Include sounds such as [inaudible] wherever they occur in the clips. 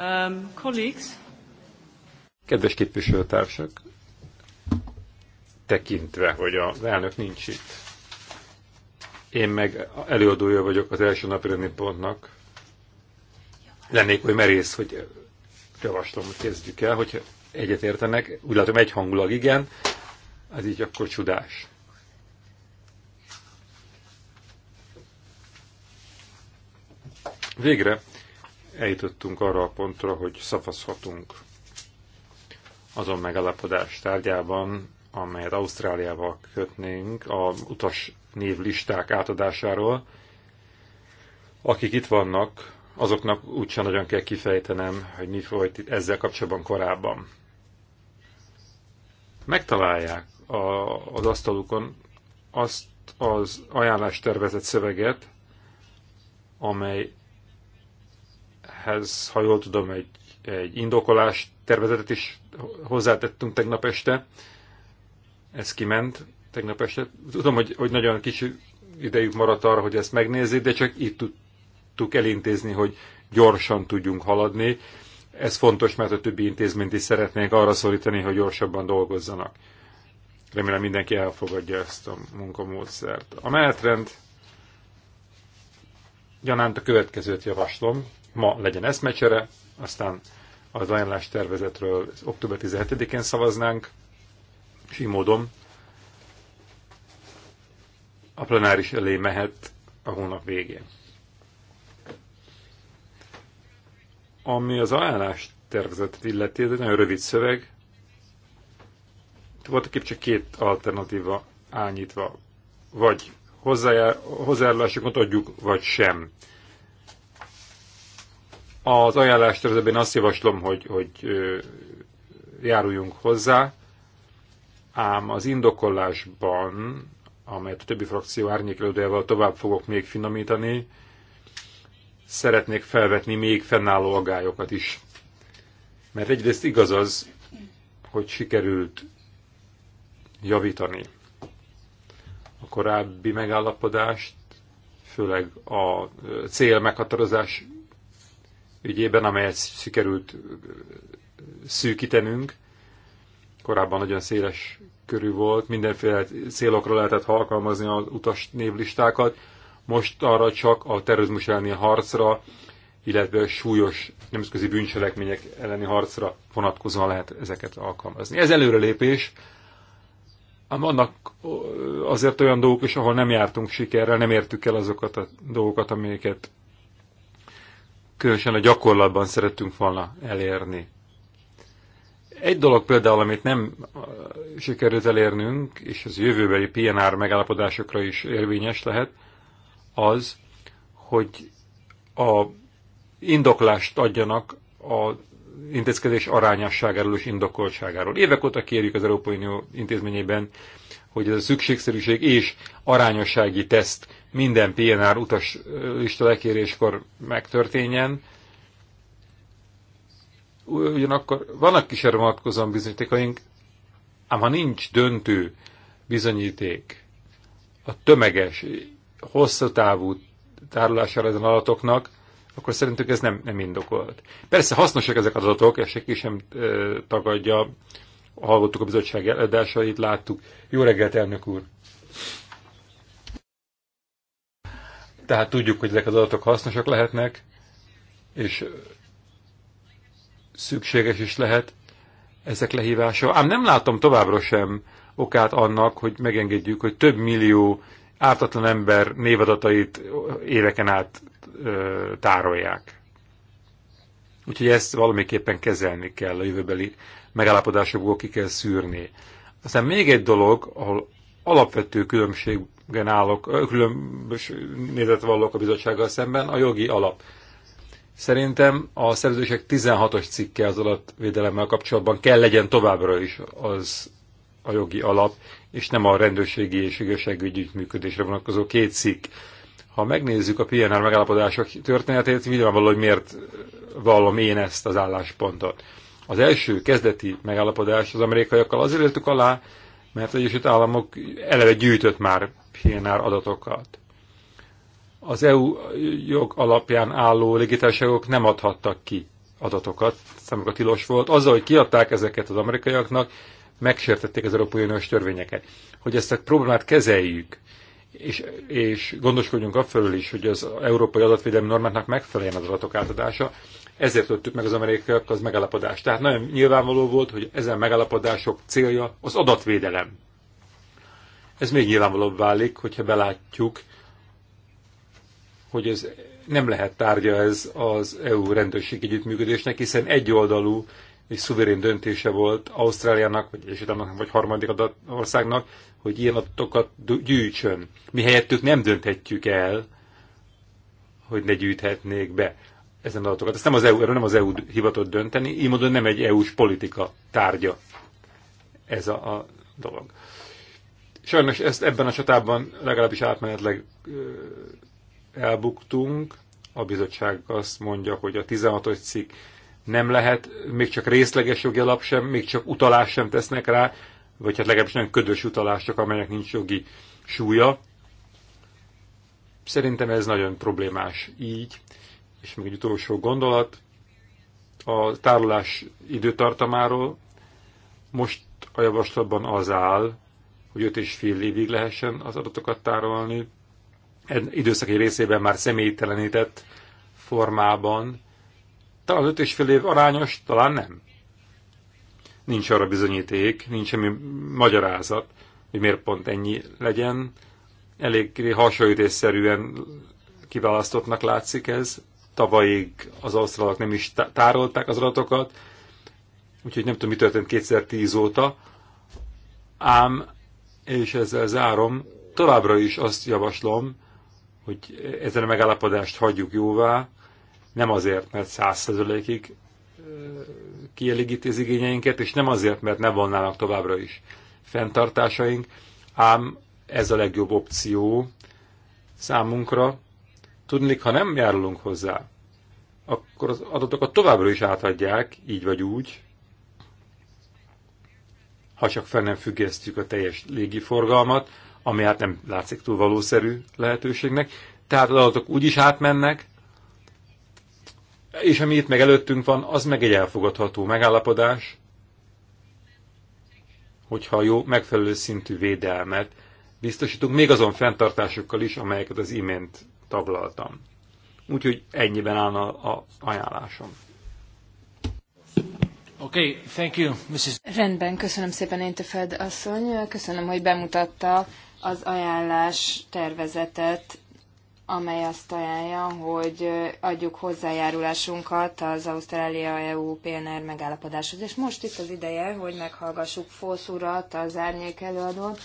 Um, colleagues. Kedves képviselőtársak, tekintve, hogy a elnök nincs itt, én meg előadója vagyok az első napi pontnak. Lennék oly merész, hogy javaslom, hogy kezdjük el, egyet egyetértenek. Úgy látom, egy hangulag igen, az így akkor csodás. Végre eljutottunk arra a pontra, hogy szavazhatunk azon megállapodás tárgyában, amelyet Ausztráliával kötnénk a utas névlisták átadásáról. Akik itt vannak, azoknak úgysem nagyon kell kifejtenem, hogy mi folyt itt ezzel kapcsolatban korábban. Megtalálják a, az asztalukon azt az ajánlástervezett szöveget, amely ehhez, ha jól tudom, egy, egy indokolás tervezetet is hozzátettünk tegnap este. Ez kiment tegnap este. Tudom, hogy, hogy nagyon kicsi idejük maradt arra, hogy ezt megnézzék, de csak itt tudtuk elintézni, hogy gyorsan tudjunk haladni. Ez fontos, mert a többi intézményt is szeretnénk arra szorítani, hogy gyorsabban dolgozzanak. Remélem mindenki elfogadja ezt a munkamódszert. A menetrend gyanánt a következőt javaslom ma legyen eszmecsere, aztán az ajánlás tervezetről október 17-én szavaznánk, és így módon a plenáris elé mehet a hónap végén. Ami az ajánlás tervezetet illeti, ez egy nagyon rövid szöveg. Volt épp csak két alternatíva ányítva. Vagy hozzájárulásokon adjuk, vagy sem. Az ajánlást én azt javaslom, hogy, hogy járuljunk hozzá, ám az indokolásban, amelyet a többi frakció árnyékelődőjával tovább fogok még finomítani, szeretnék felvetni még fennálló agályokat is. Mert egyrészt igaz az, hogy sikerült javítani a korábbi megállapodást, főleg a cél meghatározás ügyében, amelyet sikerült szűkítenünk. Korábban nagyon széles körű volt, mindenféle célokra lehetett alkalmazni az utas névlistákat, most arra csak a terrorizmus elleni harcra, illetve súlyos nemzetközi bűncselekmények elleni harcra vonatkozóan lehet ezeket alkalmazni. Ez előrelépés, ám vannak azért olyan dolgok is, ahol nem jártunk sikerrel, nem értük el azokat a dolgokat, amiket különösen a gyakorlatban szerettünk volna elérni. Egy dolog például, amit nem uh, sikerült elérnünk, és az jövőbeli PNR megállapodásokra is érvényes lehet, az, hogy a indoklást adjanak a intézkedés arányosságáról és indokoltságáról. Évek óta kérjük az Európai Unió intézményében hogy ez a szükségszerűség és arányossági teszt minden PNR utas lista lekéréskor megtörténjen. Ugyanakkor vannak kísérre vonatkozóan bizonyítékaink, ám ha nincs döntő bizonyíték a tömeges, hosszatávú tárolására ezen adatoknak, akkor szerintük ez nem, nem indokolt. Persze hasznosak ezek az adatok, ezt senki sem e, tagadja, hallottuk a bizottság eladásait, láttuk. Jó reggelt, elnök úr! Tehát tudjuk, hogy ezek az adatok hasznosak lehetnek, és szükséges is lehet ezek lehívása. Ám nem látom továbbra sem okát annak, hogy megengedjük, hogy több millió ártatlan ember névadatait éveken át ö, tárolják. Úgyhogy ezt valamiképpen kezelni kell a jövőbeli megállapodásokból ki kell szűrni. Aztán még egy dolog, ahol alapvető különbségben állok, különbös nézet vallok a bizottsággal szemben, a jogi alap. Szerintem a szerződések 16-os cikke az alapvédelemmel kapcsolatban kell legyen továbbra is az a jogi alap, és nem a rendőrségi és igazságügyi működésre vonatkozó két cikk. Ha megnézzük a PNR megállapodások történetét, nyilvánvaló, hogy miért vallom én ezt az álláspontot. Az első kezdeti megállapodás az amerikaiakkal azért értük alá, mert az Egyesült Államok eleve gyűjtött már PNR adatokat. Az EU jog alapján álló légitárságok nem adhattak ki adatokat, számukra tilos volt. Azzal, hogy kiadták ezeket az amerikaiaknak, megsértették az Európai Uniós törvényeket. Hogy ezt a problémát kezeljük, és, és gondoskodjunk a fölül is, hogy az európai adatvédelmi normáknak megfeleljen az adatok átadása, ezért kötöttük meg az amerikaiak az megállapodást. Tehát nagyon nyilvánvaló volt, hogy ezen megállapodások célja az adatvédelem. Ez még nyilvánvalóbb válik, hogyha belátjuk, hogy ez nem lehet tárgya ez az EU rendőrség együttműködésnek, hiszen egyoldalú és szuverén döntése volt Ausztráliának, vagy Egyesült vagy harmadik adat országnak, hogy ilyen adatokat gyűjtsön. Mi helyettük nem dönthetjük el, hogy ne gyűjthetnék be ezen adatokat. Ezt nem az EU, erről nem az EU hivatott dönteni, így módon nem egy EU-s politika tárgya ez a, a dolog. Sajnos ezt ebben a csatában legalábbis átmenetleg elbuktunk. A bizottság azt mondja, hogy a 16 cikk nem lehet, még csak részleges jogi alap sem, még csak utalás sem tesznek rá, vagy hát legalábbis nem ködös utalások, amelynek nincs jogi súlya. Szerintem ez nagyon problémás így, és még egy utolsó gondolat a tárolás időtartamáról. Most a javaslatban az áll, hogy 5 és fél évig lehessen az adatokat tárolni. Egy időszaki részében már személytelenített formában. Talán 5 és fél év arányos, talán nem. Nincs arra bizonyíték, nincs semmi magyarázat, hogy miért pont ennyi legyen. Elég hasonlítésszerűen kiválasztottnak látszik ez. Tavalyig az ausztralok nem is tárolták az adatokat, úgyhogy nem tudom, mi történt 2010 óta. Ám, és ezzel zárom, továbbra is azt javaslom, hogy ezen a megállapodást hagyjuk jóvá, nem azért, mert 100%-ig kielégíti az igényeinket, és nem azért, mert ne vonnának továbbra is fenntartásaink, ám ez a legjobb opció számunkra, Tudnék, ha nem járulunk hozzá, akkor az adatokat továbbra is átadják, így vagy úgy, ha csak fel nem függesztjük a teljes légiforgalmat, ami hát nem látszik túl valószerű lehetőségnek. Tehát az adatok úgy is átmennek, és ami itt meg előttünk van, az meg egy elfogadható megállapodás, hogyha jó, megfelelő szintű védelmet biztosítunk, még azon fenntartásokkal is, amelyeket az imént taglaltam. Úgyhogy ennyiben áll a ajánlásom. Okay, thank you, Mrs. Rendben, köszönöm szépen, Intefeld asszony. Köszönöm, hogy bemutatta az ajánlás tervezetet, amely azt ajánlja, hogy adjuk hozzájárulásunkat az Ausztrália-EU PNR megállapodáshoz. És most itt az ideje, hogy meghallgassuk Fosz urat, az árnyék előadót,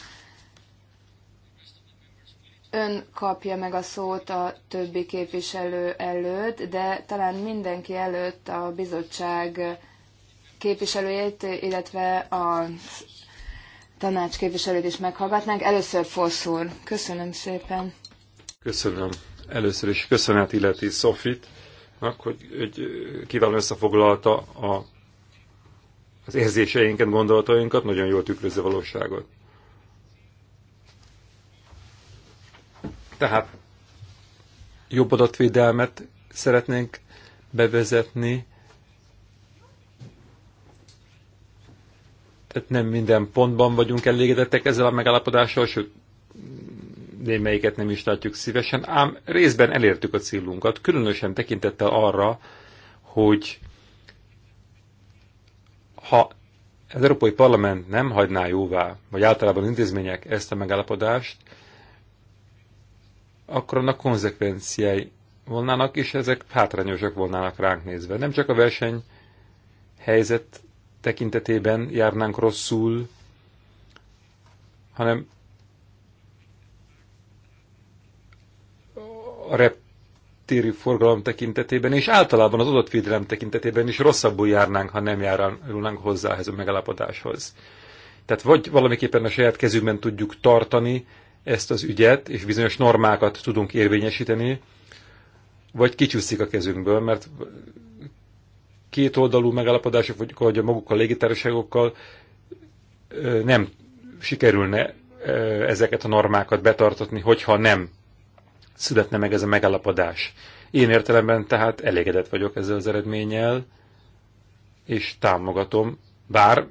ön kapja meg a szót a többi képviselő előtt, de talán mindenki előtt a bizottság képviselőjét, illetve a tanács képviselőt is meghallgatnánk. Először Foszúr, Köszönöm szépen. Köszönöm. Először is köszönet illeti Sofit, hogy, hogy kiválóan összefoglalta a, az érzéseinket, gondolatainkat, nagyon jól tükrözi valóságot. Tehát jobb adatvédelmet szeretnénk bevezetni, tehát nem minden pontban vagyunk elégedettek ezzel a megállapodással, sőt, némelyiket nem is látjuk szívesen, ám részben elértük a célunkat, különösen tekintettel arra, hogy ha az Európai Parlament nem hagyná jóvá, vagy általában intézmények ezt a megállapodást, akkor annak konzekvenciái volnának, és ezek hátrányosak volnának ránk nézve. Nem csak a verseny helyzet tekintetében járnánk rosszul, hanem a reptéri forgalom tekintetében, és általában az adatvédelem tekintetében is rosszabbul járnánk, ha nem járulnánk hozzá ehhez a megállapodáshoz. Tehát vagy valamiképpen a saját kezünkben tudjuk tartani ezt az ügyet, és bizonyos normákat tudunk érvényesíteni, vagy kicsúszik a kezünkből, mert két oldalú megállapodások, vagy hogy maguk a légitársaságokkal nem sikerülne ezeket a normákat betartatni, hogyha nem születne meg ez a megállapodás. Én értelemben tehát elégedett vagyok ezzel az eredménnyel, és támogatom, bár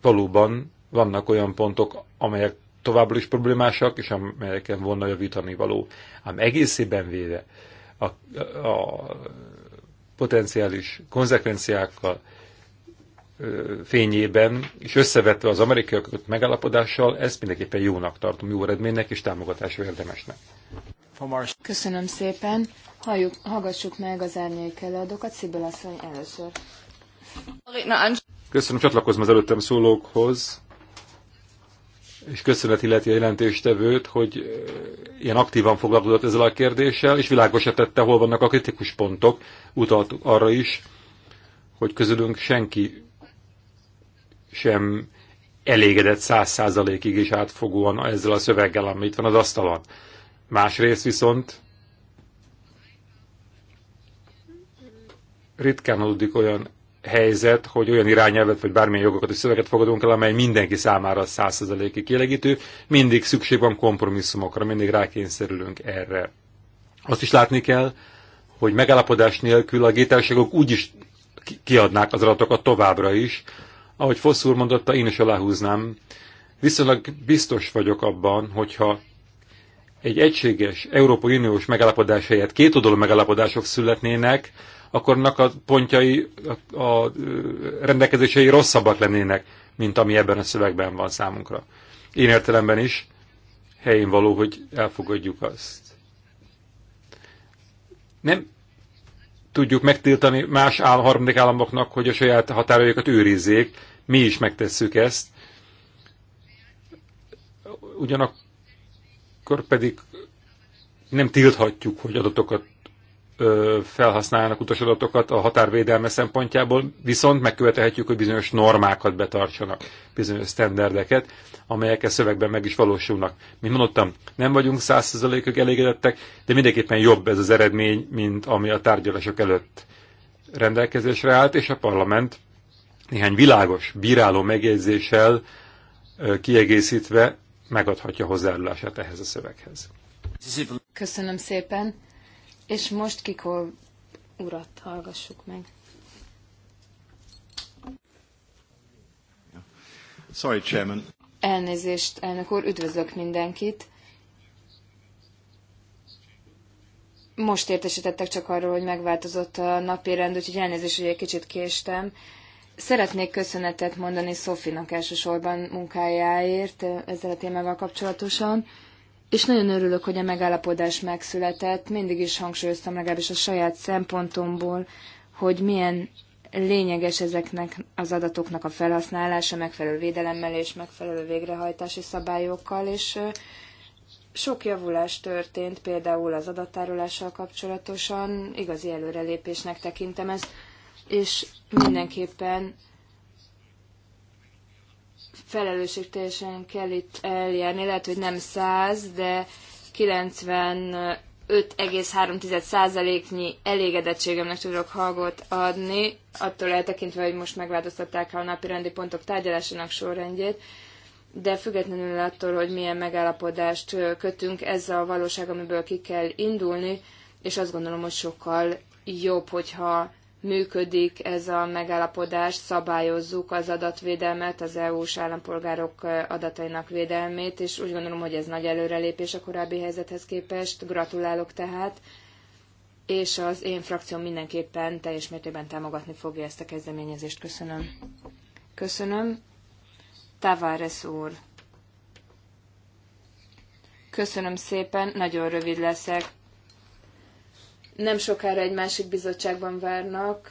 valóban vannak olyan pontok, amelyek továbbra is problémásak, és amelyeken volna javítani való. Ám egészében véve a, a potenciális konzekvenciákkal fényében, és összevetve az amerikai megállapodással, ezt mindenképpen jónak tartom, jó eredménynek és támogatásra érdemesnek. Köszönöm szépen. Halljuk, hallgassuk meg az árnyék előadókat. Szibel asszony először. Köszönöm, csatlakozom az előttem szólókhoz és köszönet illeti a jelentéstevőt, hogy ilyen aktívan foglalkozott ezzel a kérdéssel, és világosra tette, hol vannak a kritikus pontok, utalt arra is, hogy közülünk senki sem elégedett száz százalékig is átfogóan ezzel a szöveggel, ami itt van az asztalon. Másrészt viszont ritkán adódik olyan helyzet, hogy olyan irányelvet vagy bármilyen jogokat és szöveget fogadunk el, amely mindenki számára százszerzelékig kielégítő, mindig szükség van kompromisszumokra, mindig rákényszerülünk erre. Azt is látni kell, hogy megállapodás nélkül a úgy is kiadnák az adatokat továbbra is. Ahogy Fosszúr mondotta, én is aláhúznám. Viszonylag biztos vagyok abban, hogyha egy egységes Európai Uniós megállapodás helyett két oldalú megállapodások születnének, akkor annak a pontjai, a, a rendelkezései rosszabbak lennének, mint ami ebben a szövegben van számunkra. Én értelemben is helyén való, hogy elfogadjuk azt. Nem tudjuk megtiltani más áll, harmadik államoknak, hogy a saját határaikat őrizzék, mi is megtesszük ezt. Ugyanakkor pedig nem tilthatjuk, hogy adatokat felhasználnak utasadatokat a határvédelme szempontjából, viszont megkövetelhetjük, hogy bizonyos normákat betartsanak, bizonyos sztenderdeket, amelyek a e szövegben meg is valósulnak. Mint mondottam, nem vagyunk százszerzalékig elégedettek, de mindenképpen jobb ez az eredmény, mint ami a tárgyalások előtt rendelkezésre állt, és a parlament néhány világos, bíráló megjegyzéssel kiegészítve megadhatja hozzájárulását ehhez a szöveghez. Köszönöm szépen. És most Kikol urat hallgassuk meg. Sorry, Chairman. Elnézést, elnök úr, üdvözlök mindenkit. Most értesítettek csak arról, hogy megváltozott a napi rend, úgyhogy elnézést, hogy egy kicsit késtem. Szeretnék köszönetet mondani Szofinak elsősorban munkájáért ezzel a témával kapcsolatosan és nagyon örülök, hogy a megállapodás megszületett. Mindig is hangsúlyoztam legalábbis a saját szempontomból, hogy milyen lényeges ezeknek az adatoknak a felhasználása megfelelő védelemmel és megfelelő végrehajtási szabályokkal, és sok javulás történt, például az adattárolással kapcsolatosan, igazi előrelépésnek tekintem ezt, és mindenképpen felelősségteljesen kell itt eljárni. Lehet, hogy nem 100, de 95,3%-nyi elégedettségemnek tudok hangot adni, attól eltekintve, hogy most megváltoztatták a napi rendi pontok tárgyalásának sorrendjét, de függetlenül attól, hogy milyen megállapodást kötünk, ez a valóság, amiből ki kell indulni, és azt gondolom, hogy sokkal jobb, hogyha működik ez a megállapodás, szabályozzuk az adatvédelmet, az EU-s állampolgárok adatainak védelmét, és úgy gondolom, hogy ez nagy előrelépés a korábbi helyzethez képest. Gratulálok tehát, és az én frakcióm mindenképpen teljes mértékben támogatni fogja ezt a kezdeményezést. Köszönöm. Köszönöm. Tavares úr. Köszönöm szépen, nagyon rövid leszek nem sokára egy másik bizottságban várnak,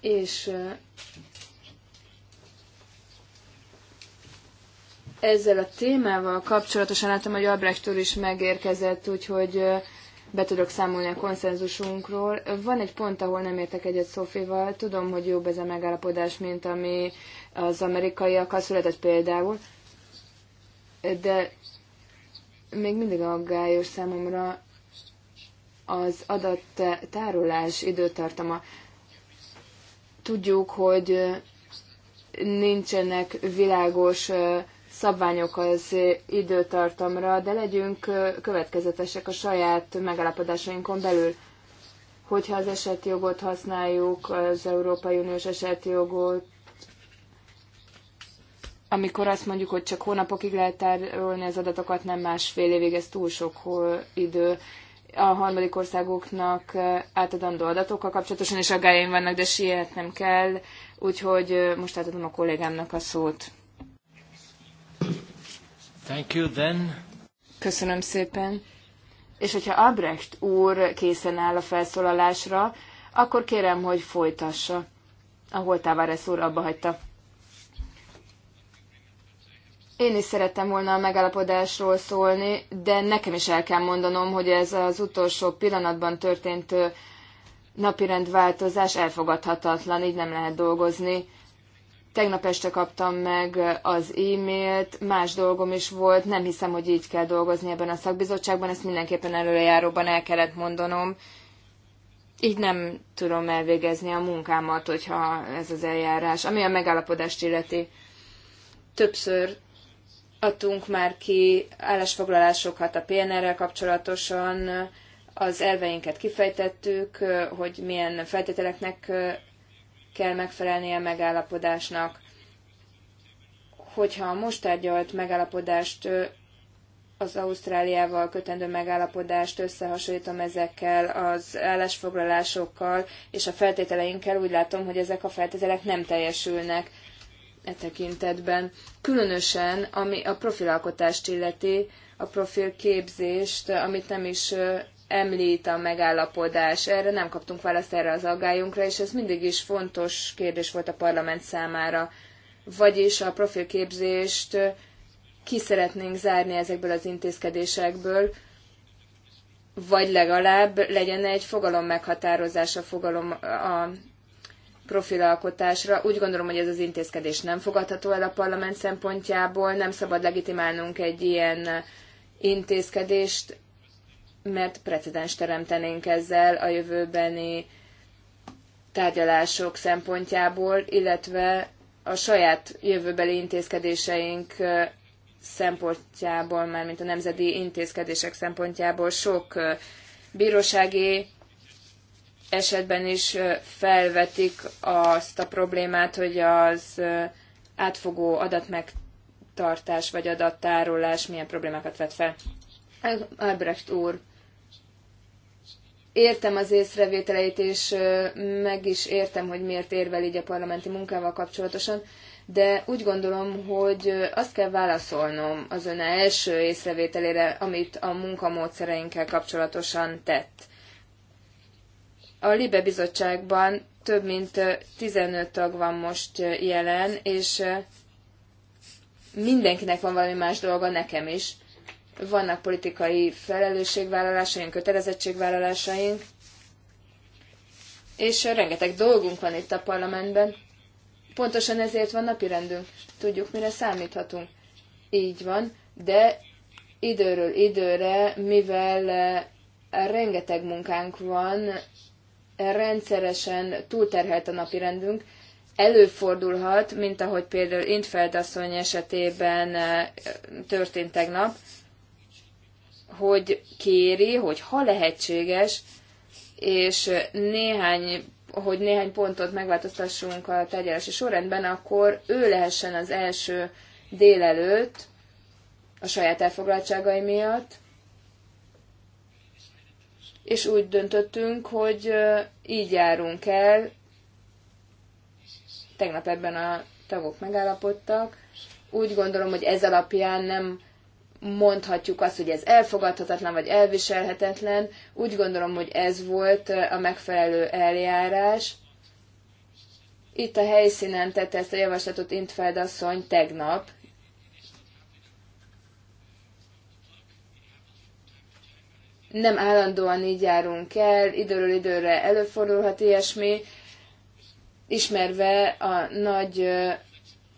és ezzel a témával kapcsolatosan láttam, hogy Albrechtől is megérkezett, úgyhogy be tudok számolni a konszenzusunkról. Van egy pont, ahol nem értek egyet Szofival. Tudom, hogy jobb ez a megállapodás, mint ami az amerikaiakkal született például, de még mindig aggályos számomra az adattárolás időtartama. Tudjuk, hogy nincsenek világos szabványok az időtartamra, de legyünk következetesek a saját megállapodásainkon belül. Hogyha az esetjogot használjuk, az Európai Uniós esetjogot amikor azt mondjuk, hogy csak hónapokig lehet tárolni az adatokat, nem másfél évig, ez túl sok idő a harmadik országoknak átadandó adatokkal kapcsolatosan, is aggájaim vannak, de sietnem kell, úgyhogy most átadom a kollégámnak a szót. Thank you then. Köszönöm szépen. És hogyha Abrecht úr készen áll a felszólalásra, akkor kérem, hogy folytassa, ahol Tavares úr abba hagyta. Én is szerettem volna a megállapodásról szólni, de nekem is el kell mondanom, hogy ez az utolsó pillanatban történt napirendváltozás elfogadhatatlan, így nem lehet dolgozni. Tegnap este kaptam meg az e-mailt, más dolgom is volt, nem hiszem, hogy így kell dolgozni ebben a szakbizottságban, ezt mindenképpen előrejáróban el kellett mondanom. Így nem tudom elvégezni a munkámat, hogyha ez az eljárás, ami a megállapodást illeti. Többször adtunk már ki állásfoglalásokat a PNR-rel kapcsolatosan, az elveinket kifejtettük, hogy milyen feltételeknek kell megfelelnie a megállapodásnak. Hogyha a most tárgyalt megállapodást, az Ausztráliával kötendő megállapodást összehasonlítom ezekkel az állásfoglalásokkal és a feltételeinkkel, úgy látom, hogy ezek a feltételek nem teljesülnek e tekintetben. Különösen, ami a profilalkotást illeti, a profilképzést, amit nem is említ a megállapodás. Erre nem kaptunk választ erre az aggályunkra, és ez mindig is fontos kérdés volt a parlament számára. Vagyis a profilképzést ki szeretnénk zárni ezekből az intézkedésekből, vagy legalább legyen egy fogalom meghatározása, fogalom a profilalkotásra. Úgy gondolom, hogy ez az intézkedés nem fogadható el a parlament szempontjából, nem szabad legitimálnunk egy ilyen intézkedést, mert precedens teremtenénk ezzel a jövőbeni tárgyalások szempontjából, illetve a saját jövőbeli intézkedéseink szempontjából, mármint a nemzeti intézkedések szempontjából sok bírósági esetben is felvetik azt a problémát, hogy az átfogó adatmegtartás vagy adattárolás milyen problémákat vet fel. Albrecht úr, értem az észrevételeit, és meg is értem, hogy miért érvel így a parlamenti munkával kapcsolatosan, de úgy gondolom, hogy azt kell válaszolnom az ön első észrevételére, amit a munkamódszereinkkel kapcsolatosan tett. A Libe bizottságban több mint 15 tag van most jelen, és mindenkinek van valami más dolga, nekem is. Vannak politikai felelősségvállalásaink, kötelezettségvállalásaink, és rengeteg dolgunk van itt a parlamentben. Pontosan ezért van napirendünk. Tudjuk, mire számíthatunk. Így van, de időről időre, mivel rengeteg munkánk van, rendszeresen túlterhelt a napi rendünk, előfordulhat, mint ahogy például Intfeld asszony esetében eh, történt tegnap, hogy kéri, hogy ha lehetséges, és néhány, hogy néhány pontot megváltoztassunk a tárgyalási sorrendben, akkor ő lehessen az első délelőtt a saját elfoglaltságai miatt, és úgy döntöttünk, hogy így járunk el. Tegnap ebben a tagok megállapodtak. Úgy gondolom, hogy ez alapján nem mondhatjuk azt, hogy ez elfogadhatatlan vagy elviselhetetlen. Úgy gondolom, hogy ez volt a megfelelő eljárás. Itt a helyszínen tette ezt a javaslatot Intfeld asszony tegnap, nem állandóan így járunk el, időről időre előfordulhat ilyesmi, ismerve a nagy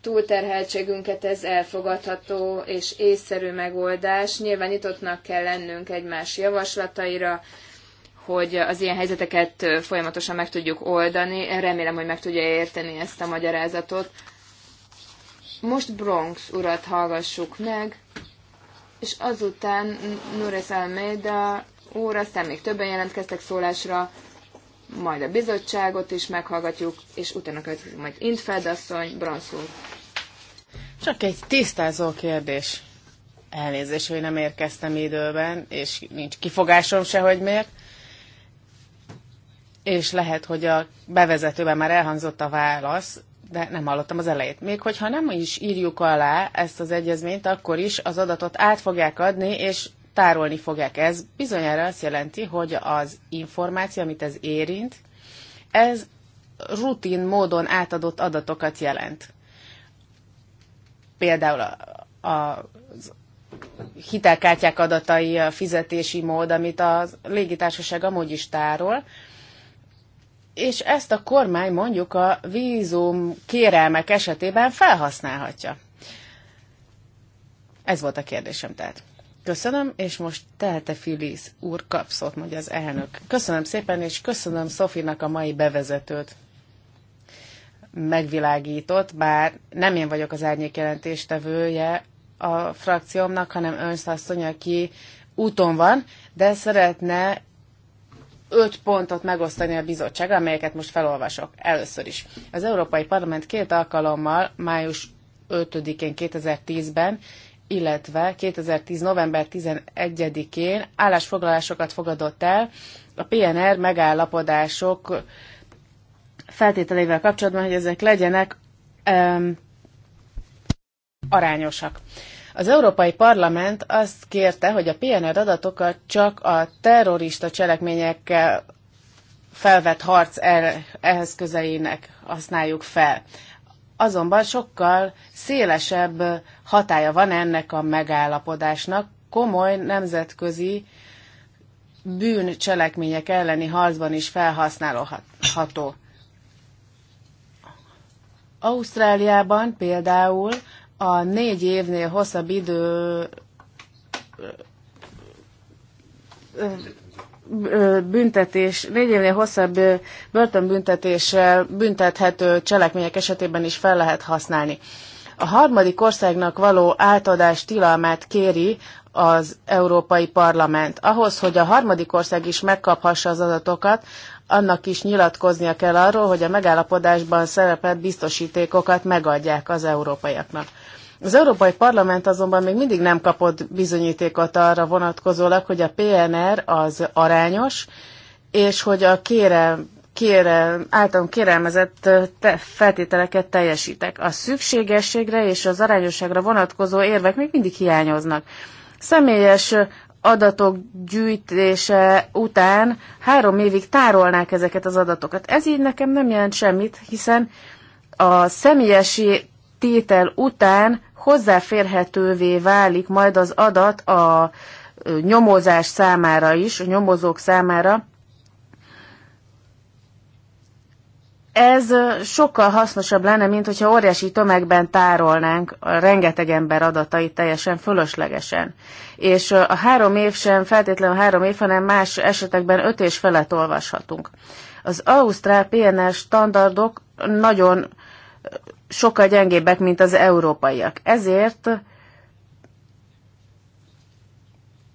túlterheltségünket ez elfogadható és észszerű megoldás. Nyilván nyitottnak kell lennünk egymás javaslataira, hogy az ilyen helyzeteket folyamatosan meg tudjuk oldani. Remélem, hogy meg tudja érteni ezt a magyarázatot. Most Bronx urat hallgassuk meg, és azután Nures Almeida úr, aztán még többen jelentkeztek szólásra, majd a bizottságot is meghallgatjuk, és utána következik majd Intfeld asszony, Branszúr. Csak egy tisztázó kérdés. Elnézést, hogy nem érkeztem időben, és nincs kifogásom se, hogy miért. És lehet, hogy a bevezetőben már elhangzott a válasz, de nem hallottam az elejét. Még hogyha nem is írjuk alá ezt az egyezményt, akkor is az adatot át fogják adni, és tárolni fogják. Ez bizonyára azt jelenti, hogy az információ, amit ez érint, ez rutin módon átadott adatokat jelent. Például a, a, hitelkártyák adatai, a fizetési mód, amit a légitársaság amúgy is tárol, és ezt a kormány mondjuk a vízum kérelmek esetében felhasználhatja. Ez volt a kérdésem tehát. Köszönöm, és most Telte Filiz úr kapszott, mondja az elnök. Köszönöm szépen, és köszönöm Szofinak a mai bevezetőt. Megvilágított, bár nem én vagyok az árnyék jelentéstevője a frakciómnak, hanem ön asszony, aki úton van, de szeretne öt pontot megosztani a bizottság, amelyeket most felolvasok először is. Az Európai Parlament két alkalommal, május 5-én 2010-ben, illetve 2010. november 11-én állásfoglalásokat fogadott el a PNR megállapodások feltételeivel kapcsolatban, hogy ezek legyenek um, arányosak. Az Európai Parlament azt kérte, hogy a PNR adatokat csak a terrorista cselekményekkel felvett harc eszközeinek használjuk fel. Azonban sokkal szélesebb hatája van ennek a megállapodásnak, komoly nemzetközi bűncselekmények elleni harcban is felhasználható. Ausztráliában például a négy évnél hosszabb idő büntetés, négy évnél hosszabb börtönbüntetéssel büntethető cselekmények esetében is fel lehet használni. A harmadik országnak való átadás tilalmát kéri az Európai Parlament. Ahhoz, hogy a harmadik ország is megkaphassa az adatokat, annak is nyilatkoznia kell arról, hogy a megállapodásban szerepelt biztosítékokat megadják az európaiaknak. Az Európai Parlament azonban még mindig nem kapott bizonyítékot arra vonatkozólag, hogy a PNR az arányos, és hogy a kére, kére, általam kérelmezett te, feltételeket teljesítek. A szükségességre és az arányosságra vonatkozó érvek még mindig hiányoznak. Személyes adatok gyűjtése után három évig tárolnák ezeket az adatokat. Ez így nekem nem jelent semmit, hiszen a személyesi tétel után hozzáférhetővé válik majd az adat a nyomozás számára is, a nyomozók számára. Ez sokkal hasznosabb lenne, mint hogyha óriási tömegben tárolnánk a rengeteg ember adatait teljesen fölöslegesen. És a három év sem feltétlenül három év, hanem más esetekben öt és felett olvashatunk. Az Ausztrál PNR standardok nagyon sokkal gyengébbek, mint az európaiak. Ezért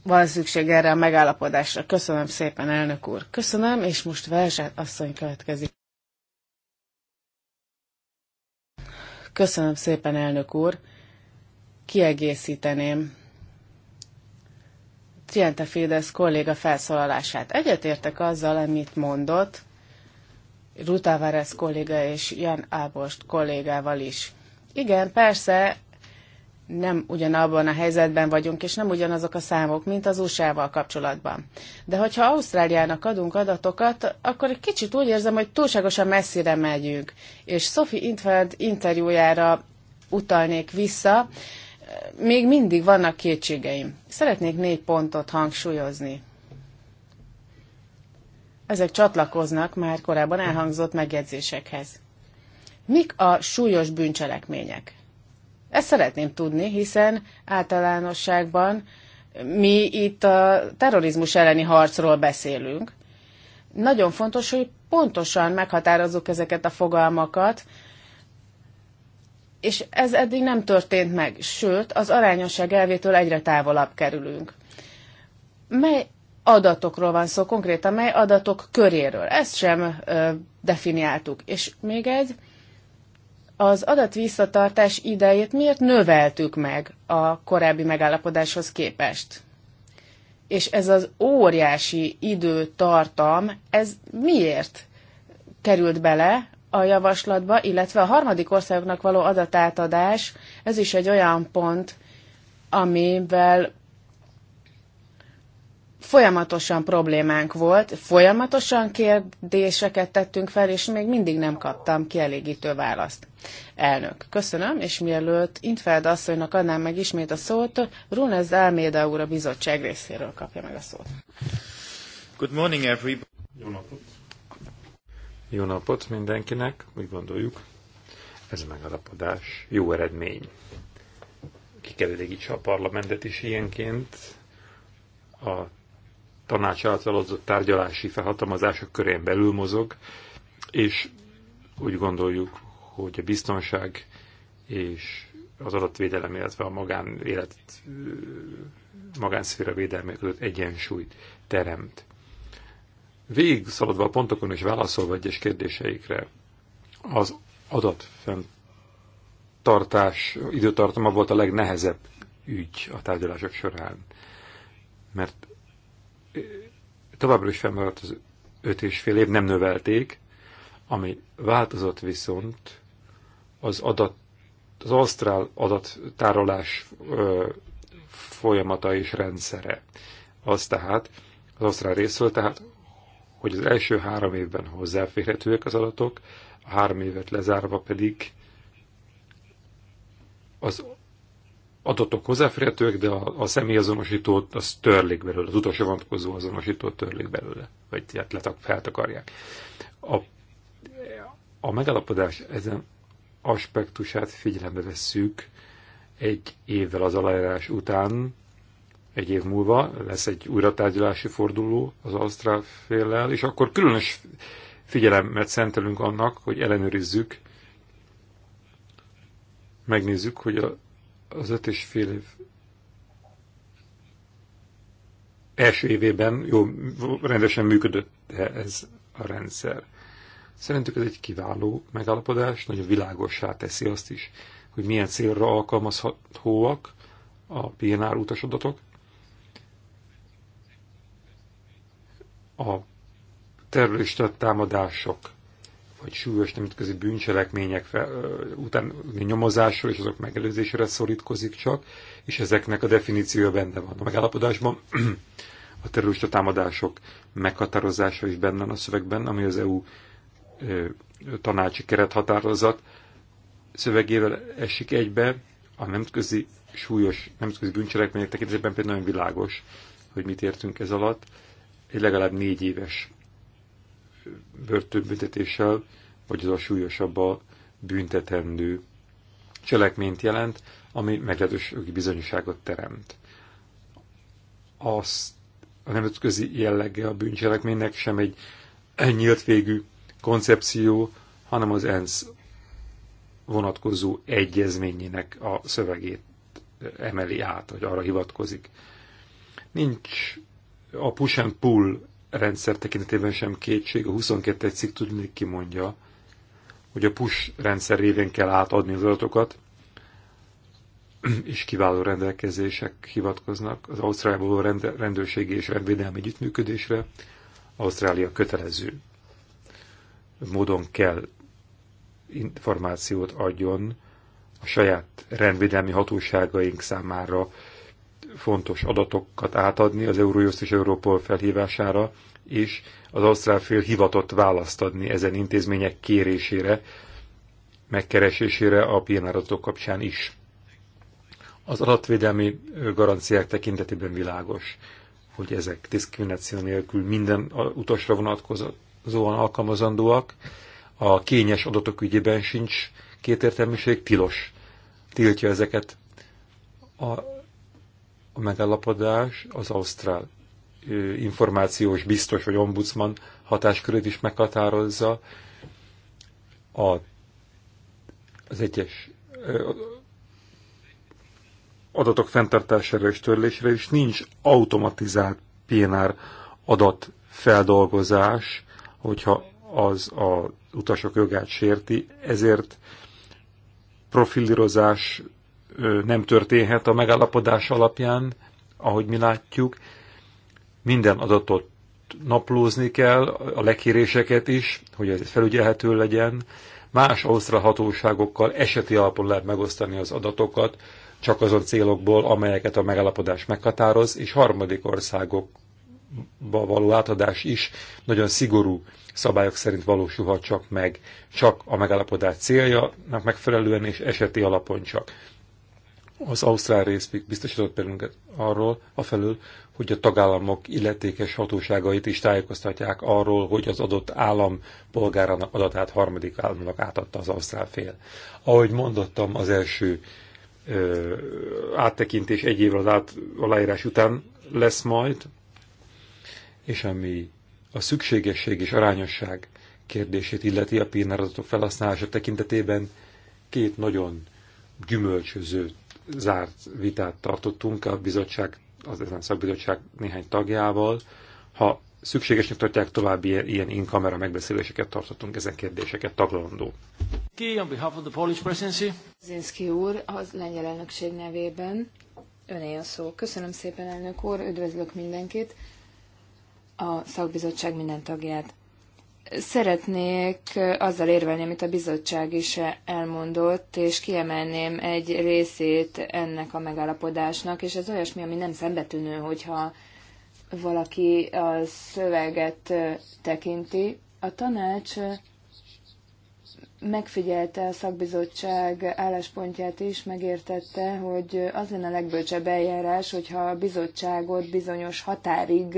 van szükség erre a megállapodásra. Köszönöm szépen, elnök úr. Köszönöm, és most Verzsát asszony következik. Köszönöm szépen, elnök úr. Kiegészíteném Triente Fidesz kolléga felszólalását. Egyetértek azzal, amit mondott, Ruta Várez kolléga és Jan Ábost kollégával is. Igen, persze, nem ugyanabban a helyzetben vagyunk, és nem ugyanazok a számok, mint az USA-val kapcsolatban. De hogyha Ausztráliának adunk adatokat, akkor egy kicsit úgy érzem, hogy túlságosan messzire megyünk. És Sophie Intfeld interjújára utalnék vissza, még mindig vannak kétségeim. Szeretnék négy pontot hangsúlyozni ezek csatlakoznak már korábban elhangzott megjegyzésekhez. Mik a súlyos bűncselekmények? Ezt szeretném tudni, hiszen általánosságban mi itt a terrorizmus elleni harcról beszélünk. Nagyon fontos, hogy pontosan meghatározzuk ezeket a fogalmakat, és ez eddig nem történt meg, sőt, az arányosság elvétől egyre távolabb kerülünk. Mely adatokról van szó, konkrétan mely adatok köréről. Ezt sem ö, definiáltuk. És még egy, az adatvisszatartás idejét miért növeltük meg a korábbi megállapodáshoz képest? És ez az óriási időtartam, ez miért került bele a javaslatba, illetve a harmadik országoknak való adatátadás, ez is egy olyan pont, amivel Folyamatosan problémánk volt, folyamatosan kérdéseket tettünk fel, és még mindig nem kaptam kielégítő választ. Elnök, köszönöm, és mielőtt Intfeld asszonynak adnám meg ismét a szót, Runez Elméda úr a bizottság részéről kapja meg a szót. Good morning, everybody. Jó napot. Jó napot mindenkinek, úgy gondoljuk. Ez a megalapodás jó eredmény. Ki kell a parlamentet is ilyenként. A tanács által adott tárgyalási felhatalmazások körén belül mozog, és úgy gondoljuk, hogy a biztonság és az adatvédelem, illetve a magánélet, magánszféra védelme között egyensúlyt teremt. Végig szaladva a pontokon és válaszolva egyes kérdéseikre, az adat tartás időtartama volt a legnehezebb ügy a tárgyalások során, mert továbbra is fennmaradt az öt és fél év, nem növelték, ami változott viszont az adat, az asztrál adattárolás ö, folyamata és rendszere. Az tehát, az asztrál részről tehát, hogy az első három évben hozzáférhetőek az adatok, a három évet lezárva pedig az adatok hozzáférhetőek, de a, a személyazonosítót az törlik belőle, az utolsó vonatkozó azonosítót törlik belőle, vagy hát letak, feltakarják. A, a megállapodás ezen aspektusát figyelembe vesszük egy évvel az aláírás után, egy év múlva lesz egy újratárgyalási forduló az Ausztrál féllel, és akkor különös figyelemet szentelünk annak, hogy ellenőrizzük, megnézzük, hogy a az öt és fél év első évében jó, rendesen működött ez a rendszer. Szerintük ez egy kiváló megállapodás, nagyon világossá teszi azt is, hogy milyen célra alkalmazhatóak a PNR utasodatok, A terrorista támadások vagy súlyos nemzetközi bűncselekmények fel, után nyomozásról és azok megelőzésére szorítkozik csak, és ezeknek a definíciója benne van. A megállapodásban [clears throat] a terrorista támadások meghatározása is benne van a szövegben, ami az EU tanácsi kerethatározat szövegével esik egybe, a nemzetközi súlyos nemzetközi bűncselekmények tekintetében például nagyon világos, hogy mit értünk ez alatt, egy legalább négy éves börtönbüntetéssel, vagy az a súlyosabb a büntetendő cselekményt jelent, ami meglehetős bizonyosságot teremt. Azt a nemzetközi jellege a bűncselekménynek sem egy nyílt végű koncepció, hanem az ENSZ vonatkozó egyezményének a szövegét emeli át, vagy arra hivatkozik. Nincs a push and pull rendszer tekintetében sem kétség. A 22. cikk tudni kimondja, hogy a push rendszer révén kell átadni az adatokat, és kiváló rendelkezések hivatkoznak az Ausztráliából rend, rendőrségi és rendvédelmi együttműködésre. Ausztrália kötelező módon kell információt adjon a saját rendvédelmi hatóságaink számára fontos adatokat átadni az Eurojust és Európol felhívására, és az Ausztrál fél hivatott választ adni ezen intézmények kérésére, megkeresésére a adatok kapcsán is. Az adatvédelmi garanciák tekintetében világos, hogy ezek diszkrimináció nélkül minden utasra vonatkozóan alkalmazandóak, a kényes adatok ügyében sincs kétértelműség, tilos tiltja ezeket a a megállapodás az Ausztrál információs biztos vagy ombudsman hatáskörét is meghatározza. A, az egyes adatok fenntartására és törlésre is nincs automatizált PNR adatfeldolgozás, hogyha az a utasok jogát sérti, ezért profilírozás nem történhet a megállapodás alapján, ahogy mi látjuk. Minden adatot naplózni kell, a lekéréseket is, hogy ez felügyelhető legyen. Más ausztrál hatóságokkal eseti alapon lehet megosztani az adatokat, csak azon célokból, amelyeket a megállapodás meghatároz, és harmadik országokba való átadás is nagyon szigorú szabályok szerint valósulhat csak meg, csak a megállapodás céljának megfelelően és eseti alapon csak az Ausztrál rész biztosított bennünket arról, afelől, hogy a tagállamok illetékes hatóságait is tájékoztatják arról, hogy az adott állam polgárának adatát harmadik államnak átadta az Ausztrál fél. Ahogy mondottam, az első ö, áttekintés egy évvel az át, aláírás után lesz majd, és ami a szükségesség és arányosság kérdését illeti a PNR adatok felhasználása tekintetében két nagyon gyümölcsöző zárt vitát tartottunk a bizottság, az ezen szakbizottság néhány tagjával. Ha szükségesnek tartják további ilyen, inkamera in-kamera megbeszéléseket tartottunk, ezen kérdéseket taglalandó. Ki, on behalf of the Polish presidency. Zinszki úr, az lengyel elnökség nevében öné a szó. Köszönöm szépen, elnök úr, üdvözlök mindenkit, a szakbizottság minden tagját. Szeretnék azzal érvelni, amit a bizottság is elmondott, és kiemelném egy részét ennek a megállapodásnak, és ez olyasmi, ami nem szembetűnő, hogyha valaki a szöveget tekinti. A tanács megfigyelte a szakbizottság álláspontját is, megértette, hogy az lenne a legbölcsebb eljárás, hogyha a bizottságot bizonyos határig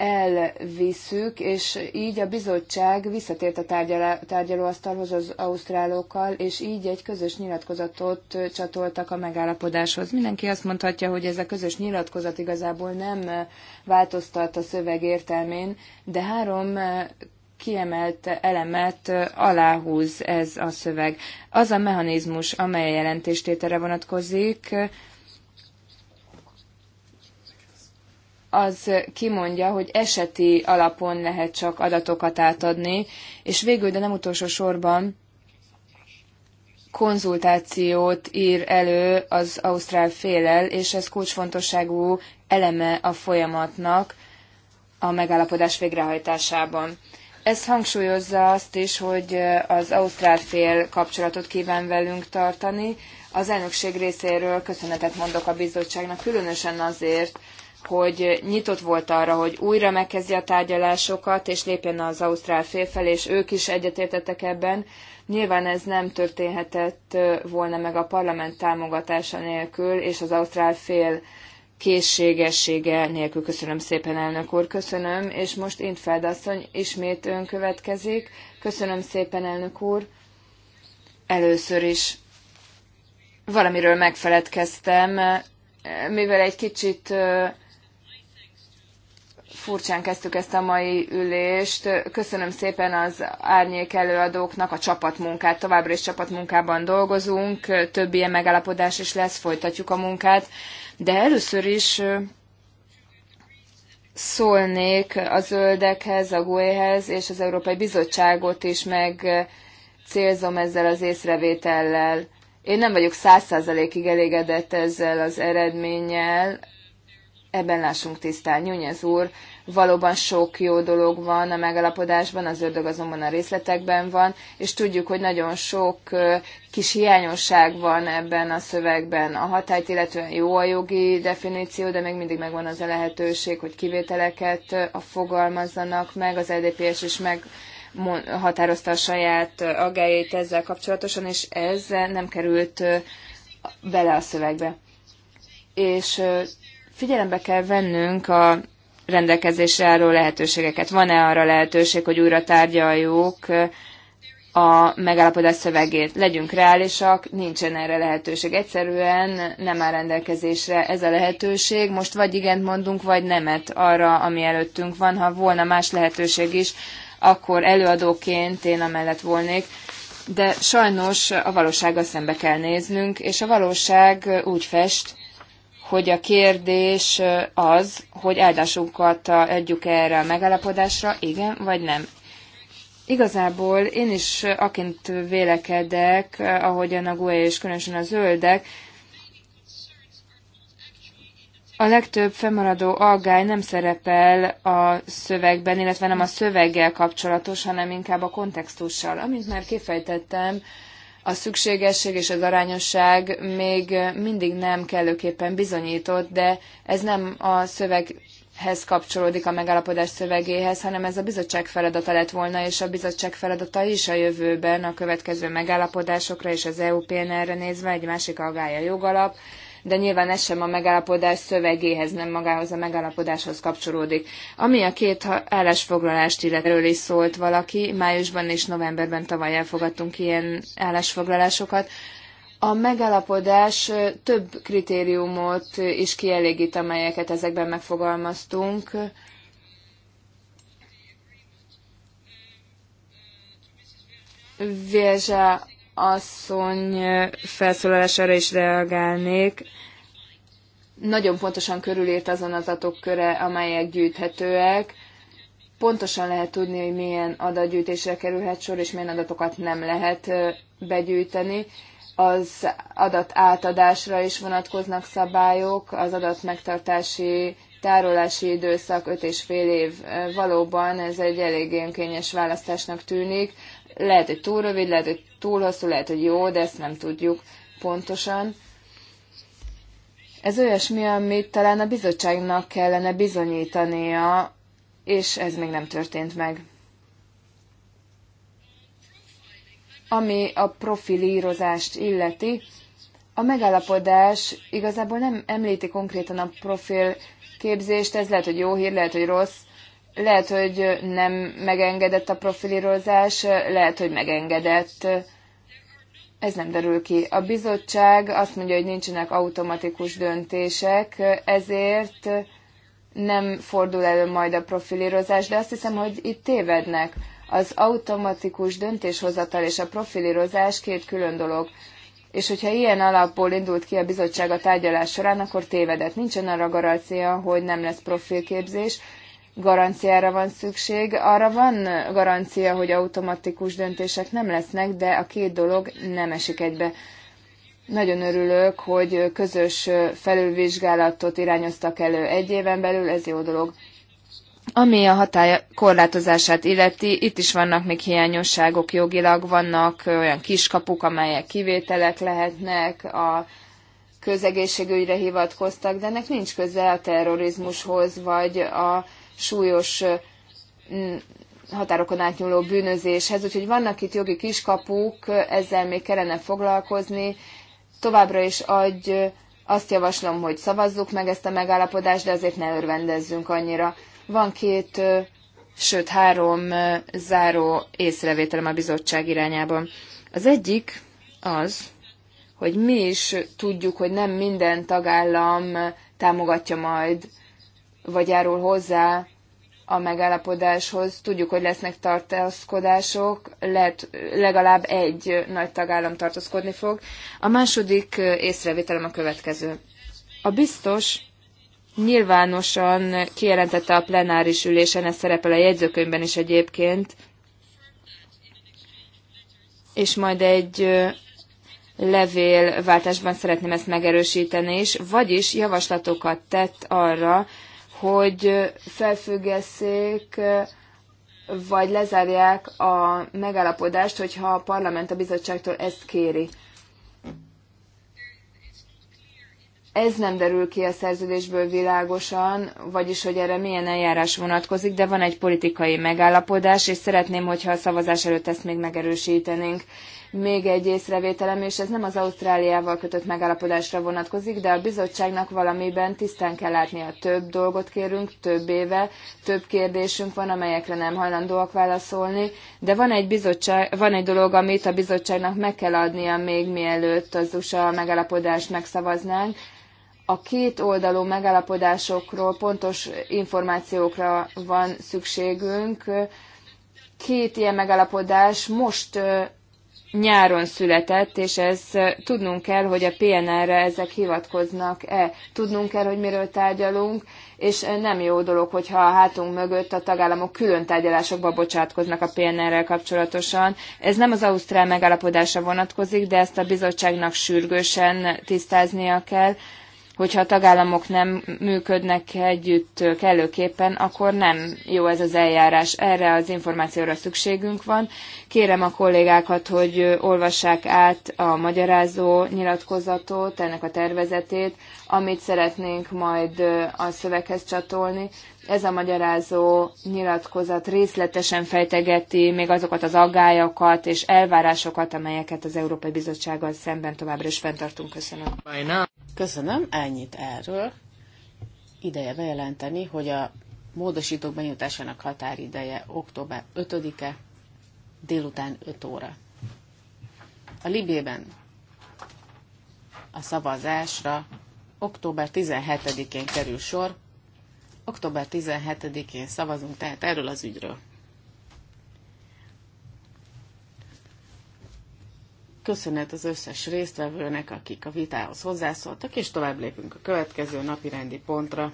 elviszük, és így a bizottság visszatért a tárgyalóasztalhoz az ausztrálokkal, és így egy közös nyilatkozatot csatoltak a megállapodáshoz. Mindenki azt mondhatja, hogy ez a közös nyilatkozat igazából nem változtat a szöveg értelmén, de három kiemelt elemet aláhúz ez a szöveg. Az a mechanizmus, amely a jelentéstételre vonatkozik, az kimondja, hogy eseti alapon lehet csak adatokat átadni, és végül, de nem utolsó sorban, konzultációt ír elő az Ausztrál félel, és ez kulcsfontosságú eleme a folyamatnak a megállapodás végrehajtásában. Ez hangsúlyozza azt is, hogy az Ausztrál fél kapcsolatot kíván velünk tartani. Az elnökség részéről köszönetet mondok a bizottságnak, különösen azért, hogy nyitott volt arra, hogy újra megkezdje a tárgyalásokat, és lépjen az Ausztrál felé, és ők is egyetértettek ebben. Nyilván ez nem történhetett volna meg a parlament támogatása nélkül, és az Ausztrál fél készségessége nélkül. Köszönöm szépen, elnök úr, köszönöm, és most Intfeld asszony ismét ön következik. Köszönöm szépen, elnök úr. Először is valamiről megfeledkeztem, mivel egy kicsit furcsán kezdtük ezt a mai ülést. Köszönöm szépen az árnyék előadóknak a csapatmunkát. Továbbra is csapatmunkában dolgozunk, több ilyen megállapodás is lesz, folytatjuk a munkát. De először is szólnék a zöldekhez, a GUE-hez és az Európai Bizottságot is meg célzom ezzel az észrevétellel. Én nem vagyok száz százalékig elégedett ezzel az eredménnyel, ebben lássunk tisztán. Nyúnyez úr Valóban sok jó dolog van a megalapodásban, az ördög azonban a részletekben van, és tudjuk, hogy nagyon sok kis hiányosság van ebben a szövegben. A hatályt illetően jó a jogi definíció, de még mindig megvan az a lehetőség, hogy kivételeket fogalmazzanak meg, az LDPS is meg határozta a saját agályait ezzel kapcsolatosan, és ez nem került bele a szövegbe. És figyelembe kell vennünk a rendelkezésre álló lehetőségeket. Van-e arra lehetőség, hogy újra tárgyaljuk a megállapodás szövegét? Legyünk reálisak, nincsen erre lehetőség. Egyszerűen nem áll rendelkezésre ez a lehetőség. Most vagy igent mondunk, vagy nemet arra, ami előttünk van. Ha volna más lehetőség is, akkor előadóként én amellett volnék. De sajnos a valósággal szembe kell néznünk, és a valóság úgy fest, hogy a kérdés az, hogy áldásunkat adjuk erre a megállapodásra, igen vagy nem. Igazából én is aként vélekedek, ahogyan a GUE és különösen a zöldek, a legtöbb fennmaradó aggály nem szerepel a szövegben, illetve nem a szöveggel kapcsolatos, hanem inkább a kontextussal. Amint már kifejtettem, a szükségesség és az arányosság még mindig nem kellőképpen bizonyított, de ez nem a szöveghez kapcsolódik a megállapodás szövegéhez, hanem ez a bizottság feladata lett volna, és a bizottság feladata is a jövőben a következő megállapodásokra és az EU PNR-re nézve egy másik aggája jogalap, de nyilván ez sem a megállapodás szövegéhez, nem magához a megállapodáshoz kapcsolódik. Ami a két állásfoglalást illetőről is szólt valaki, májusban és novemberben tavaly elfogadtunk ilyen állásfoglalásokat, a megállapodás több kritériumot is kielégít, amelyeket ezekben megfogalmaztunk. Vézsa asszony felszólalására is reagálnék. Nagyon pontosan körülírt azon az adatok köre, amelyek gyűjthetőek. Pontosan lehet tudni, hogy milyen adatgyűjtésre kerülhet sor, és milyen adatokat nem lehet begyűjteni. Az adat átadásra is vonatkoznak szabályok, az adat megtartási tárolási időszak 5 és fél év. Valóban ez egy eléggé önkényes választásnak tűnik. Lehet, hogy túl rövid, lehet, hogy túl hosszú, lehet, hogy jó, de ezt nem tudjuk pontosan. Ez olyasmi, amit talán a bizottságnak kellene bizonyítania, és ez még nem történt meg. Ami a profilírozást illeti, a megállapodás igazából nem említi konkrétan a profil ez lehet, hogy jó hír, lehet, hogy rossz, lehet, hogy nem megengedett a profilírozás, lehet, hogy megengedett. Ez nem derül ki. A bizottság azt mondja, hogy nincsenek automatikus döntések, ezért nem fordul elő majd a profilírozás, de azt hiszem, hogy itt tévednek. Az automatikus döntéshozatal és a profilírozás két külön dolog. És hogyha ilyen alapból indult ki a bizottság a tárgyalás során, akkor tévedett. Nincsen arra garancia, hogy nem lesz profilképzés, garanciára van szükség. Arra van garancia, hogy automatikus döntések nem lesznek, de a két dolog nem esik egybe. Nagyon örülök, hogy közös felülvizsgálatot irányoztak elő egy éven belül, ez jó dolog. Ami a hatály korlátozását illeti, itt is vannak még hiányosságok jogilag, vannak olyan kiskapuk, amelyek kivételek lehetnek, a közegészségügyre hivatkoztak, de ennek nincs köze a terrorizmushoz, vagy a súlyos határokon átnyúló bűnözéshez, úgyhogy vannak itt jogi kiskapuk, ezzel még kellene foglalkozni. Továbbra is adj, azt javaslom, hogy szavazzuk meg ezt a megállapodást, de azért ne örvendezzünk annyira. Van két, sőt három záró észrevételem a bizottság irányában. Az egyik az, hogy mi is tudjuk, hogy nem minden tagállam támogatja majd vagy járul hozzá a megállapodáshoz. Tudjuk, hogy lesznek tartózkodások, lehet legalább egy nagy tagállam tartózkodni fog. A második észrevételem a következő. A biztos nyilvánosan kijelentette a plenáris ülésen, ez szerepel a jegyzőkönyvben is egyébként, és majd egy levélváltásban szeretném ezt megerősíteni, és vagyis javaslatokat tett arra, hogy felfüggesszék vagy lezárják a megállapodást, hogyha a parlament a bizottságtól ezt kéri. Ez nem derül ki a szerződésből világosan, vagyis hogy erre milyen eljárás vonatkozik, de van egy politikai megállapodás, és szeretném, hogyha a szavazás előtt ezt még megerősítenénk. Még egy észrevételem, és ez nem az Ausztráliával kötött megállapodásra vonatkozik, de a bizottságnak valamiben tisztán kell látnia. Több dolgot kérünk, több éve, több kérdésünk van, amelyekre nem hajlandóak válaszolni, de van egy, bizottság, van egy dolog, amit a bizottságnak meg kell adnia még mielőtt az USA megállapodást megszavaznánk, a két oldalú megállapodásokról pontos információkra van szükségünk. Két ilyen megállapodás most nyáron született, és ez tudnunk kell, hogy a PNR-re ezek hivatkoznak-e. Tudnunk kell, hogy miről tárgyalunk, és nem jó dolog, hogyha a hátunk mögött a tagállamok külön tárgyalásokba bocsátkoznak a PNR-rel kapcsolatosan. Ez nem az Ausztrál megállapodása vonatkozik, de ezt a bizottságnak sürgősen tisztáznia kell, hogyha a tagállamok nem működnek együtt kellőképpen, akkor nem jó ez az eljárás. Erre az információra szükségünk van. Kérem a kollégákat, hogy olvassák át a magyarázó nyilatkozatot, ennek a tervezetét, amit szeretnénk majd a szöveghez csatolni, ez a magyarázó nyilatkozat részletesen fejtegeti még azokat az aggályokat és elvárásokat, amelyeket az Európai Bizottsággal szemben továbbra is fenntartunk. Köszönöm. Köszönöm, ennyit erről. Ideje bejelenteni, hogy a módosítók benyújtásának határideje október 5-e délután 5 óra. A Libében a szavazásra október 17-én kerül sor, Október 17-én szavazunk tehát erről az ügyről. Köszönet az összes résztvevőnek, akik a vitához hozzászóltak, és tovább lépünk a következő napi rendi pontra.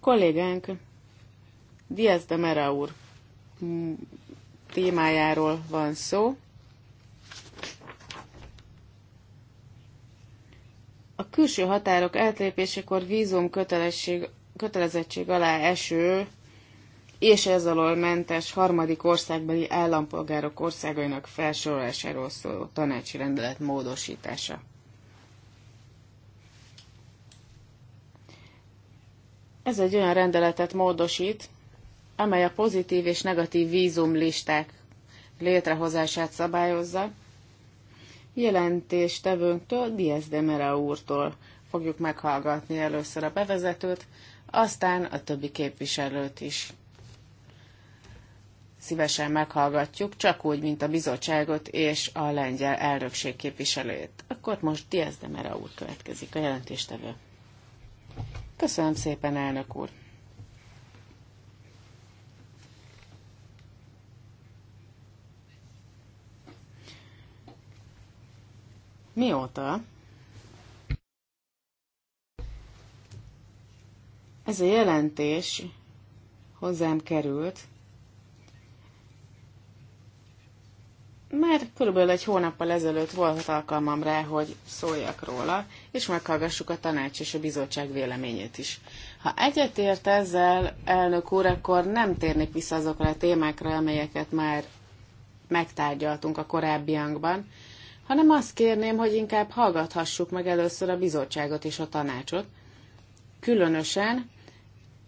kollégánk Diaz de Mera úr témájáról van szó. a külső határok átlépésekor vízum kötelesség, kötelezettség alá eső és ez alól mentes harmadik országbeli állampolgárok országainak felsorolásáról szóló tanácsi rendelet módosítása. Ez egy olyan rendeletet módosít, amely a pozitív és negatív vízumlisták létrehozását szabályozza, jelentéstevőnktől, Diaz de Mera úrtól fogjuk meghallgatni először a bevezetőt, aztán a többi képviselőt is szívesen meghallgatjuk, csak úgy, mint a bizottságot és a lengyel elnökség képviselőjét. Akkor most Diaz de Mera úr következik, a jelentéstevő. Köszönöm szépen, elnök úr! mióta ez a jelentés hozzám került, Már körülbelül egy hónappal ezelőtt volt alkalmam rá, hogy szóljak róla, és meghallgassuk a tanács és a bizottság véleményét is. Ha egyetért ezzel, elnök úr, akkor nem térnék vissza azokra a témákra, amelyeket már megtárgyaltunk a korábbiakban, hanem azt kérném, hogy inkább hallgathassuk meg először a bizottságot és a tanácsot. Különösen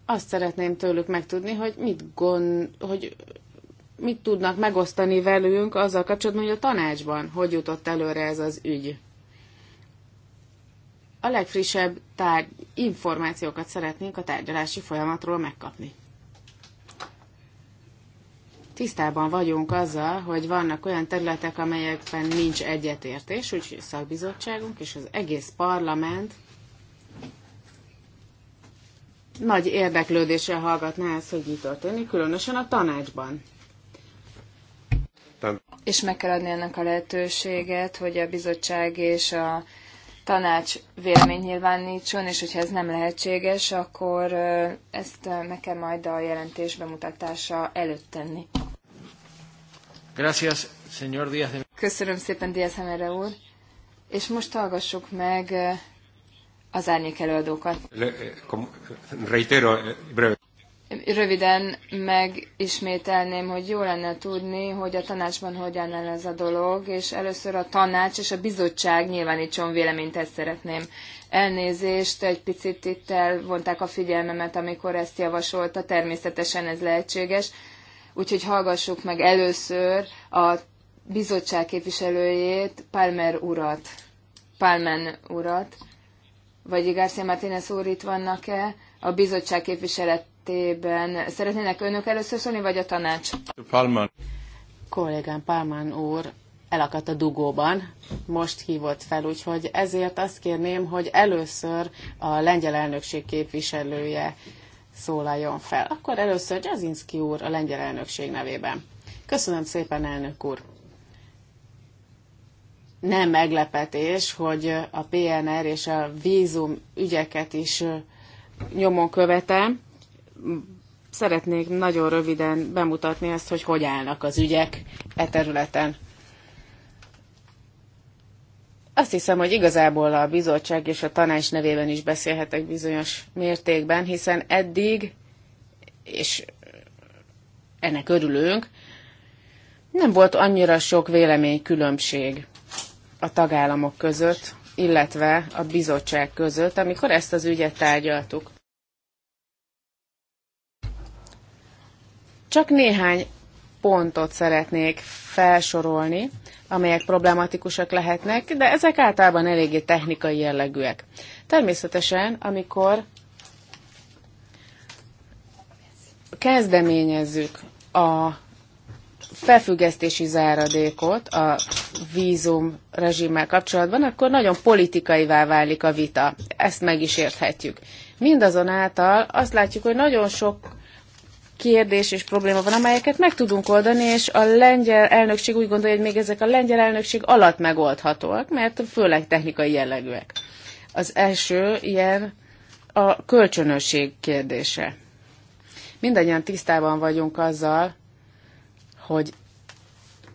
azt szeretném tőlük megtudni, hogy mit, gond, hogy mit tudnak megosztani velünk azzal kapcsolatban, hogy a tanácsban hogy jutott előre ez az ügy. A legfrissebb tárgy, információkat szeretnénk a tárgyalási folyamatról megkapni tisztában vagyunk azzal, hogy vannak olyan területek, amelyekben nincs egyetértés, úgyhogy a szakbizottságunk és az egész parlament nagy érdeklődéssel hallgatná ezt, hogy mi történik, különösen a tanácsban. És meg kell adni ennek a lehetőséget, hogy a bizottság és a tanács vélemény nyilvánítson, és hogyha ez nem lehetséges, akkor ezt meg kell majd a jelentés bemutatása előtt tenni. Gracias, señor Díaz de... Köszönöm szépen, Díaz Hemere úr. És most hallgassuk meg az árnyék előadókat. Le, eh, reitero, eh, breve. Röviden megismételném, hogy jó lenne tudni, hogy a tanácsban hogyan áll ez a dolog, és először a tanács és a bizottság nyilvánítson véleményt, ezt szeretném. Elnézést, egy picit itt elvonták a figyelmemet, amikor ezt javasolta, természetesen ez lehetséges. Úgyhogy hallgassuk meg először a bizottság képviselőjét, Palmer urat. Palmen urat. Vagy Garcia Martínez úr itt vannak-e? A bizottság képviselet esetében szeretnének önök először szólni, vagy a tanács? Palman. Kollégám Palman úr elakadt a dugóban, most hívott fel, úgyhogy ezért azt kérném, hogy először a lengyel elnökség képviselője szólaljon fel. Akkor először Jazinski úr a lengyel elnökség nevében. Köszönöm szépen, elnök úr! Nem meglepetés, hogy a PNR és a vízum ügyeket is nyomon követem szeretnék nagyon röviden bemutatni ezt, hogy hogy állnak az ügyek e területen. Azt hiszem, hogy igazából a bizottság és a tanács nevében is beszélhetek bizonyos mértékben, hiszen eddig, és ennek örülünk, nem volt annyira sok véleménykülönbség a tagállamok között, illetve a bizottság között, amikor ezt az ügyet tárgyaltuk. Csak néhány pontot szeretnék felsorolni, amelyek problematikusak lehetnek, de ezek általában eléggé technikai jellegűek. Természetesen, amikor kezdeményezzük a felfüggesztési záradékot a vízum rezsimmel kapcsolatban, akkor nagyon politikaivá válik a vita. Ezt meg is érthetjük. Mindazonáltal azt látjuk, hogy nagyon sok kérdés és probléma van, amelyeket meg tudunk oldani, és a lengyel elnökség úgy gondolja, hogy még ezek a lengyel elnökség alatt megoldhatóak, mert főleg technikai jellegűek. Az első ilyen a kölcsönösség kérdése. Mindannyian tisztában vagyunk azzal, hogy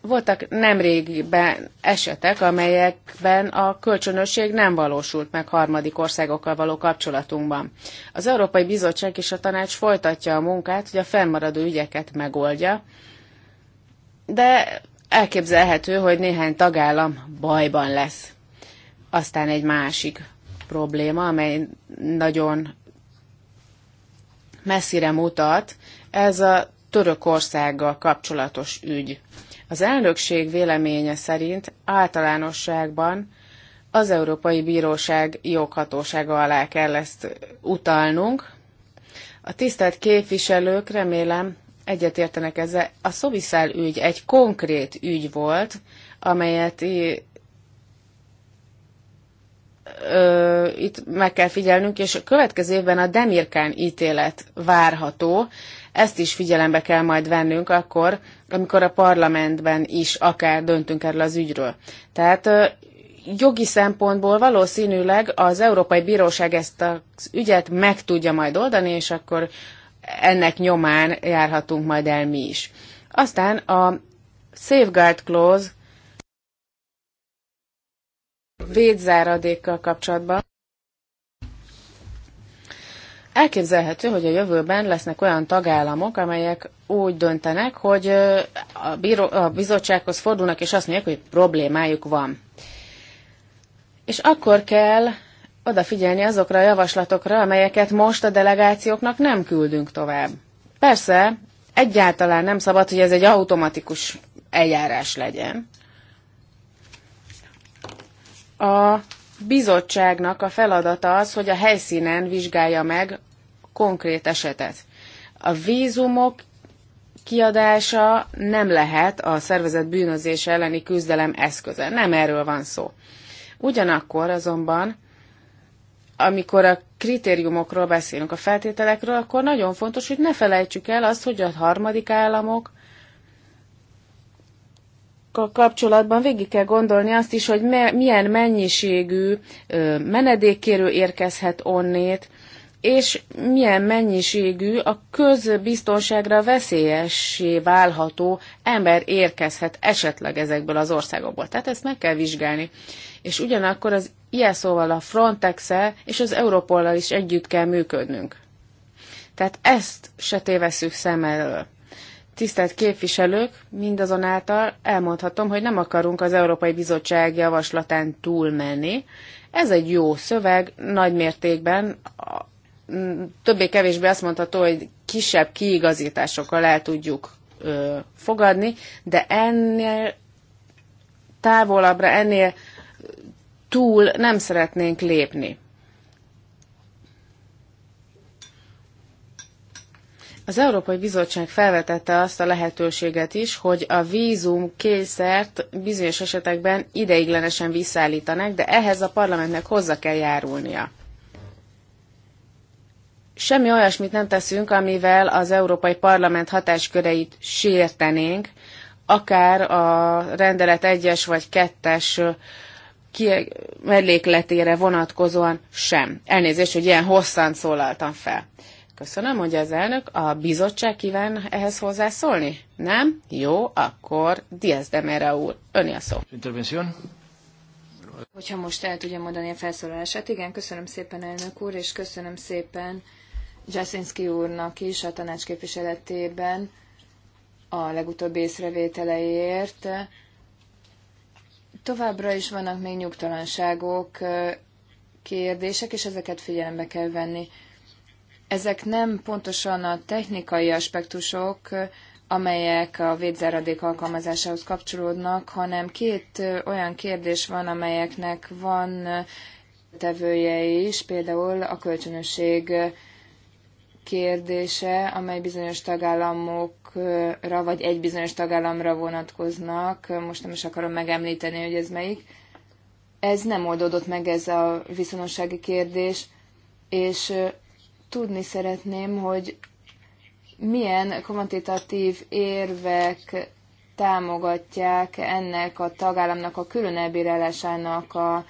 voltak nemrégiben esetek, amelyekben a kölcsönösség nem valósult meg harmadik országokkal való kapcsolatunkban. Az Európai Bizottság és a Tanács folytatja a munkát, hogy a fennmaradó ügyeket megoldja, de elképzelhető, hogy néhány tagállam bajban lesz. Aztán egy másik probléma, amely nagyon messzire mutat, ez a Törökországgal kapcsolatos ügy. Az elnökség véleménye szerint általánosságban az Európai Bíróság joghatósága alá kell ezt utalnunk. A tisztelt képviselők remélem egyetértenek ezzel. A Szoviszál ügy egy konkrét ügy volt, amelyet itt meg kell figyelnünk, és a következő évben a Demirkán ítélet várható. Ezt is figyelembe kell majd vennünk akkor, amikor a parlamentben is akár döntünk erről az ügyről. Tehát jogi szempontból valószínűleg az Európai Bíróság ezt az ügyet meg tudja majd oldani, és akkor ennek nyomán járhatunk majd el mi is. Aztán a Safeguard Clause védzáradékkal kapcsolatban Elképzelhető, hogy a jövőben lesznek olyan tagállamok, amelyek úgy döntenek, hogy a, bíró, a bizottsághoz fordulnak, és azt mondják, hogy problémájuk van. És akkor kell odafigyelni azokra a javaslatokra, amelyeket most a delegációknak nem küldünk tovább. Persze, egyáltalán nem szabad, hogy ez egy automatikus eljárás legyen. A bizottságnak a feladata az, hogy a helyszínen vizsgálja meg konkrét esetet. A vízumok kiadása nem lehet a szervezet bűnözés elleni küzdelem eszköze. Nem erről van szó. Ugyanakkor azonban, amikor a kritériumokról beszélünk, a feltételekről, akkor nagyon fontos, hogy ne felejtsük el azt, hogy a harmadik államok kapcsolatban végig kell gondolni azt is, hogy me, milyen mennyiségű menedékkérő érkezhet onnét, és milyen mennyiségű a közbiztonságra veszélyessé válható ember érkezhet esetleg ezekből az országokból. Tehát ezt meg kell vizsgálni. És ugyanakkor az ilyen val szóval a frontex és az Európollal is együtt kell működnünk. Tehát ezt se tévesszük szem elől. Tisztelt képviselők, mindazonáltal elmondhatom, hogy nem akarunk az Európai Bizottság javaslatán túlmenni. Ez egy jó szöveg, nagy mértékben többé-kevésbé azt mondható, hogy kisebb kiigazításokkal el tudjuk ö, fogadni, de ennél távolabbra, ennél túl nem szeretnénk lépni. Az Európai Bizottság felvetette azt a lehetőséget is, hogy a vízum kényszert bizonyos esetekben ideiglenesen visszaállítanak, de ehhez a parlamentnek hozzá kell járulnia. Semmi olyasmit nem teszünk, amivel az Európai Parlament hatásköreit sértenénk, akár a rendelet egyes vagy kettes mellékletére vonatkozóan sem. Elnézést, hogy ilyen hosszan szólaltam fel. Köszönöm, hogy az elnök. A bizottság kíván ehhez hozzászólni? Nem? Jó, akkor Diaz de Mera úr, öni a szó. Intervención. Hogyha most el tudja mondani a felszólalását. Igen, köszönöm szépen, elnök úr, és köszönöm szépen Jaszinski úrnak is a tanács képviseletében a legutóbbi észrevételeiért. Továbbra is vannak még nyugtalanságok, kérdések, és ezeket figyelembe kell venni. Ezek nem pontosan a technikai aspektusok, amelyek a védzáradék alkalmazásához kapcsolódnak, hanem két olyan kérdés van, amelyeknek van tevője is, például a kölcsönösség kérdése, amely bizonyos tagállamokra, vagy egy bizonyos tagállamra vonatkoznak. Most nem is akarom megemlíteni, hogy ez melyik. Ez nem oldódott meg ez a viszonossági kérdés, és Tudni szeretném, hogy milyen kvantitatív érvek támogatják ennek a tagállamnak a külön a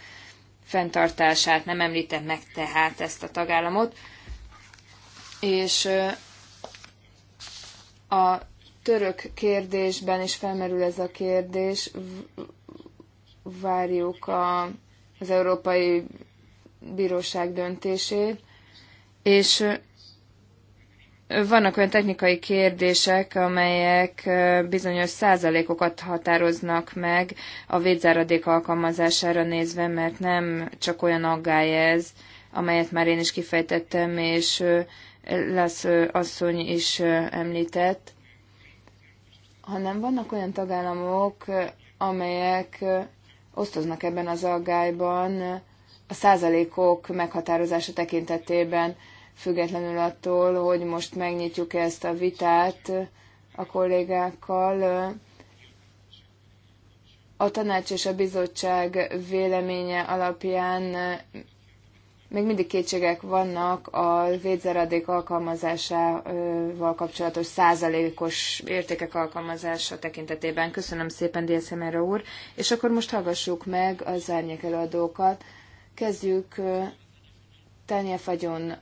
fenntartását, nem említem meg tehát ezt a tagállamot, és a török kérdésben is felmerül ez a kérdés, várjuk a, az Európai Bíróság döntését, és vannak olyan technikai kérdések, amelyek bizonyos százalékokat határoznak meg a védzáradék alkalmazására nézve, mert nem csak olyan aggály ez, amelyet már én is kifejtettem, és lesz asszony is említett, hanem vannak olyan tagállamok, amelyek osztoznak ebben az aggályban a százalékok meghatározása tekintetében függetlenül attól, hogy most megnyitjuk ezt a vitát a kollégákkal. A tanács és a bizottság véleménye alapján még mindig kétségek vannak a védzeradék alkalmazásával kapcsolatos százalékos értékek alkalmazása tekintetében. Köszönöm szépen, Dél úr. És akkor most hallgassuk meg az árnyék előadókat. Kezdjük Tanja Fagyon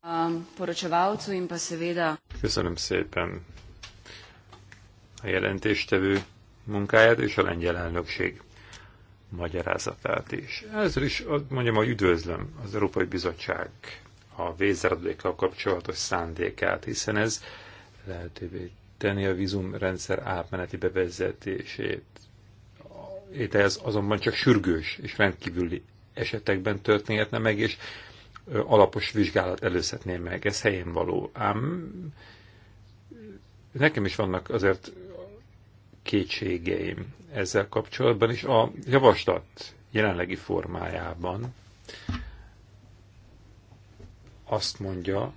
A poročevalcu in pa seveda. Köszönöm szépen a jelentéstevő munkáját és a lengyel elnökség magyarázatát is. Ezzel is mondjam, hogy üdvözlöm az Európai Bizottság a vészáradékkal kapcsolatos szándékát, hiszen ez lehetővé tenni a vízumrendszer átmeneti bevezetését. Ez azonban csak sürgős és rendkívüli esetekben történhetne meg, és alapos vizsgálat előzhetné meg. Ez helyén való. Ám nekem is vannak azért kétségeim ezzel kapcsolatban, és a javaslat jelenlegi formájában azt mondja,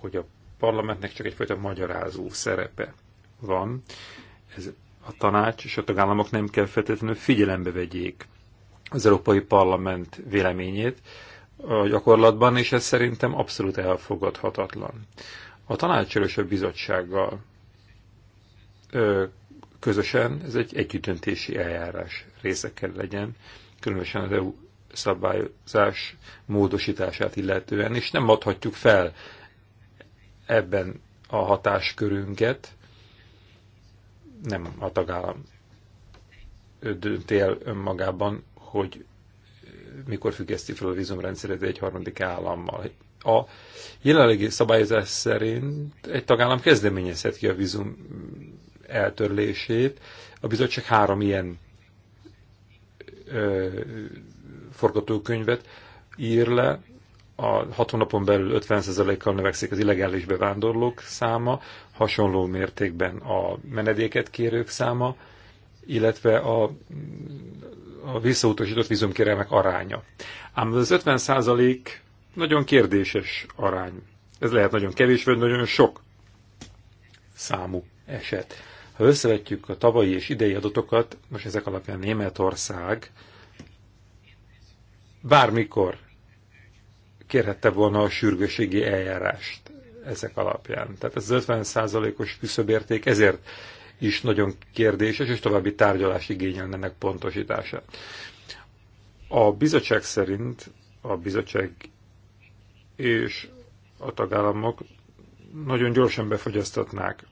hogy a parlamentnek csak egyfajta magyarázó szerepe van. Ez a tanács és a tagállamok nem kell feltétlenül figyelembe vegyék az Európai Parlament véleményét a gyakorlatban, és ez szerintem abszolút elfogadhatatlan. A a bizottsággal ö, közösen ez egy együttöntési eljárás része kell legyen, különösen az EU szabályozás módosítását illetően, és nem adhatjuk fel ebben a hatáskörünket, nem a tagállam dönti el önmagában hogy eh, mikor függeszti fel a vízumrendszeret egy harmadik állammal. A jelenlegi szabályozás szerint egy tagállam kezdeményezhet ki a vízum eltörlését. A bizottság három ilyen ö, forgatókönyvet ír le, a hat hónapon belül 50%-kal növekszik az illegális bevándorlók száma, hasonló mértékben a menedéket kérők száma, illetve a a visszautasított vízumkérelmek aránya. Ám az 50 százalék nagyon kérdéses arány. Ez lehet nagyon kevés, vagy nagyon sok számú eset. Ha összevetjük a tavalyi és idei adatokat, most ezek alapján Németország bármikor kérhette volna a sürgőségi eljárást ezek alapján. Tehát ez az 50 százalékos küszöbérték ezért is nagyon kérdéses, és további tárgyalás igényelne ennek pontosítását. A bizottság szerint a bizottság és a tagállamok nagyon gyorsan befogyasztatnák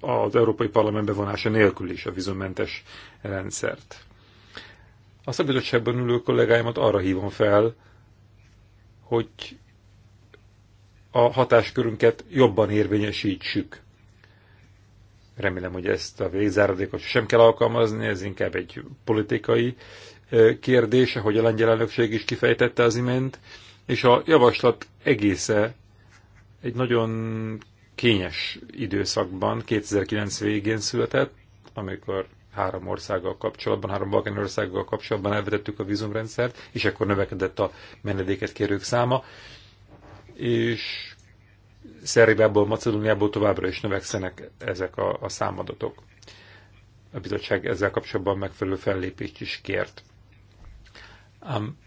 az Európai Parlament bevonása nélkül is a vízummentes rendszert. A szabadságban ülő kollégáimat arra hívom fel, hogy a hatáskörünket jobban érvényesítsük Remélem, hogy ezt a végzáradékot sem kell alkalmazni, ez inkább egy politikai kérdése, hogy a lengyel elnökség is kifejtette az imént, és a javaslat egésze egy nagyon kényes időszakban, 2009 végén született, amikor három országgal kapcsolatban, három balkáni országgal kapcsolatban elvetettük a vízumrendszert, és akkor növekedett a menedéket kérők száma, és Szerbiából, Macedóniából továbbra is növekszenek ezek a, a számadatok. A bizottság ezzel kapcsolatban megfelelő fellépést is kért. Um,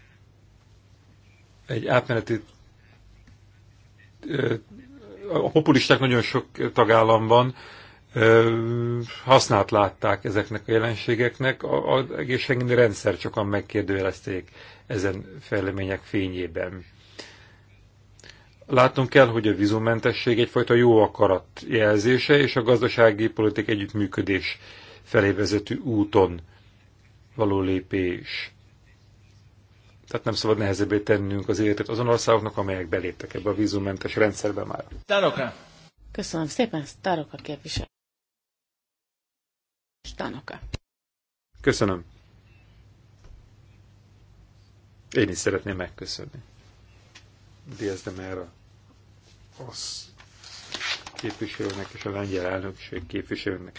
egy átmeneti a populisták nagyon sok tagállamban hasznát látták ezeknek a jelenségeknek, az egészségügyi rendszer sokan megkérdőjelezték ezen fejlemények fényében. Látnunk kell, hogy a vízummentesség egyfajta jó akarat jelzése és a gazdasági politik együttműködés felé vezető úton való lépés. Tehát nem szabad nehezebbé tennünk az életet azon országoknak, amelyek beléptek ebbe a vízummentes rendszerbe már. Tanoka! Köszönöm szépen, Tanoka képviselő. Tanoka. Köszönöm. Én is szeretném megköszönni. Diaz de Mera az képviselőnek és a lengyel elnökség képviselőnek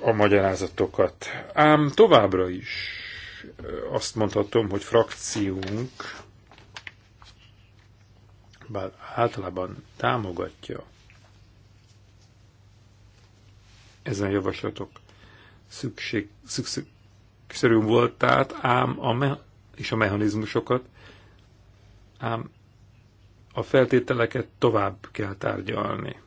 a magyarázatokat. Ám továbbra is azt mondhatom, hogy frakciónk bár általában támogatja ezen javaslatok szükség, szükségszerű volt, tehát ám a me- és a mechanizmusokat, ám a feltételeket tovább kell tárgyalni.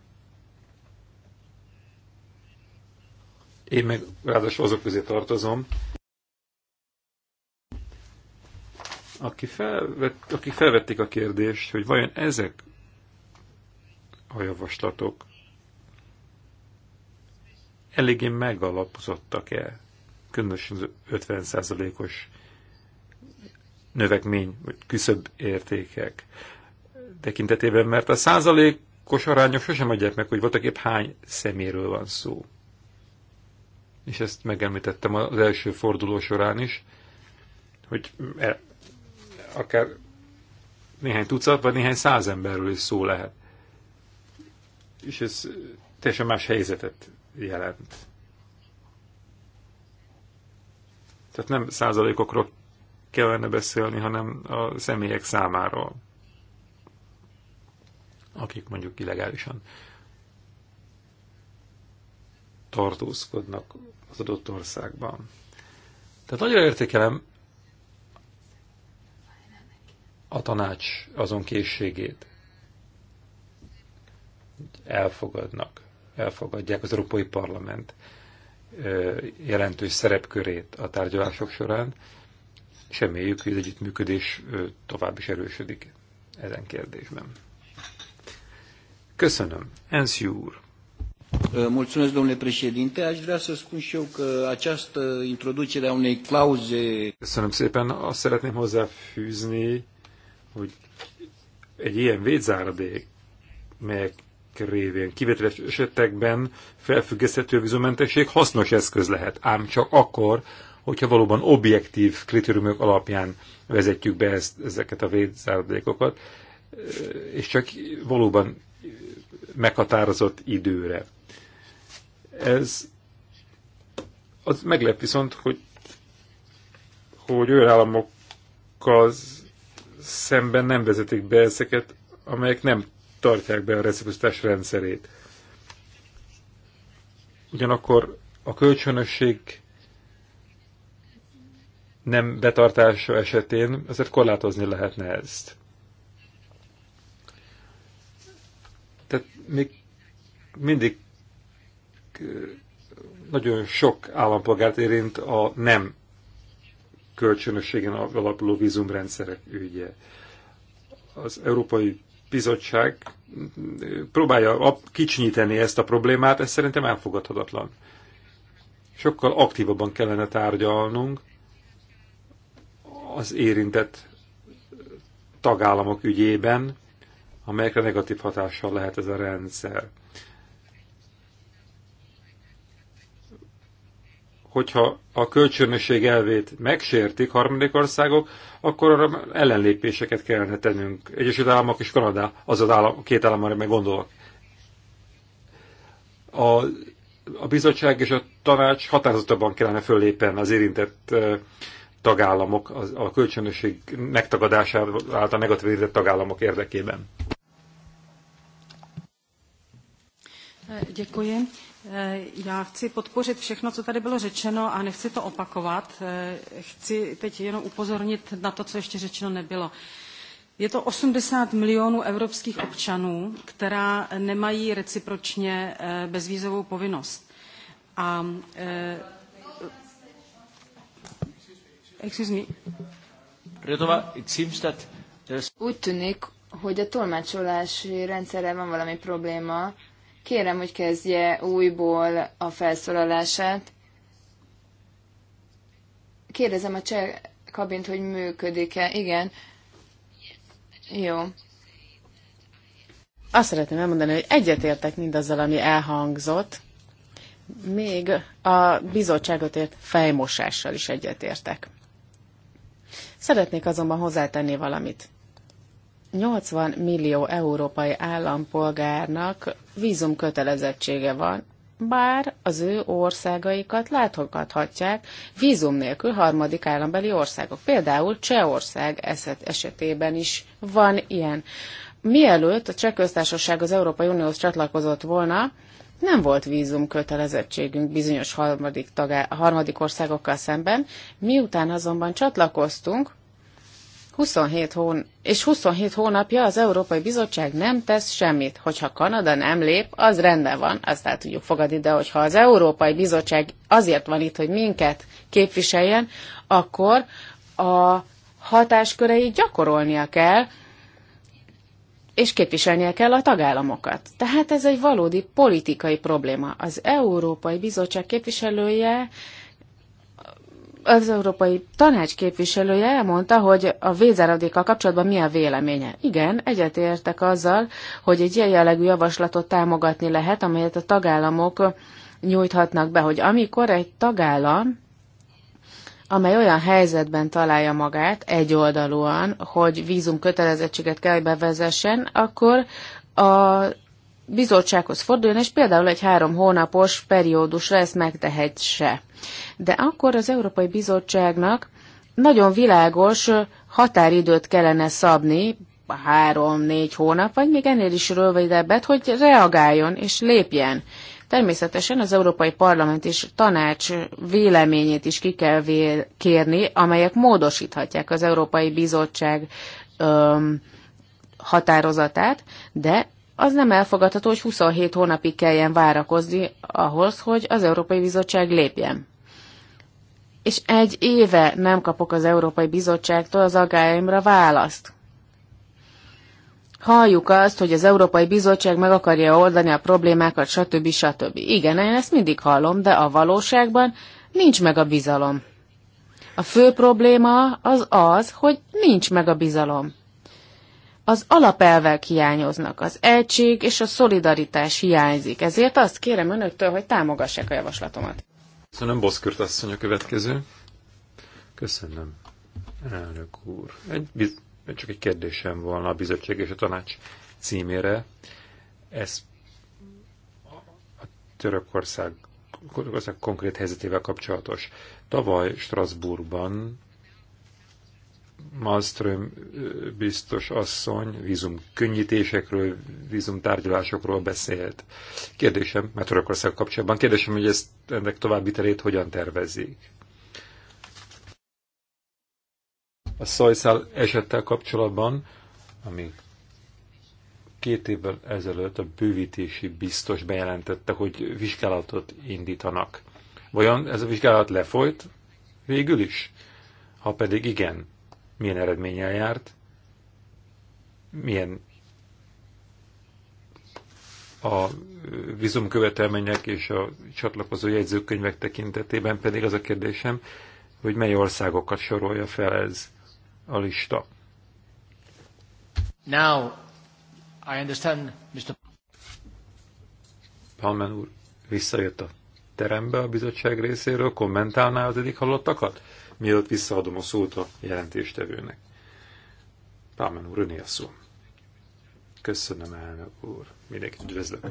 Én meg ráadásul azok közé tartozom, aki felvett, akik felvették a kérdést, hogy vajon ezek a javaslatok eléggé megalapozottak-e, különösen az 50%-os növekmény, vagy küszöbb értékek tekintetében, mert a százalékos arányok sosem adják meg, hogy voltak épp hány szeméről van szó. És ezt megemlítettem az első forduló során is, hogy e, akár néhány tucat, vagy néhány száz emberről is szó lehet. És ez teljesen más helyzetet jelent. Tehát nem százalékokról kellene beszélni, hanem a személyek számáról akik mondjuk illegálisan tartózkodnak az adott országban. Tehát nagyra értékelem a tanács azon készségét. Elfogadnak, elfogadják az Európai Parlament jelentős szerepkörét a tárgyalások során, és reméljük, hogy az együttműködés tovább is erősödik ezen kérdésben. Köszönöm. Enszi úr. Mulțumesc, domnule președinte. Aș vrea să spun și eu că această introducere a unei clauze... Köszönöm szépen. Azt szeretném hozzáfűzni, hogy egy ilyen védzáradék, melyek révén kivételes esetekben felfüggeszthető vízumentesség hasznos eszköz lehet, ám csak akkor, hogyha valóban objektív kritériumok alapján vezetjük be ezt, ezeket a védzáradékokat, és csak valóban meghatározott időre. Ez az meglep viszont, hogy, hogy olyan államokkal szemben nem vezetik be ezeket, amelyek nem tartják be a reciprocitás rendszerét. Ugyanakkor a kölcsönösség nem betartása esetén azért korlátozni lehetne ezt. Tehát még mindig nagyon sok állampolgárt érint a nem kölcsönösségen alapuló vízumrendszerek ügye. Az Európai Bizottság próbálja kicsinyíteni ezt a problémát, ez szerintem elfogadhatatlan. Sokkal aktívabban kellene tárgyalnunk az érintett tagállamok ügyében, amelyekre negatív hatással lehet ez a rendszer. Hogyha a kölcsönösség elvét megsértik harmadik országok, akkor arra ellenlépéseket kellene tennünk. Egyesült Államok és Kanadá, az az állam, két állam, amire meg gondolok. A, a bizottság és a tanács határozottabban kellene föllépen az érintett tagállamok, a kölcsönösség megtagadásával által negatív tagállamok érdekében. Děkuji. Eh, já chci podpořit všechno, co tady bylo řečeno a nechci to opakovat. Eh, chci teď jenom upozornit na to, co ještě řečeno nebylo. Je to 80 milionů evropských občanů, která nemají recipročně eh, bezvízovou povinnost. A, excuse me. it seems that Úgy tűnik, hogy a tolmácsolási rendszerrel van valami probléma Kérem, hogy kezdje újból a felszólalását. Kérdezem a cseh kabint, hogy működik-e. Igen. Jó. Azt szeretném elmondani, hogy egyetértek mindazzal, ami elhangzott. Még a bizottságot ért fejmosással is egyetértek. Szeretnék azonban hozzátenni valamit. 80 millió európai állampolgárnak vízum kötelezettsége van, bár az ő országaikat látogathatják vízum nélkül harmadik állambeli országok. Például Csehország eset esetében is van ilyen. Mielőtt a Cseh köztársaság az Európai Unióhoz csatlakozott volna, nem volt vízum kötelezettségünk bizonyos harmadik, tagá, harmadik országokkal szemben, miután azonban csatlakoztunk, 27 hón, és 27 hónapja az Európai Bizottság nem tesz semmit. Hogyha Kanada nem lép, az rendben van, azt el tudjuk fogadni, de hogyha az Európai Bizottság azért van itt, hogy minket képviseljen, akkor a hatásköreit gyakorolnia kell, és képviselnie kell a tagállamokat. Tehát ez egy valódi politikai probléma. Az Európai Bizottság képviselője az Európai Tanács képviselője elmondta, hogy a védzáradékkal kapcsolatban mi a véleménye. Igen, egyetértek azzal, hogy egy ilyen jellegű javaslatot támogatni lehet, amelyet a tagállamok nyújthatnak be, hogy amikor egy tagállam, amely olyan helyzetben találja magát egyoldalúan, hogy vízum kötelezettséget kell bevezessen, akkor a bizottsághoz forduljon, és például egy három hónapos periódusra ezt megtehetse. De akkor az Európai Bizottságnak nagyon világos határidőt kellene szabni, három-négy hónap, vagy még ennél is rövidebbet, hogy reagáljon és lépjen. Természetesen az Európai Parlament és tanács véleményét is ki kell kérni, amelyek módosíthatják az Európai Bizottság öm, határozatát, de az nem elfogadható, hogy 27 hónapig kelljen várakozni ahhoz, hogy az Európai Bizottság lépjen. És egy éve nem kapok az Európai Bizottságtól az agályaimra választ. Halljuk azt, hogy az Európai Bizottság meg akarja oldani a problémákat, stb. stb. Igen, én ezt mindig hallom, de a valóságban nincs meg a bizalom. A fő probléma az az, hogy nincs meg a bizalom az alapelvek hiányoznak, az egység és a szolidaritás hiányzik. Ezért azt kérem önöktől, hogy támogassák a javaslatomat. Köszönöm, Boszkürt asszony a következő. Köszönöm, elnök úr. Egy, csak egy kérdésem volna a bizottság és a tanács címére. Ez a Törökország, Törökország konkrét helyzetével kapcsolatos. Tavaly Strasbourgban Malmström biztos asszony vízum könnyítésekről, vízum tárgyalásokról beszélt. Kérdésem, mert Törökország kapcsolatban, kérdésem, hogy ezt ennek további terét hogyan tervezik? A Szajszál esettel kapcsolatban, ami két évvel ezelőtt a bővítési biztos bejelentette, hogy vizsgálatot indítanak. Vajon ez a vizsgálat lefolyt végül is? Ha pedig igen, milyen eredménnyel járt, milyen a vízumkövetelmények és a csatlakozó jegyzőkönyvek tekintetében pedig az a kérdésem, hogy mely országokat sorolja fel ez a lista. Now, I understand, Mr. Palmen úr visszajött a terembe a bizottság részéről, kommentálná az eddig hallottakat? mielőtt visszaadom a szót a jelentéstevőnek. Pámen úr, öné a szó. Köszönöm, elnök úr. Mindenkit üdvözlök.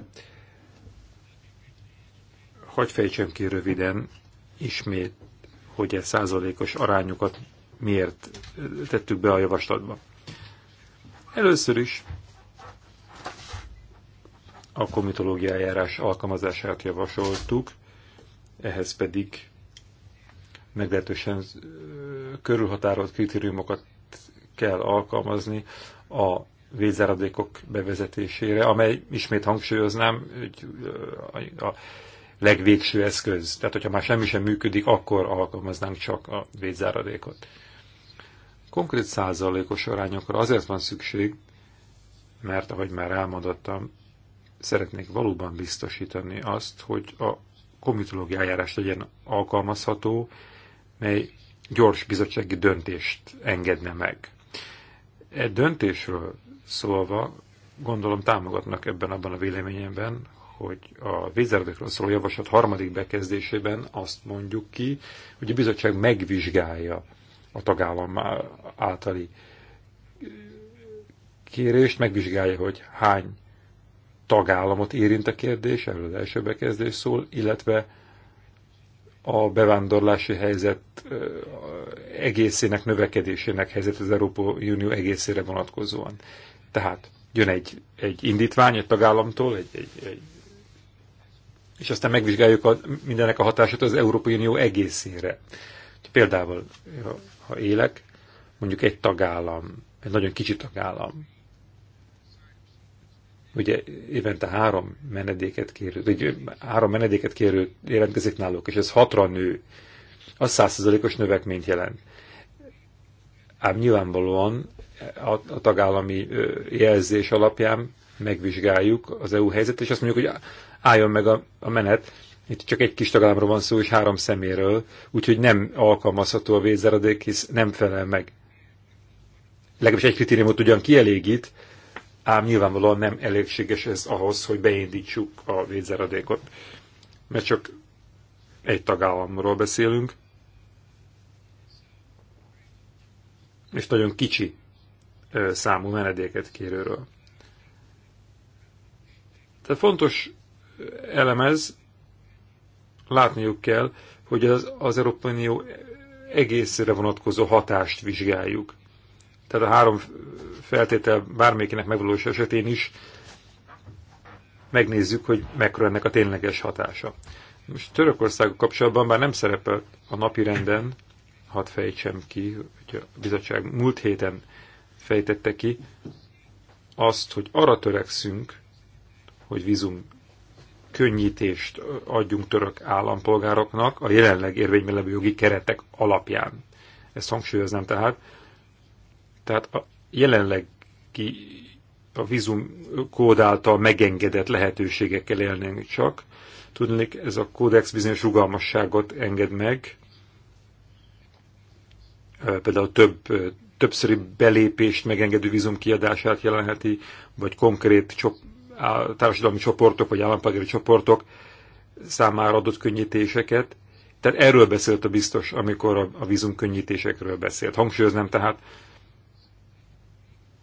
Hagy fejtsem ki röviden ismét, hogy ez százalékos arányokat miért tettük be a javaslatba. Először is a komitológia eljárás alkalmazását javasoltuk, ehhez pedig meglehetősen körülhatárolt kritériumokat kell alkalmazni a védzáradékok bevezetésére, amely ismét hangsúlyoznám, hogy a legvégső eszköz. Tehát, hogyha már semmi sem működik, akkor alkalmaznánk csak a védzáradékot. Konkrét százalékos arányokra azért van szükség, mert ahogy már elmondottam, szeretnék valóban biztosítani azt, hogy a komitológiai eljárás legyen alkalmazható, mely gyors bizottsági döntést engedne meg. E döntésről szólva, gondolom támogatnak ebben abban a véleményemben, hogy a vízzáradékról szóló javaslat harmadik bekezdésében azt mondjuk ki, hogy a bizottság megvizsgálja a tagállam általi kérést, megvizsgálja, hogy hány tagállamot érint a kérdés, erről az első bekezdés szól, illetve a bevándorlási helyzet egészének növekedésének helyzet az Európai Unió egészére vonatkozóan. Tehát jön egy, egy indítvány egy tagállamtól, egy, egy, egy, és aztán megvizsgáljuk a, mindenek a hatását az Európai Unió egészére. Például, ha élek, mondjuk egy tagállam, egy nagyon kicsi tagállam, ugye évente három menedéket kérő, vagy három menedéket kérő jelentkezik náluk, és ez hatra nő, az százszerzalékos növekményt jelent. Ám nyilvánvalóan a, a tagállami jelzés alapján megvizsgáljuk az EU helyzetet, és azt mondjuk, hogy álljon meg a, a menet, itt csak egy kis tagállamról van szó, és három szeméről, úgyhogy nem alkalmazható a vészeredék, hisz nem felel meg. Legalábbis egy kritériumot ugyan kielégít, ám nyilvánvalóan nem elégséges ez ahhoz, hogy beindítsuk a védzeradékot, mert csak egy tagállamról beszélünk, és nagyon kicsi számú menedéket kérőről. Tehát fontos elemez, látniuk kell, hogy az, az Európai Unió egészre vonatkozó hatást vizsgáljuk. Tehát a három feltétel bármelyikének megvalós esetén is megnézzük, hogy mekkora ennek a tényleges hatása. Most Törökország kapcsolatban már nem szerepel a napi renden, hadd fejtsem ki, hogy a bizottság múlt héten fejtette ki, azt, hogy arra törekszünk, hogy vízum könnyítést adjunk török állampolgároknak a jelenleg érvényben levő jogi keretek alapján. Ezt hangsúlyoznám tehát. Tehát jelenlegi a vízum kód által megengedett lehetőségekkel élnénk csak. Tudnék, ez a kódex bizonyos rugalmasságot enged meg, például több, többszöri belépést megengedő vízum kiadását jelenheti, vagy konkrét csop, társadalmi csoportok, vagy állampolgári csoportok számára adott könnyítéseket. Tehát erről beszélt a biztos, amikor a, a vízum könnyítésekről beszélt. Hangsúlyoznám tehát,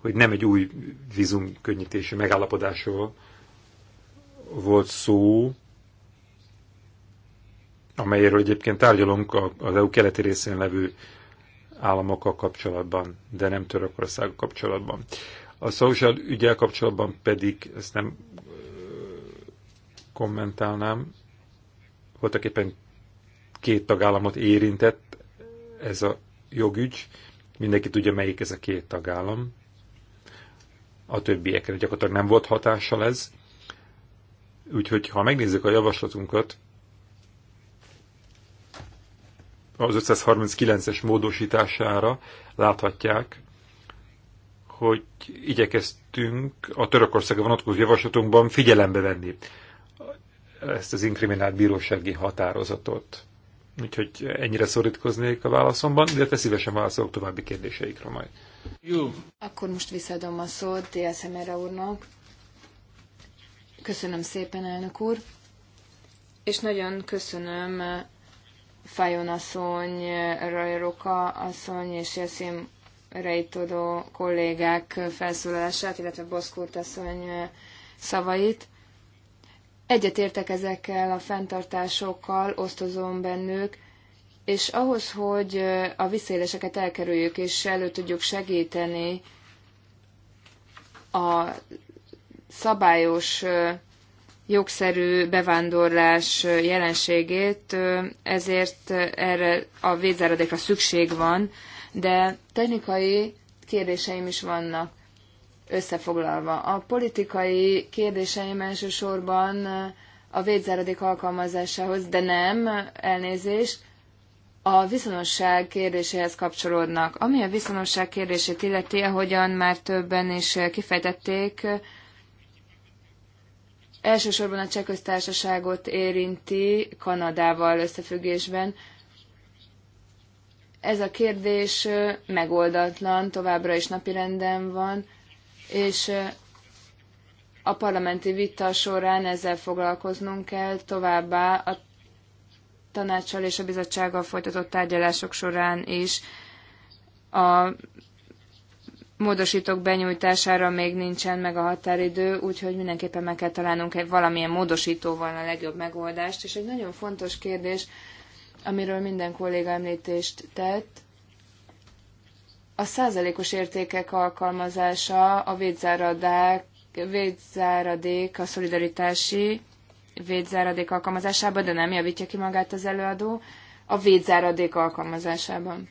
hogy nem egy új vízumkönnyítési megállapodásról volt szó, amelyről egyébként tárgyalunk az EU keleti részén levő államokkal kapcsolatban, de nem Törökország kapcsolatban. A social ügyel kapcsolatban pedig ezt nem kommentálnám, voltak éppen két tagállamot érintett ez a jogügy, mindenki tudja, melyik ez a két tagállam a többiekre gyakorlatilag nem volt hatással ez. Úgyhogy ha megnézzük a javaslatunkat, az 539-es módosítására láthatják, hogy igyekeztünk a Törökországra vonatkozó javaslatunkban figyelembe venni ezt az inkriminált bírósági határozatot. Úgyhogy ennyire szorítkoznék a válaszomban, illetve szívesen válaszolok további kérdéseikre majd. Jó. Akkor most visszadom a szót Diaszemere úrnak. Köszönöm szépen, elnök úr. És nagyon köszönöm eh, Fajon asszony, eh, Rajroka asszony és Jeszim Rejtodó kollégák eh, felszólalását, illetve Boszkurt asszony szavait. Egyetértek ezekkel a fenntartásokkal, osztozom bennük, és ahhoz, hogy a visszaéléseket elkerüljük, és elő tudjuk segíteni a szabályos jogszerű bevándorlás jelenségét, ezért erre a védzáradékra szükség van, de technikai kérdéseim is vannak összefoglalva. A politikai kérdéseim elsősorban a védzáradék alkalmazásához, de nem elnézést, a viszonosság kérdéséhez kapcsolódnak. Ami a viszonosság kérdését illeti, ahogyan már többen is kifejtették, elsősorban a cseh köztársaságot érinti Kanadával összefüggésben. Ez a kérdés megoldatlan, továbbra is napirenden van, és a parlamenti vita során ezzel foglalkoznunk kell, továbbá a tanácssal és a bizottsággal folytatott tárgyalások során is a módosítók benyújtására még nincsen meg a határidő, úgyhogy mindenképpen meg kell találnunk egy valamilyen módosítóval a legjobb megoldást. És egy nagyon fontos kérdés, amiről minden kolléga említést tett, a százalékos értékek alkalmazása, a védzáradák, védzáradék, a szolidaritási védzáradék alkalmazásában, de nem javítja ki magát az előadó, a védzáradék alkalmazásában.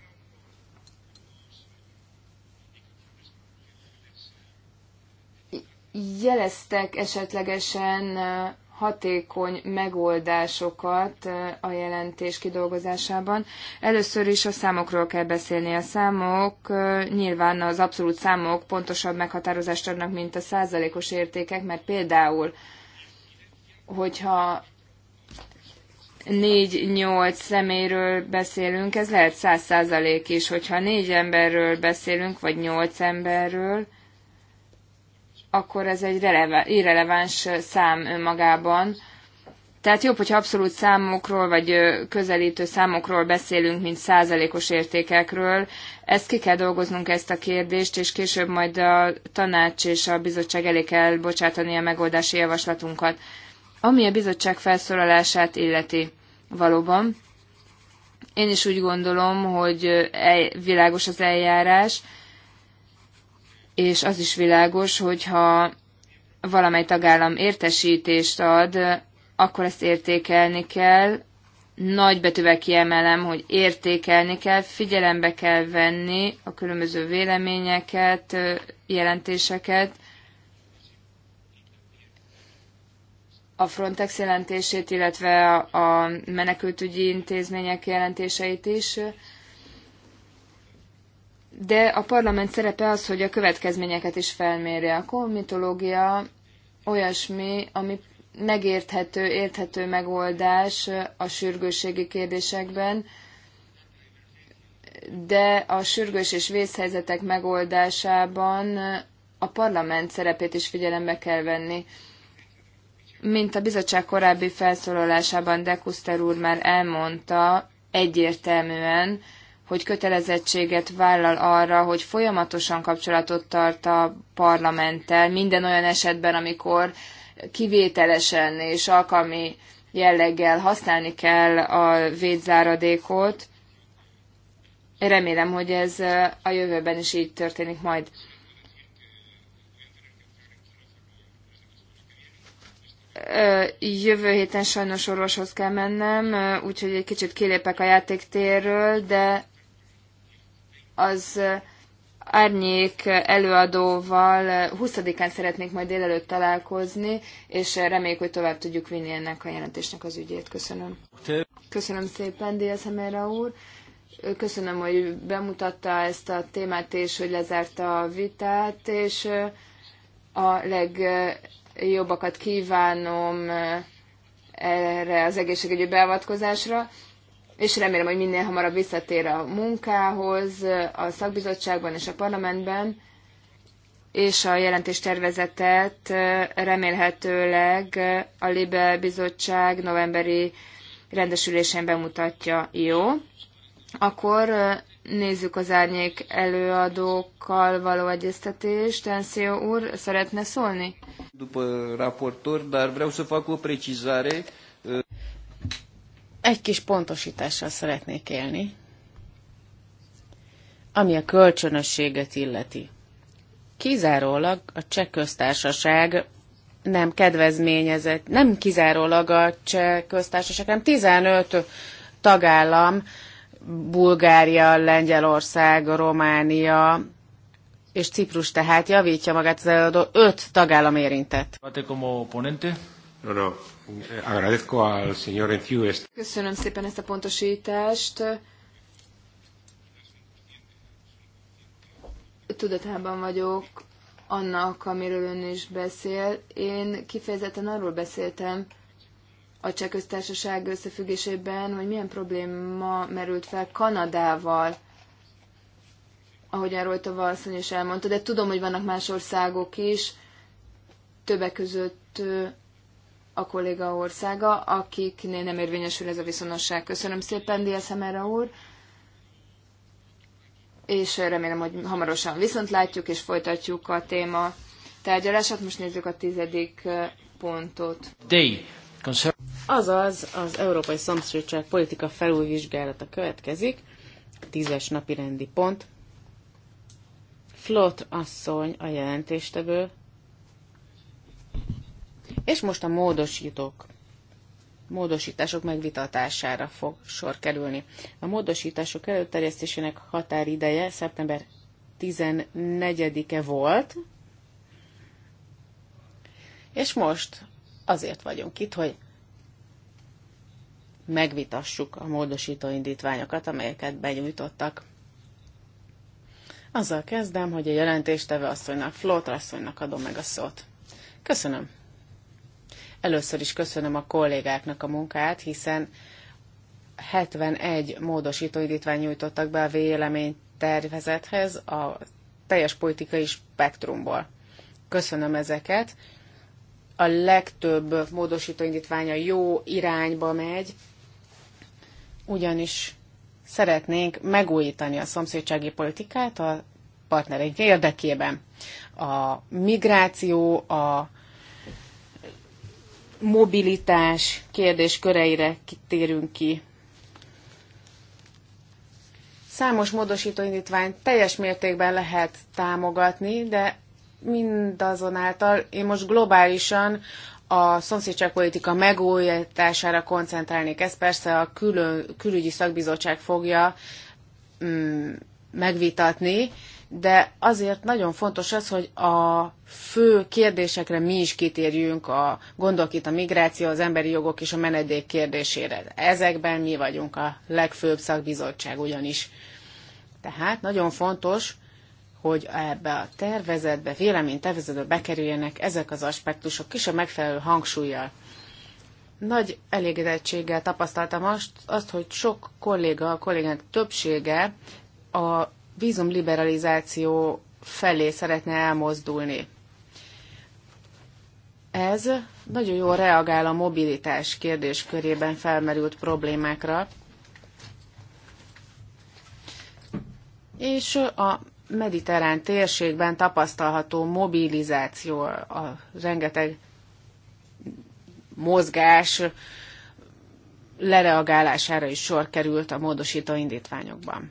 Jeleztek esetlegesen uh, hatékony megoldásokat uh, a jelentés kidolgozásában. Először is a számokról kell beszélni. A számok uh, nyilván az abszolút számok pontosabb meghatározást adnak, mint a százalékos értékek, mert például hogyha négy-nyolc szeméről beszélünk, ez lehet száz százalék is, hogyha négy emberről beszélünk, vagy nyolc emberről, akkor ez egy irreleváns szám önmagában. Tehát jobb, hogyha abszolút számokról, vagy közelítő számokról beszélünk, mint százalékos értékekről. Ezt ki kell dolgoznunk ezt a kérdést, és később majd a tanács és a bizottság elé kell bocsátani a megoldási javaslatunkat. Ami a bizottság felszólalását illeti, valóban, én is úgy gondolom, hogy világos az eljárás, és az is világos, hogyha valamely tagállam értesítést ad, akkor ezt értékelni kell. Nagy betűvel kiemelem, hogy értékelni kell, figyelembe kell venni a különböző véleményeket, jelentéseket, a Frontex jelentését, illetve a menekültügyi intézmények jelentéseit is. De a parlament szerepe az, hogy a következményeket is felmérje. A komitológia olyasmi, ami megérthető, érthető megoldás a sürgősségi kérdésekben, de a sürgős és vészhelyzetek megoldásában a parlament szerepét is figyelembe kell venni. Mint a bizottság korábbi felszólalásában Dekuszter úr már elmondta egyértelműen, hogy kötelezettséget vállal arra, hogy folyamatosan kapcsolatot tart a parlamenttel minden olyan esetben, amikor kivételesen és alkalmi jelleggel használni kell a védzáradékot. Remélem, hogy ez a jövőben is így történik majd. Jövő héten sajnos orvoshoz kell mennem, úgyhogy egy kicsit kilépek a játéktérről, de az árnyék előadóval 20-án szeretnék majd délelőtt találkozni, és reméljük, hogy tovább tudjuk vinni ennek a jelentésnek az ügyét. Köszönöm. Köszönöm szépen, Díaz Hemera úr. Köszönöm, hogy bemutatta ezt a témát, és hogy lezárta a vitát, és a leg jobbakat kívánom eh, erre az egészségügyi beavatkozásra, és remélem, hogy minél hamarabb visszatér a munkához, a szakbizottságban és a parlamentben, és a jelentéstervezetet eh, remélhetőleg eh, a Libe Bizottság novemberi rendesülésén bemutatja. Jó, akkor nézzük az árnyék előadókkal való egyeztetést. Tenszió úr, szeretne szólni? raportor, Egy kis pontosítással szeretnék élni, ami a kölcsönösséget illeti. Kizárólag a cseh köztársaság nem kedvezményezett, nem kizárólag a cseh köztársaság, hanem 15 tagállam Bulgária, Lengyelország, Románia és Ciprus tehát javítja magát az előadó, öt tagállam érintett. Köszönöm szépen ezt a pontosítást. Tudatában vagyok annak, amiről ön is beszél. Én kifejezetten arról beszéltem, a cseh köztársaság összefüggésében, vagy milyen probléma merült fel Kanadával, ahogy erről Tova asszony is elmondta, de tudom, hogy vannak más országok is, többek között a kolléga országa, akiknél nem érvényesül ez a viszonosság. Köszönöm szépen, Diaszemera úr, és remélem, hogy hamarosan viszont látjuk és folytatjuk a téma tárgyalását. Most nézzük a tizedik pontot. Day. Azaz az Európai Szomszédság politika felülvizsgálata következik, tízes napi rendi pont. Flott asszony a jelentéstevő. És most a módosítók módosítások megvitatására fog sor kerülni. A módosítások előterjesztésének határideje szeptember 14-e volt, és most Azért vagyunk itt, hogy megvitassuk a módosító indítványokat, amelyeket benyújtottak. Azzal kezdem, hogy a jelentéstevő asszonynak, Flót asszonynak adom meg a szót. Köszönöm. Először is köszönöm a kollégáknak a munkát, hiszen 71 módosító indítvány nyújtottak be a vélemény tervezethez a teljes politikai spektrumból. Köszönöm ezeket, a legtöbb módosító indítványa jó irányba megy, ugyanis szeretnénk megújítani a szomszédsági politikát a partnereink érdekében. A migráció, a mobilitás kérdésköreire kitérünk ki. Számos módosító indítványt teljes mértékben lehet támogatni, de mindazonáltal én most globálisan a szomszédságpolitika megújítására koncentrálnék. Ez persze a külön, külügyi szakbizottság fogja mm, megvitatni, de azért nagyon fontos az, hogy a fő kérdésekre mi is kitérjünk, a, gondolk itt a migráció, az emberi jogok és a menedék kérdésére. Ezekben mi vagyunk a legfőbb szakbizottság ugyanis. Tehát nagyon fontos, hogy ebbe a tervezetbe, véleménytervezetbe bekerüljenek ezek az aspektusok is a megfelelő hangsúlyjal. Nagy elégedettséggel tapasztaltam azt, azt hogy sok kolléga, a kollégák többsége a vízumliberalizáció felé szeretne elmozdulni. Ez nagyon jól reagál a mobilitás kérdéskörében felmerült problémákra, és a mediterrán térségben tapasztalható mobilizáció, a rengeteg mozgás lereagálására is sor került a módosító indítványokban.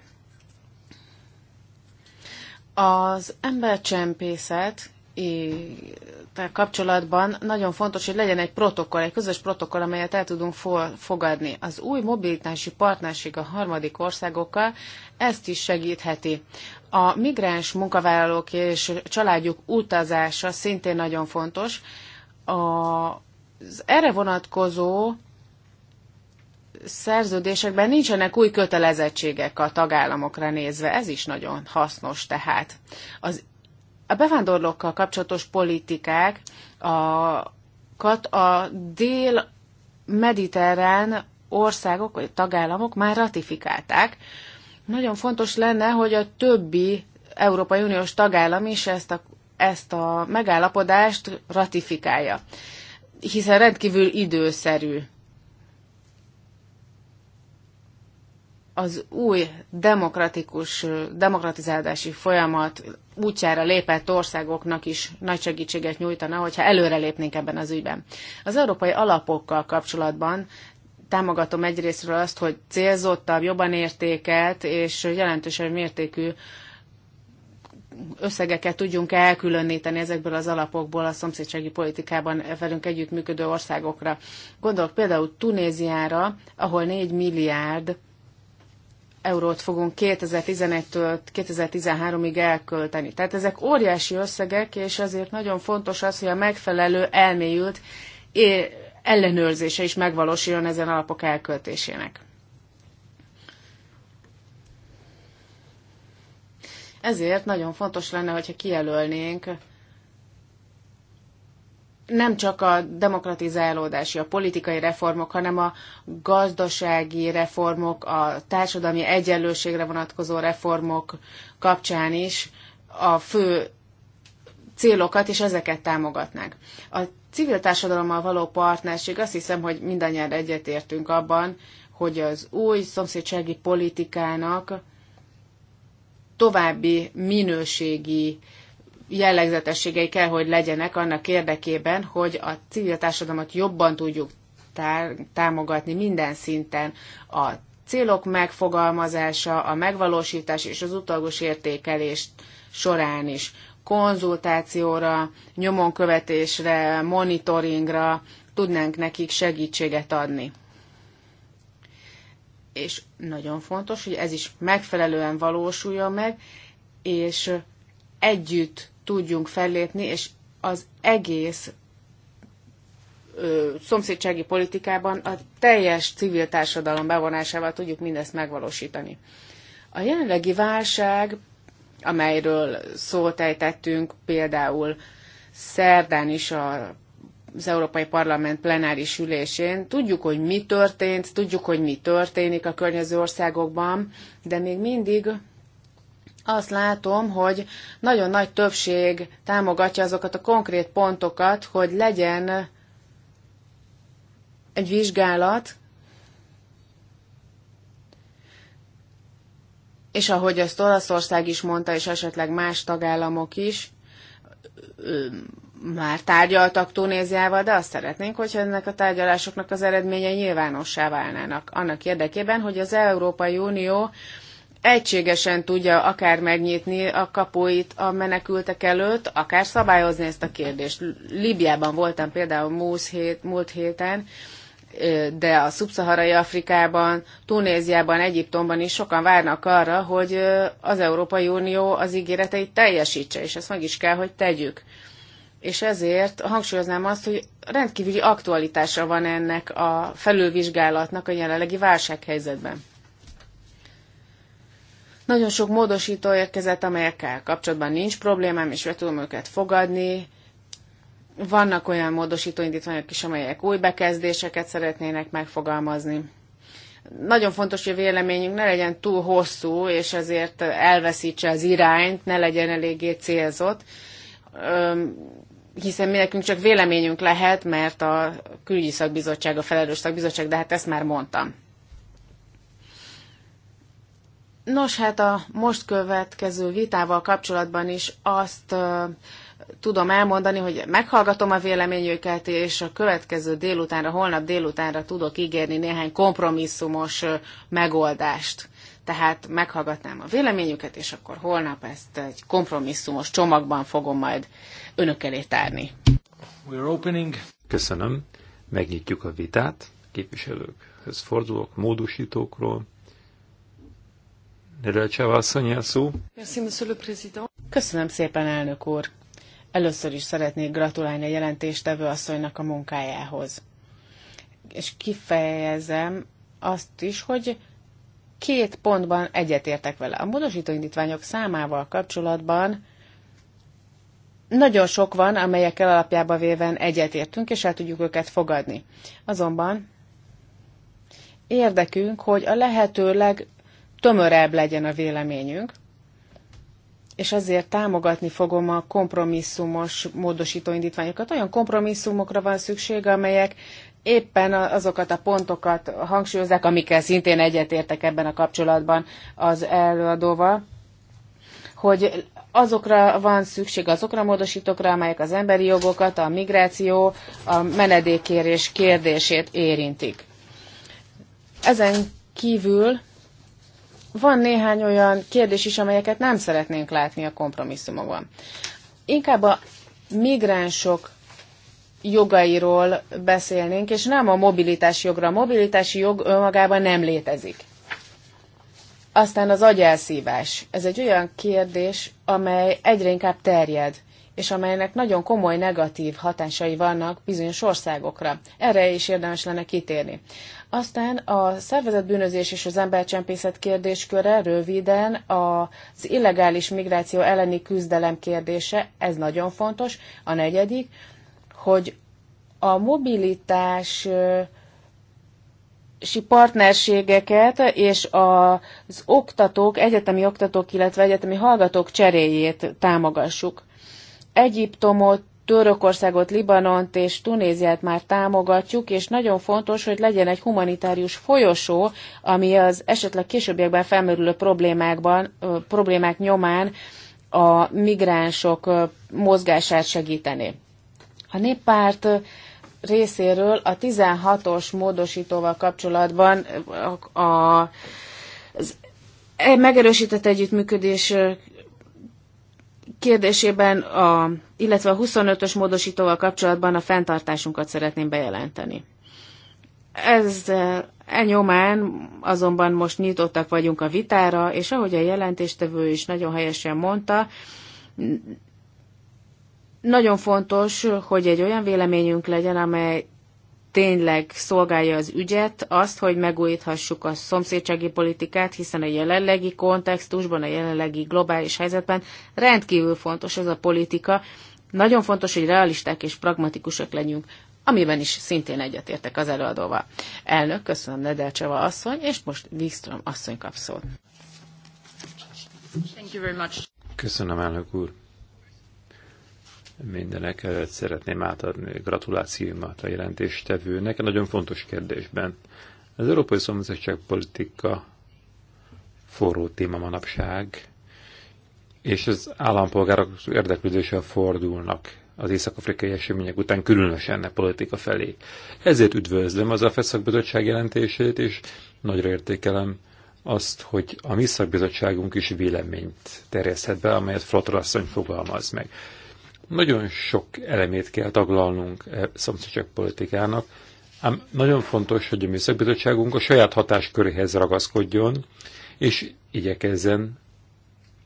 Az embercsempészet kapcsolatban nagyon fontos, hogy legyen egy protokoll, egy közös protokoll, amelyet el tudunk fogadni. Az új mobilitási partnerség a harmadik országokkal ezt is segítheti. A migráns munkavállalók és családjuk utazása szintén nagyon fontos. Az erre vonatkozó szerződésekben nincsenek új kötelezettségek a tagállamokra nézve, ez is nagyon hasznos tehát. Az, a bevándorlókkal kapcsolatos politikák a, a dél-mediterrán országok vagy tagállamok már ratifikálták, nagyon fontos lenne, hogy a többi Európai Uniós tagállam is ezt a, ezt a megállapodást ratifikálja, hiszen rendkívül időszerű. Az új demokratikus, demokratizálási folyamat útjára lépett országoknak is nagy segítséget nyújtana, hogyha előrelépnénk ebben az ügyben. Az európai alapokkal kapcsolatban támogatom egyrésztről azt, hogy célzottabb, jobban értékelt és jelentősen mértékű összegeket tudjunk elkülöníteni ezekből az alapokból a szomszédsági politikában velünk együttműködő országokra. Gondolok például Tunéziára, ahol 4 milliárd eurót fogunk 2011-től 2013-ig elkölteni. Tehát ezek óriási összegek, és azért nagyon fontos az, hogy a megfelelő elmélyült ellenőrzése is megvalósuljon ezen alapok elköltésének. Ezért nagyon fontos lenne, hogyha kijelölnénk nem csak a demokratizálódási, a politikai reformok, hanem a gazdasági reformok, a társadalmi egyenlőségre vonatkozó reformok kapcsán is a fő célokat, és ezeket támogatnánk. A civil társadalommal való partnerség, azt hiszem, hogy mindannyian egyetértünk abban, hogy az új szomszédsági politikának további minőségi jellegzetességei kell, hogy legyenek annak érdekében, hogy a civil társadalmat jobban tudjuk támogatni minden szinten a célok megfogalmazása, a megvalósítás és az utolgos értékelés során is konzultációra, nyomonkövetésre, monitoringra tudnánk nekik segítséget adni. És nagyon fontos, hogy ez is megfelelően valósuljon meg, és együtt tudjunk fellépni, és az egész ö, szomszédsági politikában a teljes civil társadalom bevonásával tudjuk mindezt megvalósítani. A jelenlegi válság amelyről szót ejtettünk, például szerdán is a az Európai Parlament plenáris ülésén. Tudjuk, hogy mi történt, tudjuk, hogy mi történik a környező országokban, de még mindig azt látom, hogy nagyon nagy többség támogatja azokat a konkrét pontokat, hogy legyen egy vizsgálat, és ahogy azt Olaszország is mondta, és esetleg más tagállamok is, már tárgyaltak Tunéziával, de azt szeretnénk, hogyha ennek a tárgyalásoknak az eredménye nyilvánossá válnának. Annak érdekében, hogy az Európai Unió egységesen tudja akár megnyitni a kapuit a menekültek előtt, akár szabályozni ezt a kérdést. Libiában voltam például múlt, múlt héten, de a szubszaharai Afrikában, Tunéziában, Egyiptomban is sokan várnak arra, hogy az Európai Unió az ígéreteit teljesítse, és ezt meg is kell, hogy tegyük. És ezért hangsúlyoznám azt, hogy rendkívüli aktualitása van ennek a felülvizsgálatnak a jelenlegi válsághelyzetben. Nagyon sok módosító érkezett, amelyekkel kapcsolatban nincs problémám, és be tudom őket fogadni, vannak olyan módosító indítványok is, amelyek új bekezdéseket szeretnének megfogalmazni. Nagyon fontos, hogy a véleményünk ne legyen túl hosszú, és ezért elveszítse az irányt, ne legyen eléggé célzott, hiszen mi nekünk csak véleményünk lehet, mert a külügyi szakbizottság, a felelős szakbizottság, de hát ezt már mondtam. Nos, hát a most következő vitával kapcsolatban is azt tudom elmondani, hogy meghallgatom a véleményüket, és a következő délutánra, holnap délutánra tudok ígérni néhány kompromisszumos megoldást. Tehát meghallgatnám a véleményüket, és akkor holnap ezt egy kompromisszumos csomagban fogom majd önök elé tárni. We're opening. Köszönöm. Megnyitjuk a vitát. Képviselőkhez fordulok, módosítókról. Nedelcseva szó. Köszönöm szépen, elnök úr. Először is szeretnék gratulálni a jelentéstevő asszonynak a munkájához. És kifejezem azt is, hogy két pontban egyetértek vele. A módosítóindítványok indítványok számával kapcsolatban nagyon sok van, amelyekkel alapjába véven egyetértünk, és el tudjuk őket fogadni. Azonban érdekünk, hogy a lehető legtömörebb legyen a véleményünk, és ezért támogatni fogom a kompromisszumos módosító indítványokat. Olyan kompromisszumokra van szükség, amelyek éppen azokat a pontokat hangsúlyozzák, amikkel szintén egyetértek ebben a kapcsolatban az előadóval, hogy azokra van szükség, azokra a módosítókra, amelyek az emberi jogokat, a migráció, a menedékkérés kérdését érintik. Ezen kívül van néhány olyan kérdés is, amelyeket nem szeretnénk látni a kompromisszumokban. Inkább a migránsok jogairól beszélnénk, és nem a mobilitás jogra. A mobilitási jog önmagában nem létezik. Aztán az agyelszívás. Ez egy olyan kérdés, amely egyre inkább terjed, és amelynek nagyon komoly negatív hatásai vannak bizonyos országokra. Erre is érdemes lenne kitérni. Aztán a szervezetbűnözés és az embercsempészet kérdésköre röviden az illegális migráció elleni küzdelem kérdése, ez nagyon fontos. A negyedik, hogy a mobilitás si partnerségeket és az oktatók, egyetemi oktatók, illetve egyetemi hallgatók cseréjét támogassuk. Egyiptomot Törökországot, Libanont és Tunéziát már támogatjuk, és nagyon fontos, hogy legyen egy humanitárius folyosó, ami az esetleg későbbiekben felmerülő problémákban, problémák nyomán a migránsok mozgását segíteni. A néppárt részéről a 16-os módosítóval kapcsolatban a, az e-, megerősített együttműködés kérdésében, a, illetve a 25-ös módosítóval kapcsolatban a fenntartásunkat szeretném bejelenteni. Ez elnyomán azonban most nyitottak vagyunk a vitára, és ahogy a jelentéstevő is nagyon helyesen mondta, nagyon fontos, hogy egy olyan véleményünk legyen, amely tényleg szolgálja az ügyet, azt, hogy megújíthassuk a szomszédsági politikát, hiszen a jelenlegi kontextusban, a jelenlegi globális helyzetben rendkívül fontos ez a politika. Nagyon fontos, hogy realisták és pragmatikusak legyünk, amiben is szintén egyetértek az előadóval. Elnök, köszönöm Csava asszony, és most Wikström asszony kap szót. Köszönöm, elnök úr. Mindenek előtt szeretném átadni gratulációimat a jelentéstevőnek. Nagyon fontos kérdésben. Az Európai Szomszédság politika forró téma manapság, és az állampolgárok érdeklődéssel fordulnak az észak-afrikai események után különösen a politika felé. Ezért üdvözlöm az AFESZ szakbizottság jelentését, és nagyra értékelem azt, hogy a mi szakbizottságunk is véleményt terjeszthet be, amelyet Flotor asszony fogalmaz meg nagyon sok elemét kell taglalnunk e szomszédság politikának, ám nagyon fontos, hogy a Műszakbizottságunk a saját hatásköréhez ragaszkodjon, és igyekezzen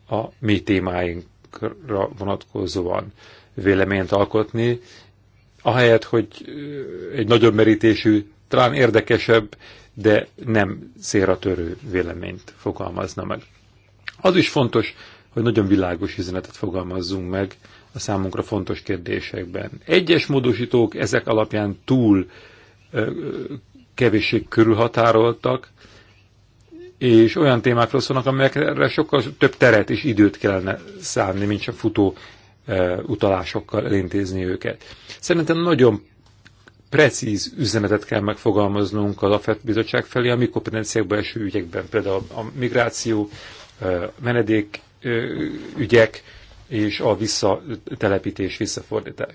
a mi témáinkra vonatkozóan véleményt alkotni, ahelyett, hogy egy nagyobb merítésű, talán érdekesebb, de nem szélra törő véleményt fogalmazna meg. Az is fontos, hogy nagyon világos üzenetet fogalmazzunk meg a számunkra fontos kérdésekben. Egyes módosítók ezek alapján túl kevéssé körülhatároltak, és olyan témákról szólnak, amelyekre sokkal több teret és időt kellene szánni, mint csak futó utalásokkal elintézni őket. Szerintem nagyon precíz üzenetet kell megfogalmaznunk az AFET bizottság felé a mi kompetenciákba eső ügyekben, például a migráció, menedék ügyek, és a visszatelepítés, visszafordítás.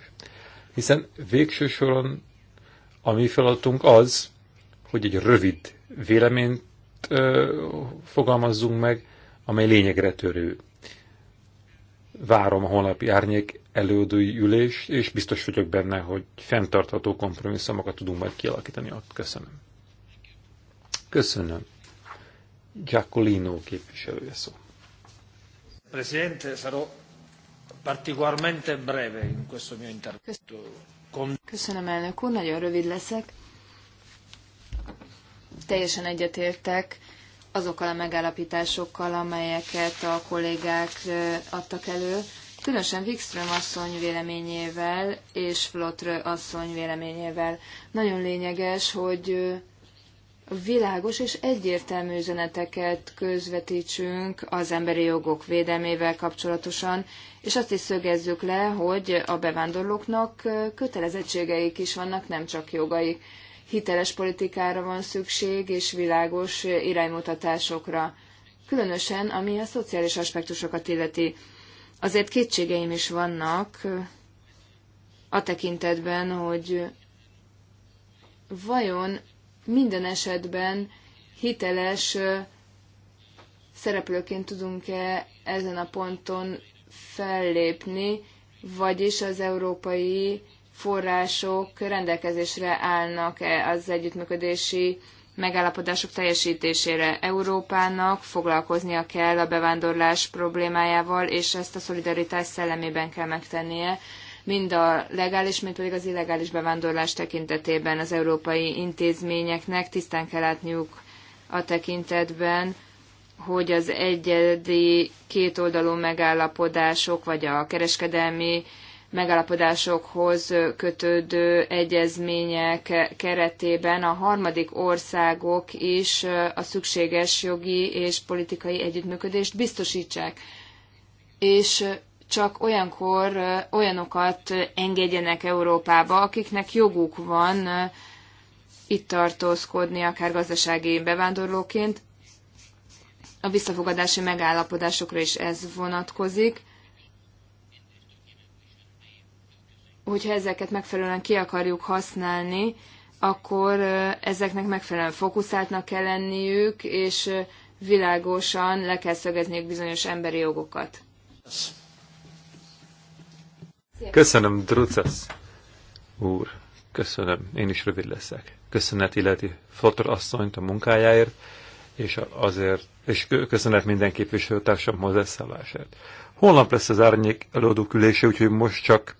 Hiszen végső soron a mi feladatunk az, hogy egy rövid véleményt ö, fogalmazzunk meg, amely lényegre törő. Várom a holnapi árnyék előadói ülés, és biztos vagyok benne, hogy fenntartható kompromisszumokat tudunk majd kialakítani. Köszönöm. Köszönöm. Giacolino képviselője szó. Presidente, sarò particolarmente breve in questo mio intervento. Köszönöm, elnök úr, nagyon rövid leszek. Teljesen egyetértek azokkal a megállapításokkal, amelyeket a kollégák adtak elő, különösen Wikström asszony véleményével és Flotrö asszony véleményével. Nagyon lényeges, hogy világos és egyértelmű üzeneteket közvetítsünk az emberi jogok védelmével kapcsolatosan, és azt is szögezzük le, hogy a bevándorlóknak kötelezettségeik is vannak, nem csak jogaik. Hiteles politikára van szükség, és világos iránymutatásokra, különösen ami a szociális aspektusokat illeti. Azért kétségeim is vannak a tekintetben, hogy vajon minden esetben hiteles szereplőként tudunk-e ezen a ponton fellépni, vagyis az európai források rendelkezésre állnak-e az együttműködési megállapodások teljesítésére. Európának foglalkoznia kell a bevándorlás problémájával, és ezt a szolidaritás szellemében kell megtennie, mind a legális, mind pedig az illegális bevándorlás tekintetében az európai intézményeknek tisztán kell látniuk a tekintetben, hogy az egyedi kétoldalú megállapodások, vagy a kereskedelmi megállapodásokhoz kötődő egyezmények keretében a harmadik országok is a szükséges jogi és politikai együttműködést biztosítsák. És csak olyankor olyanokat engedjenek Európába, akiknek joguk van itt tartózkodni, akár gazdasági bevándorlóként. A visszafogadási megállapodásokra is ez vonatkozik. Hogyha ezeket megfelelően ki akarjuk használni, akkor ezeknek megfelelően fókuszáltnak kell lenniük, és világosan le kell szögezniük bizonyos emberi jogokat. Köszönöm, Drucas úr. Köszönöm, én is rövid leszek. Köszönet illeti Flotter asszonyt a munkájáért, és azért, és köszönet minden képviselőtársam hozzászállását. Holnap lesz az árnyék előadók ülése, úgyhogy most csak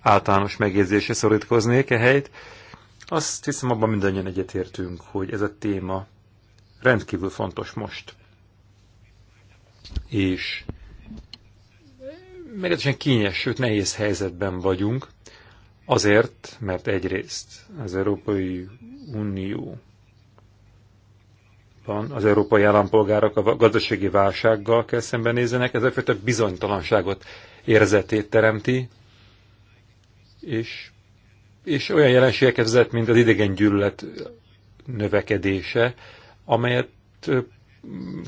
általános megjegyzésre szorítkoznék e helyt. Azt hiszem, abban mindannyian egyetértünk, hogy ez a téma rendkívül fontos most. És meglehetősen kényes, sőt nehéz helyzetben vagyunk, azért, mert egyrészt az Európai Unió van, az európai állampolgárok a gazdasági válsággal kell szembenézenek, ez egyfajta bizonytalanságot érzetét teremti, és, és olyan jelenségeket vezet, mint az idegen gyűlölet növekedése, amelyet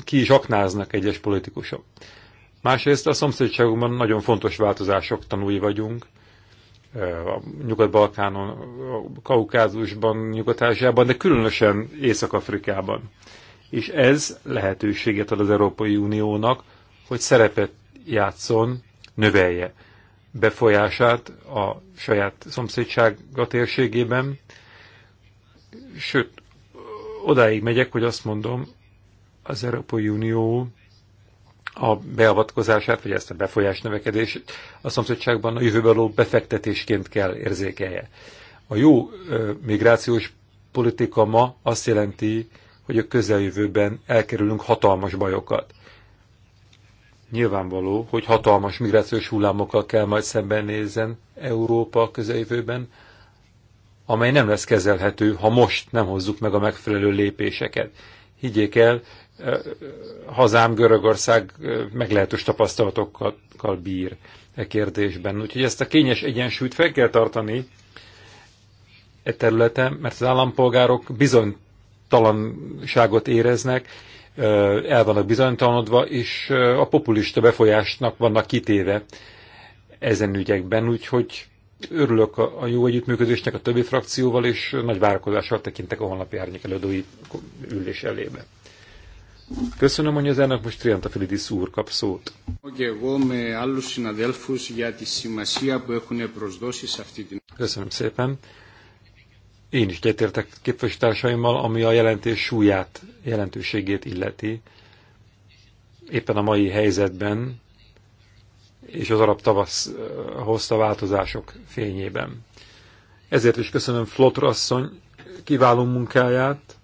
ki is aknáznak egyes politikusok. Másrészt a szomszédságunkban nagyon fontos változások tanúi vagyunk. E, a Nyugat-Balkánon, a Kaukázusban, nyugat de különösen Észak-Afrikában. És ez lehetőséget ad az Európai Uniónak, hogy szerepet játszon, növelje befolyását a saját szomszédsága térségében. Sőt, odáig megyek, hogy azt mondom, az Európai Unió a beavatkozását, vagy ezt a befolyás növekedést a szomszédságban a való befektetésként kell érzékelje. A jó migrációs politika ma azt jelenti, hogy a közeljövőben elkerülünk hatalmas bajokat. Nyilvánvaló, hogy hatalmas migrációs hullámokkal kell majd szembenézzen Európa a közeljövőben, amely nem lesz kezelhető, ha most nem hozzuk meg a megfelelő lépéseket. Higgyék el, hazám Görögország meglehetős tapasztalatokkal bír e kérdésben. Úgyhogy ezt a kényes egyensúlyt fel kell tartani e területen, mert az állampolgárok bizonytalanságot éreznek, el vannak bizonytalanodva, és a populista befolyásnak vannak kitéve ezen ügyekben, úgyhogy örülök a, jó együttműködésnek a többi frakcióval, és nagy várakozással tekintek a holnapi árnyék előadói ülés elébe. Köszönöm, hogy az ennek most Trianta Filidis úr kap szót. Köszönöm szépen. Én is egyetértek képviselőtársaimmal, ami a jelentés súlyát, jelentőségét illeti. Éppen a mai helyzetben és az arab tavasz eh, hozta változások fényében. Ezért is köszönöm Flotra asszony kiváló munkáját,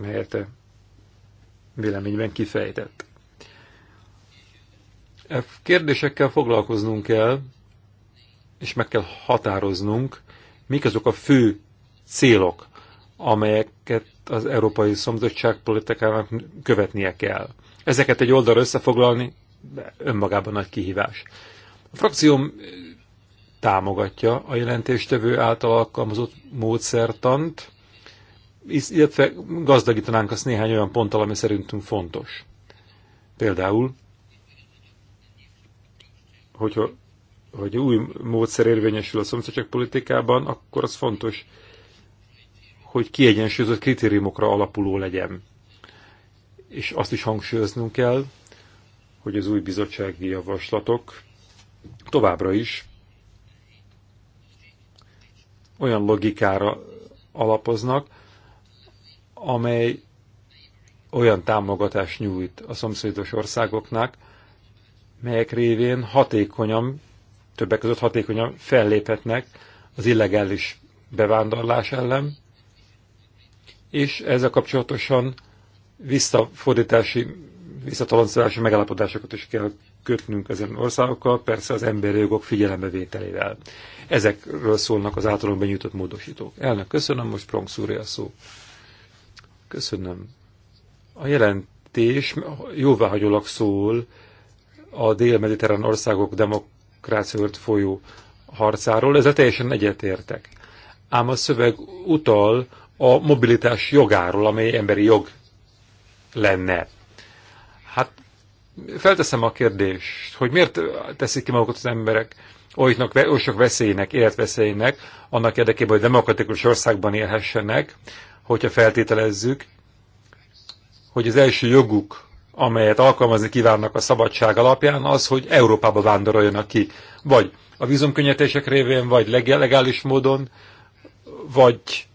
melyet véleményben kifejtett. E kérdésekkel foglalkoznunk kell, és meg kell határoznunk, mik azok a fő célok, amelyeket az Európai Szomszédság politikának követnie kell. Ezeket egy oldalra összefoglalni önmagában nagy kihívás. A frakcióm támogatja a jelentéstevő által alkalmazott módszertant, illetve gazdagítanánk azt néhány olyan ponttal, ami szerintünk fontos. Például, hogyha hogy új módszer érvényesül a szomszédság politikában, akkor az fontos, hogy kiegyensúlyozott kritériumokra alapuló legyen. És azt is hangsúlyoznunk kell, hogy az új bizottsági javaslatok továbbra is olyan logikára alapoznak, amely olyan támogatást nyújt a szomszédos országoknak, melyek révén hatékonyan, többek között hatékonyan felléphetnek az illegális bevándorlás ellen, és ezzel kapcsolatosan visszafordítási, visszatalanszolási megállapodásokat is kell kötnünk ezen országokkal, persze az emberi jogok figyelembevételével. Ezekről szólnak az általunk benyújtott módosítók. Elnök, köszönöm, most Prong a szó. Köszönöm. A jelentés jóváhagyólag szól a dél-mediterrán országok demokráciáért folyó harcáról, ezzel teljesen egyetértek. Ám a szöveg utal a mobilitás jogáról, amely emberi jog lenne. Hát felteszem a kérdést, hogy miért teszik ki magukat az emberek olyanok, oly sok veszélynek, életveszélynek, annak érdekében, hogy demokratikus országban élhessenek, hogyha feltételezzük, hogy az első joguk, amelyet alkalmazni kívánnak a szabadság alapján, az, hogy Európába vándoroljanak ki. Vagy a vízumkönnyetések révén, vagy legális módon, vagy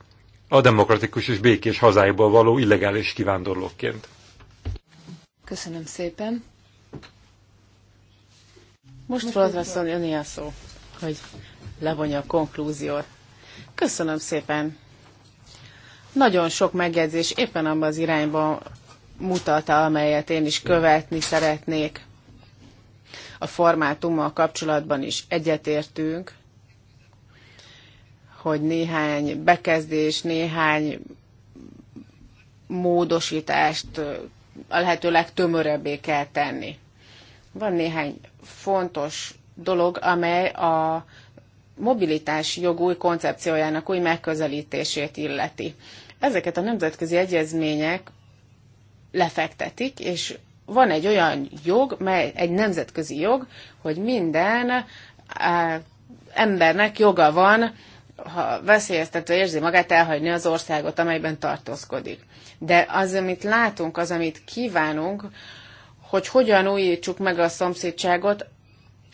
a demokratikus és békés hazáiból való illegális kivándorlókként. Köszönöm szépen. Most fogod jönni a szó, hogy levonja a konklúziót. Köszönöm szépen nagyon sok megjegyzés éppen abban az irányban mutatta, amelyet én is követni szeretnék. A formátummal kapcsolatban is egyetértünk, hogy néhány bekezdés, néhány módosítást a lehető legtömörebbé kell tenni. Van néhány fontos dolog, amely a mobilitás jog új koncepciójának új megközelítését illeti. Ezeket a nemzetközi egyezmények lefektetik, és van egy olyan jog, mely egy nemzetközi jog, hogy minden á, embernek joga van, ha veszélyeztetve érzi magát, elhagyni az országot, amelyben tartózkodik. De az, amit látunk, az, amit kívánunk, hogy hogyan újítsuk meg a szomszédságot,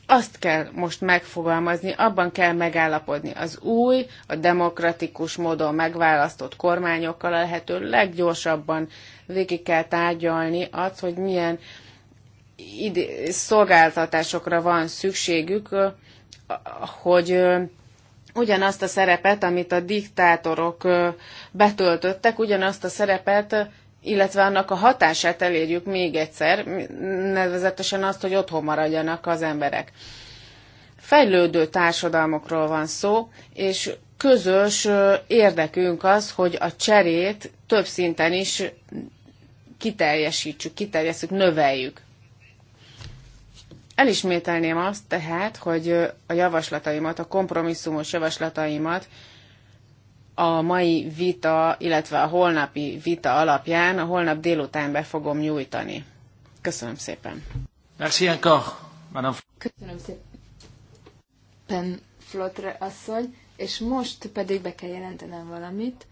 azt kell most megfogalmazni, abban kell megállapodni az új, a demokratikus módon megválasztott kormányokkal a lehető leggyorsabban végig kell tárgyalni azt, hogy milyen szolgáltatásokra van szükségük, hogy ugyanazt a szerepet, amit a diktátorok betöltöttek, ugyanazt a szerepet illetve annak a hatását elérjük még egyszer, nevezetesen azt, hogy otthon maradjanak az emberek. Fejlődő társadalmokról van szó, és közös érdekünk az, hogy a cserét több szinten is kiteljesítsük, kiterjesszük, növeljük. Elismételném azt tehát, hogy a javaslataimat, a kompromisszumos javaslataimat a mai vita, illetve a holnapi vita alapján a holnap délután be fogom nyújtani. Köszönöm szépen. Merci encore, madame. Köszönöm szépen, Flotre asszony, és most pedig be kell jelentenem valamit,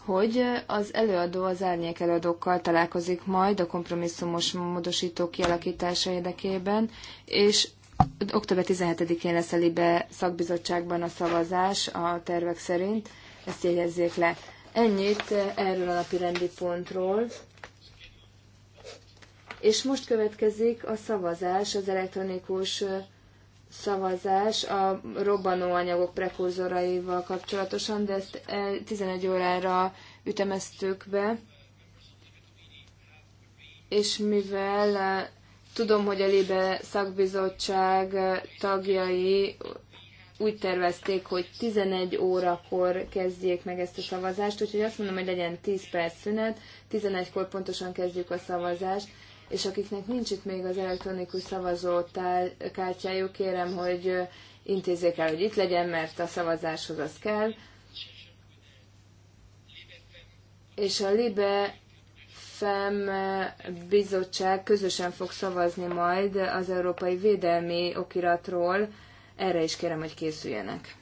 hogy az előadó az árnyék előadókkal találkozik majd a kompromisszumos módosító kialakítása érdekében, és október 17-én lesz a Libe szakbizottságban a szavazás a tervek szerint, ezt jegyezzék le. Ennyit erről a napi rendi pontról. És most következik a szavazás, az elektronikus szavazás a robbanóanyagok prekurzoraival kapcsolatosan, de ezt 11 órára ütemeztük be. És mivel tudom, hogy a Libe szakbizottság tagjai úgy tervezték, hogy 11 órakor kezdjék meg ezt a szavazást, úgyhogy azt mondom, hogy legyen 10 perc szünet, 11-kor pontosan kezdjük a szavazást, és akiknek nincs itt még az elektronikus szavazókártyájuk, kérem, hogy intézzék el, hogy itt legyen, mert a szavazáshoz az kell. És a Libe FEM bizottság közösen fog szavazni majd az Európai Védelmi Okiratról, erre is kérem, hogy készüljenek.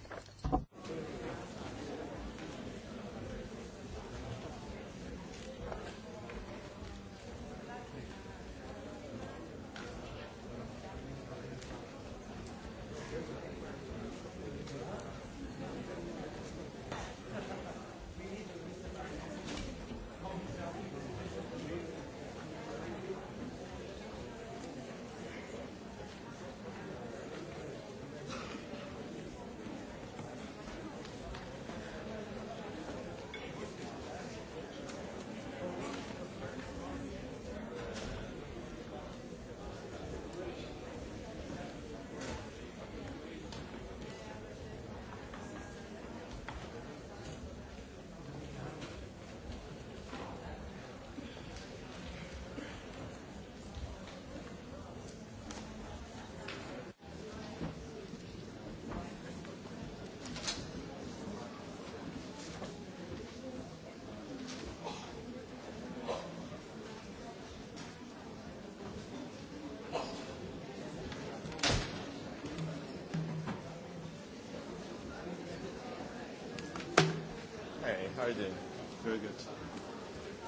How are you doing? Very good.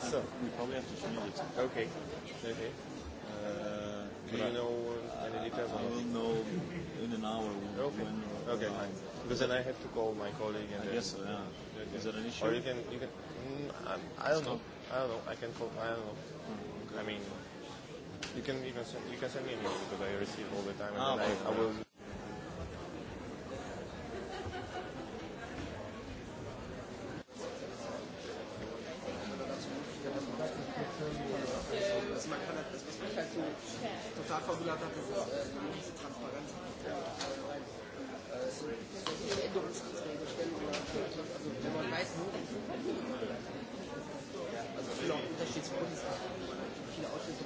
So we probably have to change it. Okay. Okay. Uh, do you know uh, any details? I will know in an hour. When, okay. When, uh, okay. Fine. Uh, because then I have to call my colleague. And I guess so. Yeah. Okay. Is that an issue? Or you can you can. Mm, I I don't know. I don't know. I can call. I don't know. Mm, Okay. I mean. You can even send, you can send me an email because I receive all the time, and ah, then okay. I, I will fabulata äh, tesoro, diese Transparenz. Solche Änderungsanträge stellen wir also wenn man weiß, wo die sind. Also viele auch unterschiedliche Bundesländer, viele Ausschüsse,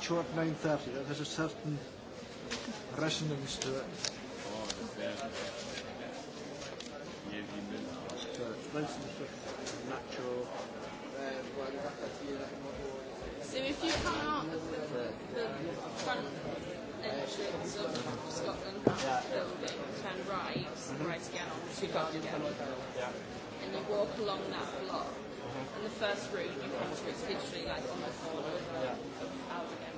quite at 9.30 there's a certain resonance to it. So, if you come out of the, the front entrance of Scotland House yeah. building, turn right, mm-hmm. right again on the yeah. and you walk along that block, And the first route you come to is literally like on the corner of, uh, out again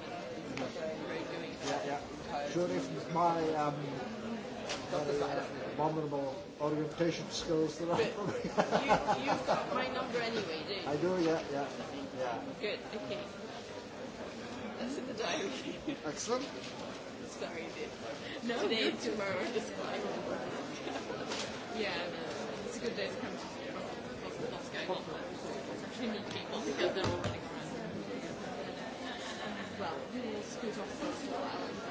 with Yeah, yeah. Sure, if my um, uh, vulnerable orientation skills that I probably you, You've got my number anyway, do you? I do, yeah, yeah. yeah. Good, okay. That's in the diary. Excellent. Sorry, dude. No, Today, good. tomorrow, just fine. [laughs] Yeah, no, it's a good day to come to. What's going on? you meet people because they're all running around. Well, you will scoot off for a few hours.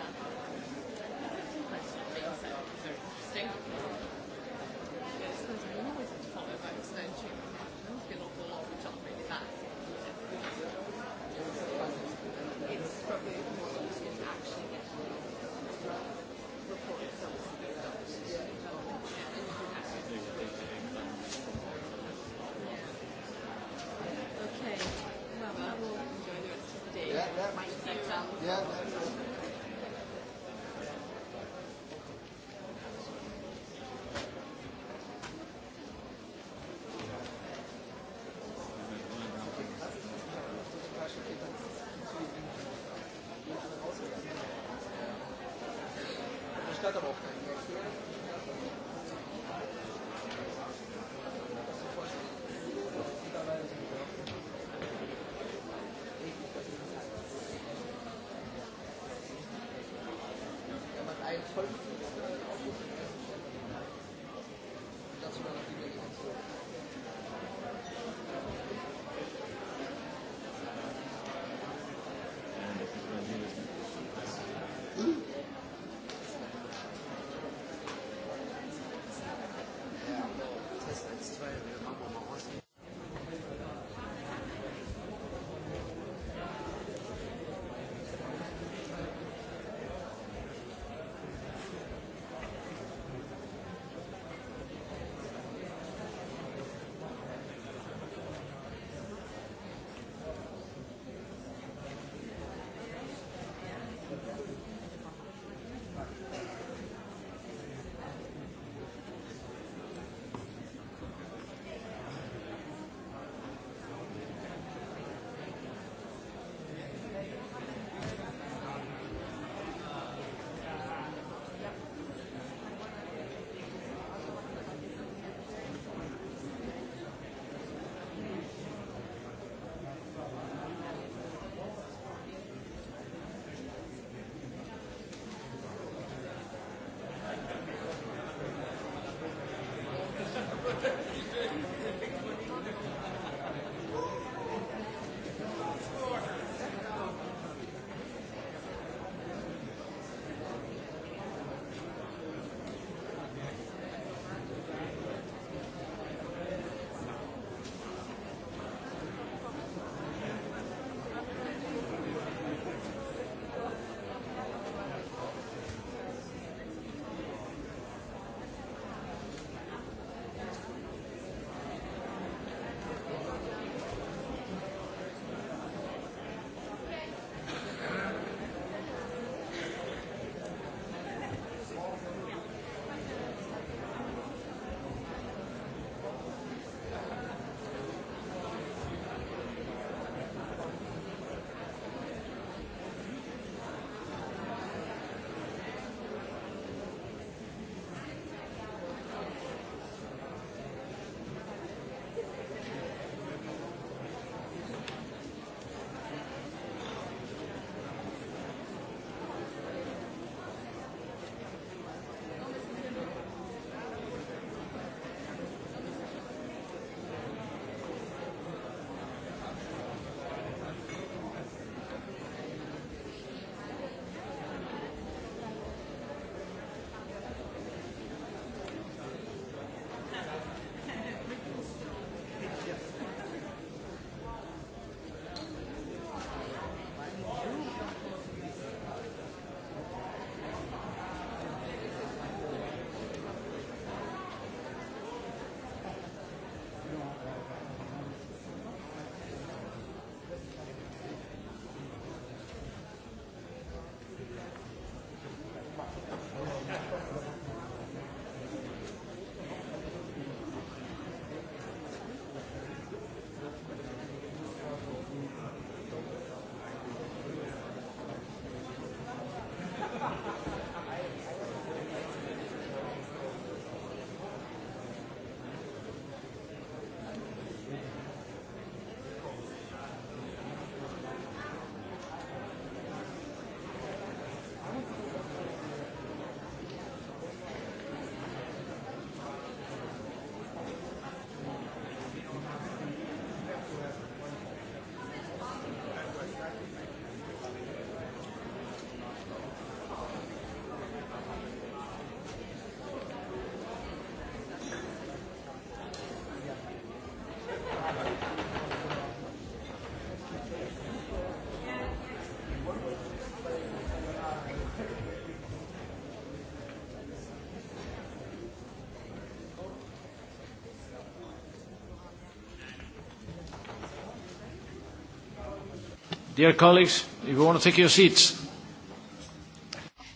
Dear colleagues, if you want to take your seats.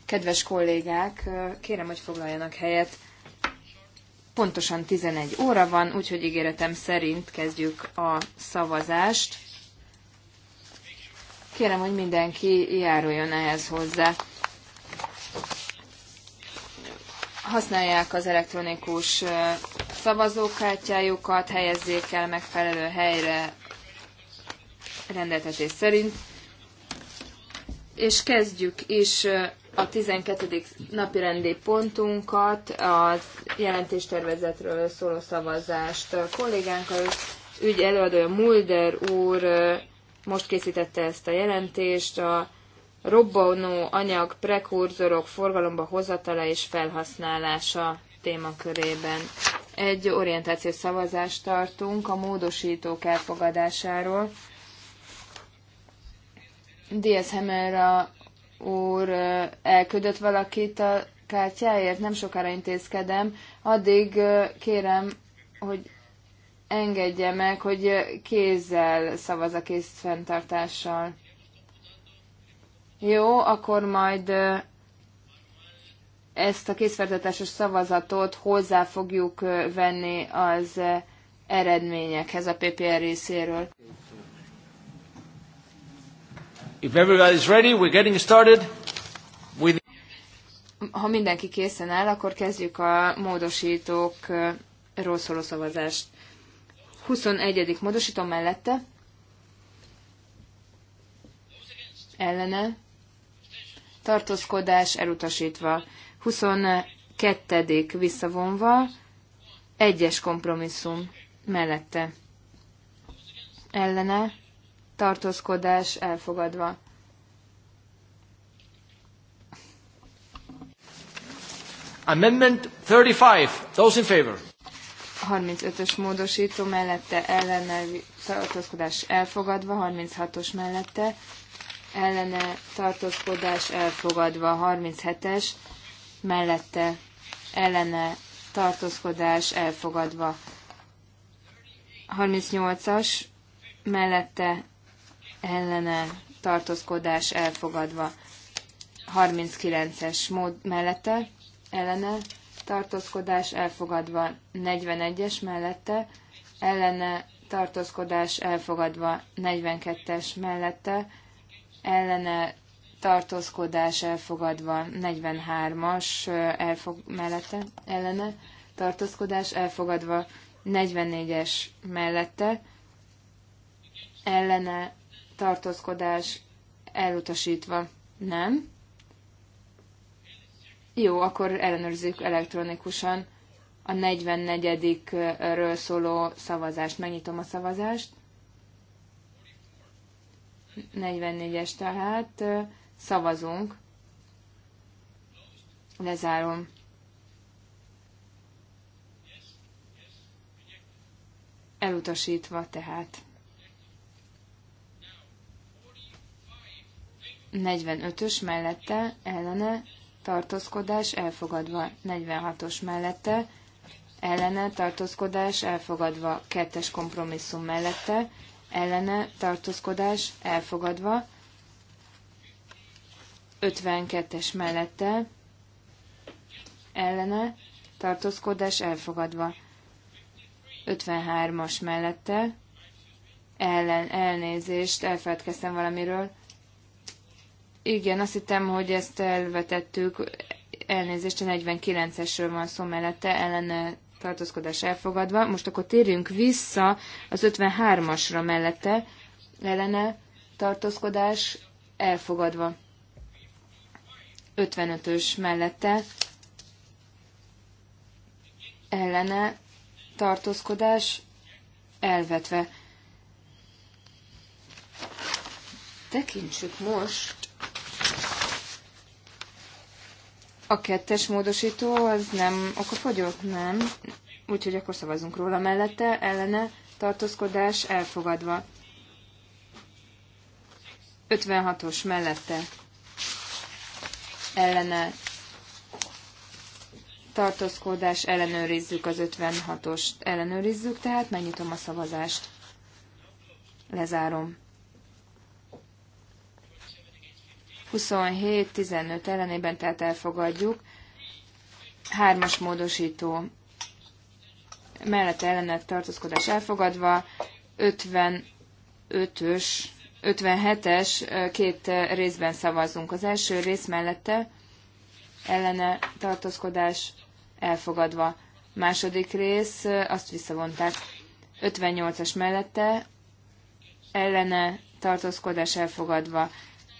Kedves kollégák, kérem, hogy foglaljanak helyet. Pontosan 11 óra van, úgyhogy ígéretem szerint kezdjük a szavazást. Kérem, hogy mindenki járuljon ehhez hozzá. Használják az elektronikus szavazókártyájukat, helyezzék el megfelelő helyre rendeltetés szerint. És kezdjük is a 12. napi rendi pontunkat, a jelentéstervezetről szóló szavazást. A kollégánk az ügy előadója Mulder úr most készítette ezt a jelentést, a robbanó anyag prekurzorok forgalomba hozatala és felhasználása témakörében. Egy orientációs szavazást tartunk a módosítók elfogadásáról. Diaz Hemera úr elküldött valakit a kártyáért, nem sokára intézkedem, addig kérem, hogy engedje meg, hogy kézzel szavaz a fenntartással. Jó, akkor majd ezt a készfertartásos szavazatot hozzá fogjuk venni az eredményekhez a PPR részéről. If everybody is ready, we're getting started. With... Ha mindenki készen áll, akkor kezdjük a módosítókról szóló szavazást. 21. módosító mellette. Ellene. Tartózkodás elutasítva. 22. visszavonva. Egyes kompromisszum mellette. Ellene tartózkodás elfogadva. Amendment 35. Those in favor. 35-ös módosító mellette ellene tartózkodás elfogadva, 36-os mellette ellene tartózkodás elfogadva, 37-es mellette ellene tartózkodás elfogadva. 38-as mellette ellene tartózkodás elfogadva. 39-es mód mellette ellene tartózkodás elfogadva. 41-es mellette ellene tartózkodás elfogadva. 42-es mellette ellene tartózkodás elfogadva. 43-as elfog, mellette ellene tartózkodás elfogadva. 44-es mellette ellene tartózkodás elutasítva. Nem? Jó, akkor ellenőrzzük elektronikusan a 44 ről szóló szavazást. Megnyitom a szavazást. 44-es tehát. Szavazunk. Lezárom. Elutasítva tehát. 45-ös mellette ellene tartózkodás elfogadva. 46-os mellette ellene tartózkodás elfogadva. Kettes kompromisszum mellette ellene tartózkodás elfogadva. 52-es mellette ellene tartózkodás elfogadva. 53-as mellette ellen elnézést, elfeledkeztem valamiről. Igen, azt hittem, hogy ezt elvetettük. Elnézést, a 49-esről van szó mellette, ellene tartózkodás elfogadva. Most akkor térjünk vissza az 53-asra mellette, ellene tartózkodás elfogadva. 55-ös mellette ellene tartózkodás elvetve. Tekintsük most A kettes módosító az nem okafogyott, nem. Úgyhogy akkor szavazunk róla mellette, ellene, tartózkodás elfogadva. 56-os mellette, ellene, tartózkodás ellenőrizzük az 56-ost. Ellenőrizzük, tehát megnyitom a szavazást. Lezárom. 27-15 ellenében, tehát elfogadjuk. Hármas módosító mellett ellenet tartózkodás elfogadva, 55-ös, 57-es két részben szavazunk. Az első rész mellette ellene tartózkodás elfogadva. Második rész, azt visszavonták. 58-as mellette ellene tartózkodás elfogadva.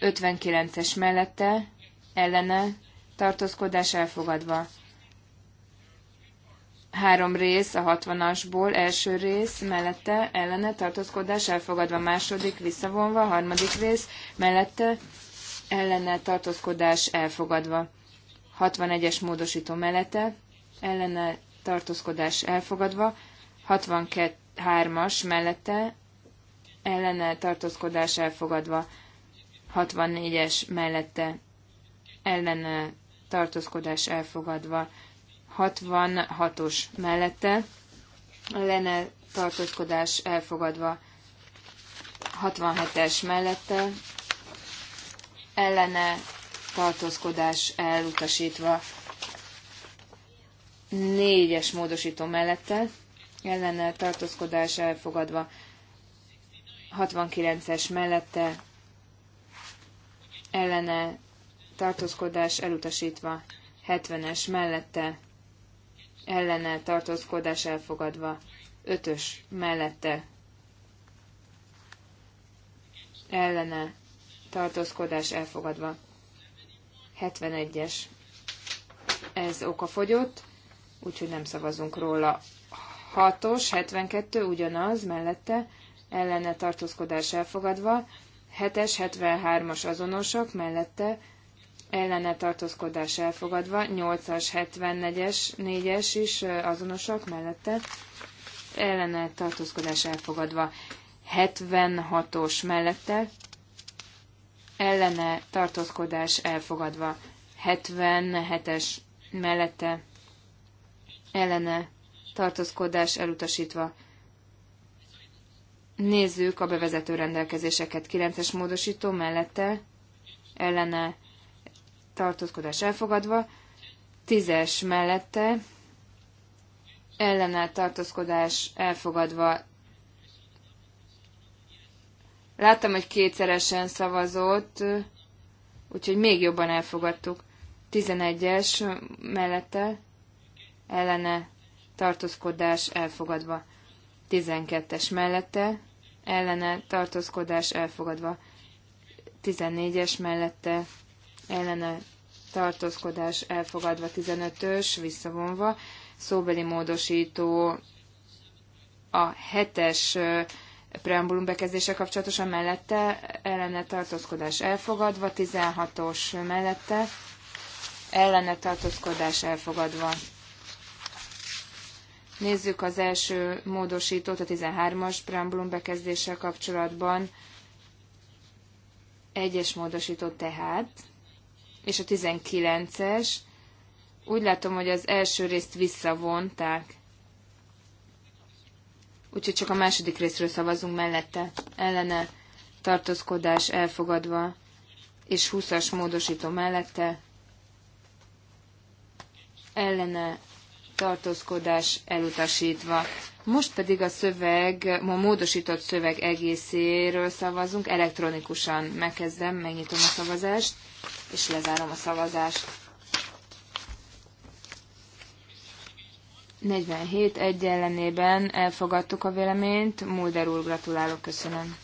59-es mellette, ellene, tartózkodás elfogadva. Három rész a 60-asból, első rész mellette, ellene, tartózkodás elfogadva, második visszavonva, harmadik rész mellette, ellene, tartózkodás elfogadva. 61-es módosító mellette, ellene, tartózkodás elfogadva, 62 as mellette, ellene, tartózkodás elfogadva. 64-es mellette ellene tartózkodás elfogadva, 66-os mellette ellene tartózkodás elfogadva, 67-es mellette ellene tartózkodás elutasítva, 4-es módosító mellette ellene tartózkodás elfogadva, 69-es mellette ellene tartózkodás elutasítva, 70-es mellette ellene tartózkodás elfogadva, 5-ös mellette ellene tartózkodás elfogadva, 71-es. Ez okafogyott, úgyhogy nem szavazunk róla. 6-os, 72 ugyanaz mellette ellene tartózkodás elfogadva, 7-es, 73-as azonosak, mellette ellene tartózkodás elfogadva, 8-as, 74-es, 4-es is azonosak, mellette ellene tartózkodás elfogadva, 76-os mellette ellene tartózkodás elfogadva, 77-es mellette ellene tartózkodás elutasítva, Nézzük a bevezető rendelkezéseket. 9-es módosító mellette ellene tartózkodás elfogadva, 10-es mellette ellene tartózkodás elfogadva. Láttam, hogy kétszeresen szavazott, úgyhogy még jobban elfogadtuk. 11-es mellette ellene tartózkodás elfogadva. 12-es mellette ellene tartózkodás elfogadva. 14-es mellette ellene tartózkodás elfogadva 15-ös, visszavonva, szóbeli módosító a 7-es preambulum bekezdése kapcsolatosan mellette ellene tartózkodás elfogadva, 16-os mellette ellene tartózkodás elfogadva, Nézzük az első módosítót a 13-as preambulum bekezdéssel kapcsolatban. Egyes módosító tehát, és a 19-es. Úgy látom, hogy az első részt visszavonták. Úgyhogy csak a második részről szavazunk mellette. Ellene tartózkodás elfogadva, és 20-as módosító mellette. Ellene tartózkodás elutasítva. Most pedig a szöveg, ma módosított szöveg egészéről szavazunk, elektronikusan megkezdem, megnyitom a szavazást, és lezárom a szavazást. 47 egy ellenében elfogadtuk a véleményt. Mulder úr, gratulálok, köszönöm.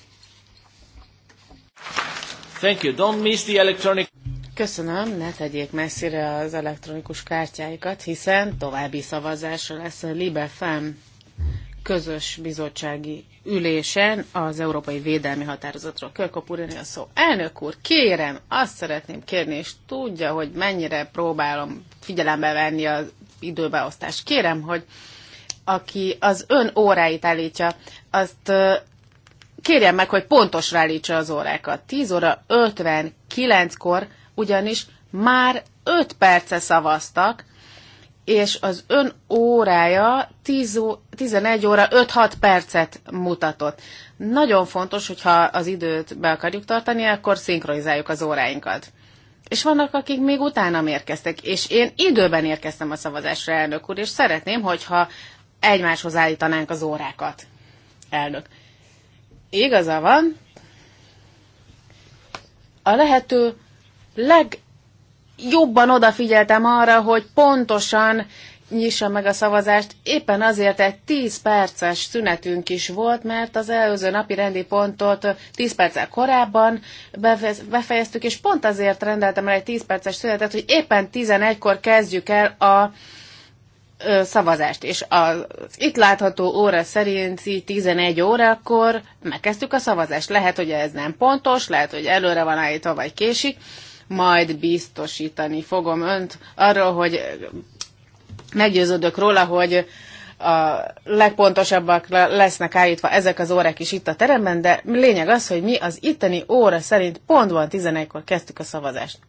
Thank you. Don't miss the electronic... Köszönöm, ne tegyék messzire az elektronikus kártyáikat, hiszen további szavazásra lesz a LibeFem közös bizottsági ülésen az Európai Védelmi Határozatról. Kölkop úr, a szó. Elnök úr, kérem, azt szeretném kérni, és tudja, hogy mennyire próbálom figyelembe venni az időbeosztást. Kérem, hogy aki az ön óráit állítja, azt kérjem meg, hogy pontosra állítsa az órákat. 10 óra 59-kor ugyanis már 5 perce szavaztak, és az ön órája 10, 11 óra 5-6 percet mutatott. Nagyon fontos, hogyha az időt be akarjuk tartani, akkor szinkronizáljuk az óráinkat. És vannak, akik még utána érkeztek, és én időben érkeztem a szavazásra, elnök úr, és szeretném, hogyha egymáshoz állítanánk az órákat. Elnök. Igaza van. A lehető legjobban odafigyeltem arra, hogy pontosan nyissa meg a szavazást. Éppen azért egy 10 perces szünetünk is volt, mert az előző napi rendi pontot 10 perccel korábban befejeztük, és pont azért rendeltem el egy 10 perces szünetet, hogy éppen 11-kor kezdjük el a szavazást, és az itt látható óra szerint 11 órakor megkezdtük a szavazást. Lehet, hogy ez nem pontos, lehet, hogy előre van állítva, vagy késik, majd biztosítani fogom önt arról, hogy meggyőződök róla, hogy a legpontosabbak lesznek állítva ezek az órák is itt a teremben, de lényeg az, hogy mi az itteni óra szerint van 11-kor kezdtük a szavazást.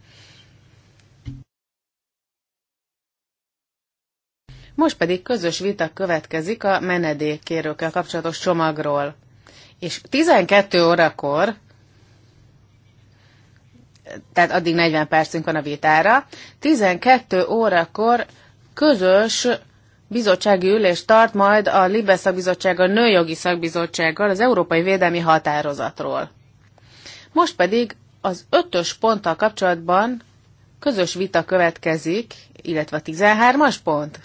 Most pedig közös vita következik a menedékkérőkkel kapcsolatos csomagról. És 12 órakor tehát addig 40 percünk van a vitára. 12 órakor közös bizottsági ülés tart majd a Libe szakbizottsággal, nőjogi szakbizottsággal az Európai Védelmi Határozatról. Most pedig az ötös ponttal kapcsolatban közös vita következik, illetve a 13-as pont,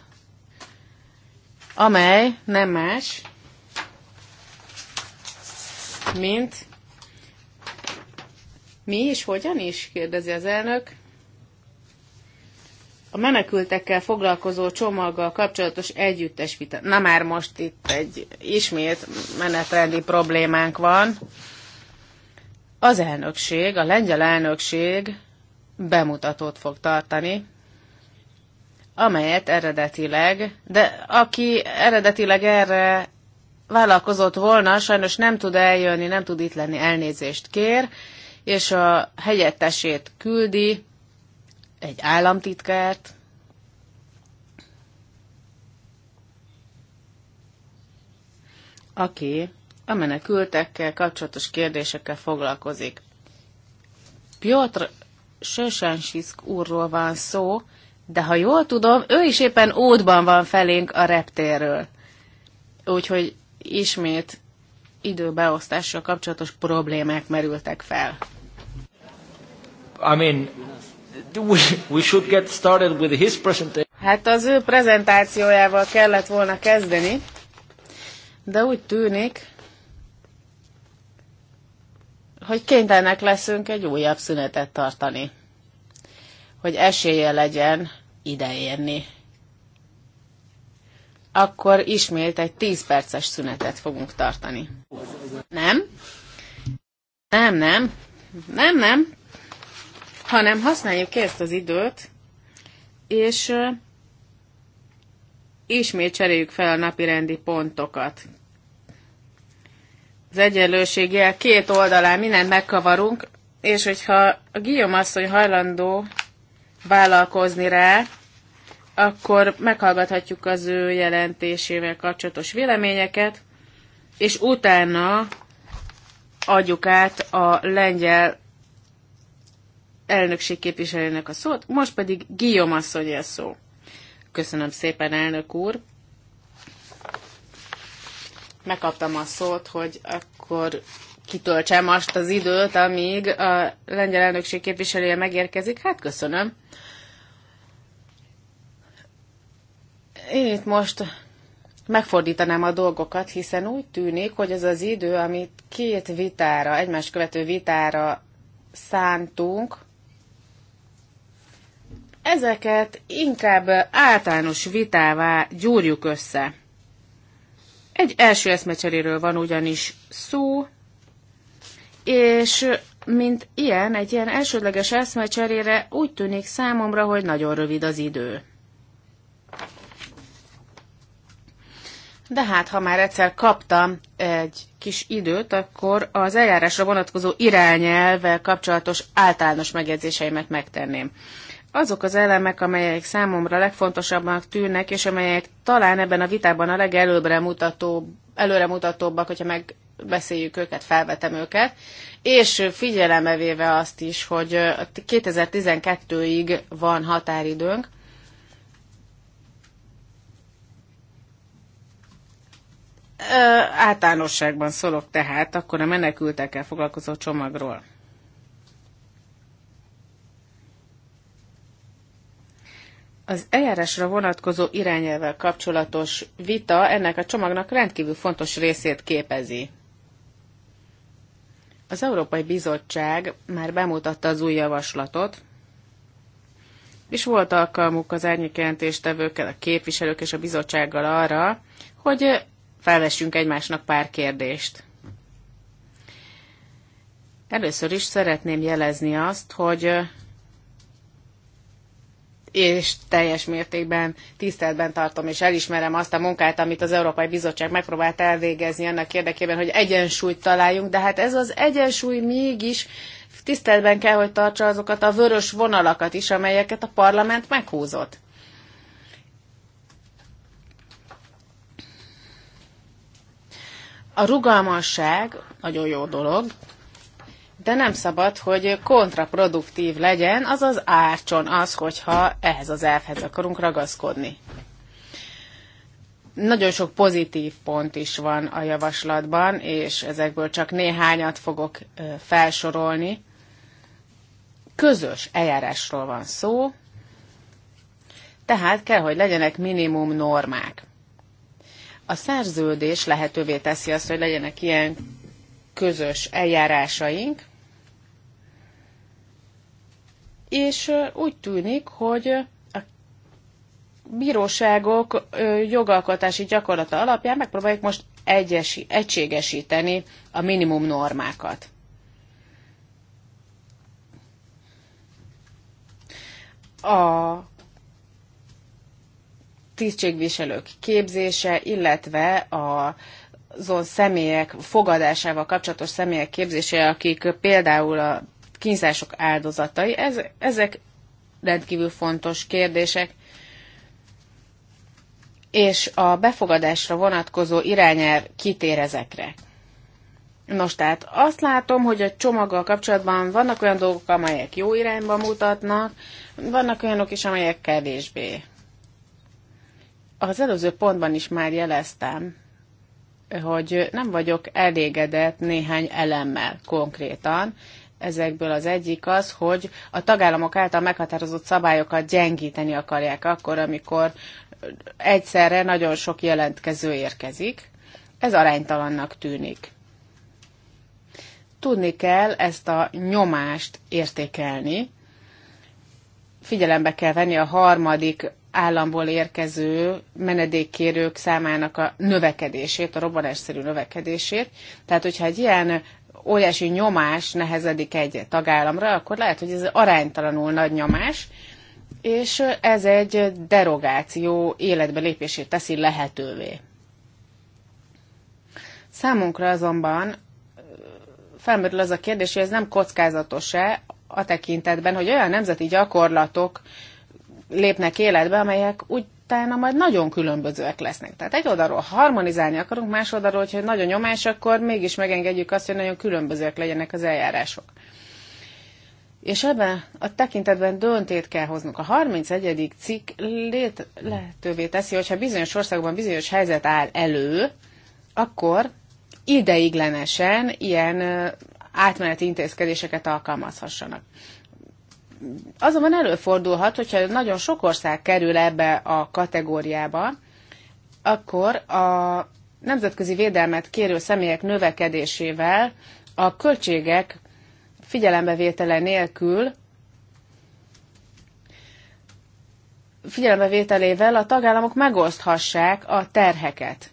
amely nem más, mint mi és hogyan is? kérdezi az elnök. A menekültekkel foglalkozó csomaggal kapcsolatos együttes vita. Na már most itt egy ismét menetrendi problémánk van. Az elnökség, a lengyel elnökség bemutatót fog tartani, amelyet eredetileg, de aki eredetileg erre vállalkozott volna, sajnos nem tud eljönni, nem tud itt lenni, elnézést kér, és a helyettesét küldi, egy államtitkárt, aki a menekültekkel kapcsolatos kérdésekkel foglalkozik. Piotr Sösensisk úrról van szó, de ha jól tudom, ő is éppen ódban van felénk a reptérről. Úgyhogy ismét időbeosztással kapcsolatos problémák merültek fel. I mean, we, we should get started with his presentation. Hát az ő prezentációjával kellett volna kezdeni, de úgy tűnik, hogy kénytelenek leszünk egy újabb szünetet tartani, hogy esélye legyen ideérni. Akkor ismét egy 10 perces szünetet fogunk tartani. Nem? Nem, nem. Nem, nem hanem használjuk ki ezt az időt, és ismét cseréljük fel a napirendi pontokat. Az egyenlőséggel két oldalán mindent megkavarunk, és hogyha a Guillaume asszony hajlandó vállalkozni rá, akkor meghallgathatjuk az ő jelentésével kapcsolatos véleményeket, és utána adjuk át a lengyel elnökség képviselőnek a szót, most pedig Guillaume asszony a szó. Köszönöm szépen, elnök úr. Megkaptam a szót, hogy akkor kitöltsem azt az időt, amíg a lengyel elnökség képviselője megérkezik. Hát köszönöm. Én itt most megfordítanám a dolgokat, hiszen úgy tűnik, hogy ez az idő, amit két vitára, egymás követő vitára szántunk, ezeket inkább általános vitává gyúrjuk össze. Egy első eszmecseréről van ugyanis szó, és mint ilyen, egy ilyen elsődleges eszmecserére úgy tűnik számomra, hogy nagyon rövid az idő. De hát, ha már egyszer kaptam egy kis időt, akkor az eljárásra vonatkozó irányelvvel kapcsolatos általános megjegyzéseimet megtenném azok az elemek, amelyek számomra legfontosabbnak tűnnek, és amelyek talán ebben a vitában a legelőremutatóbbak, előremutatóbbak, hogyha megbeszéljük őket, felvetem őket, és figyelembe véve azt is, hogy 2012-ig van határidőnk, Általánosságban szólok tehát akkor a menekültekkel foglalkozó csomagról. Az eljárásra vonatkozó irányelvvel kapcsolatos vita ennek a csomagnak rendkívül fontos részét képezi. Az Európai Bizottság már bemutatta az új javaslatot, és volt alkalmuk az árnyékjelentéstevőkkel, a képviselők és a bizottsággal arra, hogy felvessünk egymásnak pár kérdést. Először is szeretném jelezni azt, hogy és teljes mértékben tiszteletben tartom és elismerem azt a munkát, amit az Európai Bizottság megpróbált elvégezni annak érdekében, hogy egyensúlyt találjunk, de hát ez az egyensúly mégis tiszteletben kell, hogy tartsa azokat a vörös vonalakat is, amelyeket a parlament meghúzott. A rugalmasság nagyon jó dolog, de nem szabad, hogy kontraproduktív legyen, azaz árcson az, hogyha ehhez az elfhez akarunk ragaszkodni. Nagyon sok pozitív pont is van a javaslatban, és ezekből csak néhányat fogok felsorolni. Közös eljárásról van szó, tehát kell, hogy legyenek minimum normák. A szerződés lehetővé teszi azt, hogy legyenek ilyen közös eljárásaink, és úgy tűnik, hogy a bíróságok jogalkotási gyakorlata alapján megpróbáljuk most egyesi, egységesíteni a minimum normákat. A tisztségviselők képzése, illetve a azon személyek fogadásával kapcsolatos személyek képzése, akik például a kínzások áldozatai. Ez, ezek rendkívül fontos kérdések, és a befogadásra vonatkozó irányelv kitér ezekre. Nos, tehát azt látom, hogy a csomaggal kapcsolatban vannak olyan dolgok, amelyek jó irányba mutatnak, vannak olyanok is, amelyek kevésbé. Az előző pontban is már jeleztem, hogy nem vagyok elégedett néhány elemmel konkrétan, ezekből az egyik az, hogy a tagállamok által meghatározott szabályokat gyengíteni akarják akkor, amikor egyszerre nagyon sok jelentkező érkezik. Ez aránytalannak tűnik. Tudni kell ezt a nyomást értékelni. Figyelembe kell venni a harmadik államból érkező menedékkérők számának a növekedését, a robbanásszerű növekedését. Tehát, hogyha egy ilyen óriási nyomás nehezedik egy tagállamra, akkor lehet, hogy ez aránytalanul nagy nyomás, és ez egy derogáció életbe lépését teszi lehetővé. Számunkra azonban felmerül az a kérdés, hogy ez nem kockázatos-e a tekintetben, hogy olyan nemzeti gyakorlatok lépnek életbe, amelyek úgy utána majd nagyon különbözőek lesznek. Tehát egy oldalról harmonizálni akarunk, más oldalról, hogyha nagyon nyomás, akkor mégis megengedjük azt, hogy nagyon különbözőek legyenek az eljárások. És ebben a tekintetben döntét kell hoznunk. A 31. cikk lét, lehetővé teszi, hogyha bizonyos országban bizonyos helyzet áll elő, akkor ideiglenesen ilyen átmeneti intézkedéseket alkalmazhassanak azonban előfordulhat, hogyha nagyon sok ország kerül ebbe a kategóriába, akkor a nemzetközi védelmet kérő személyek növekedésével a költségek figyelembevétele nélkül figyelembevételével a tagállamok megoszthassák a terheket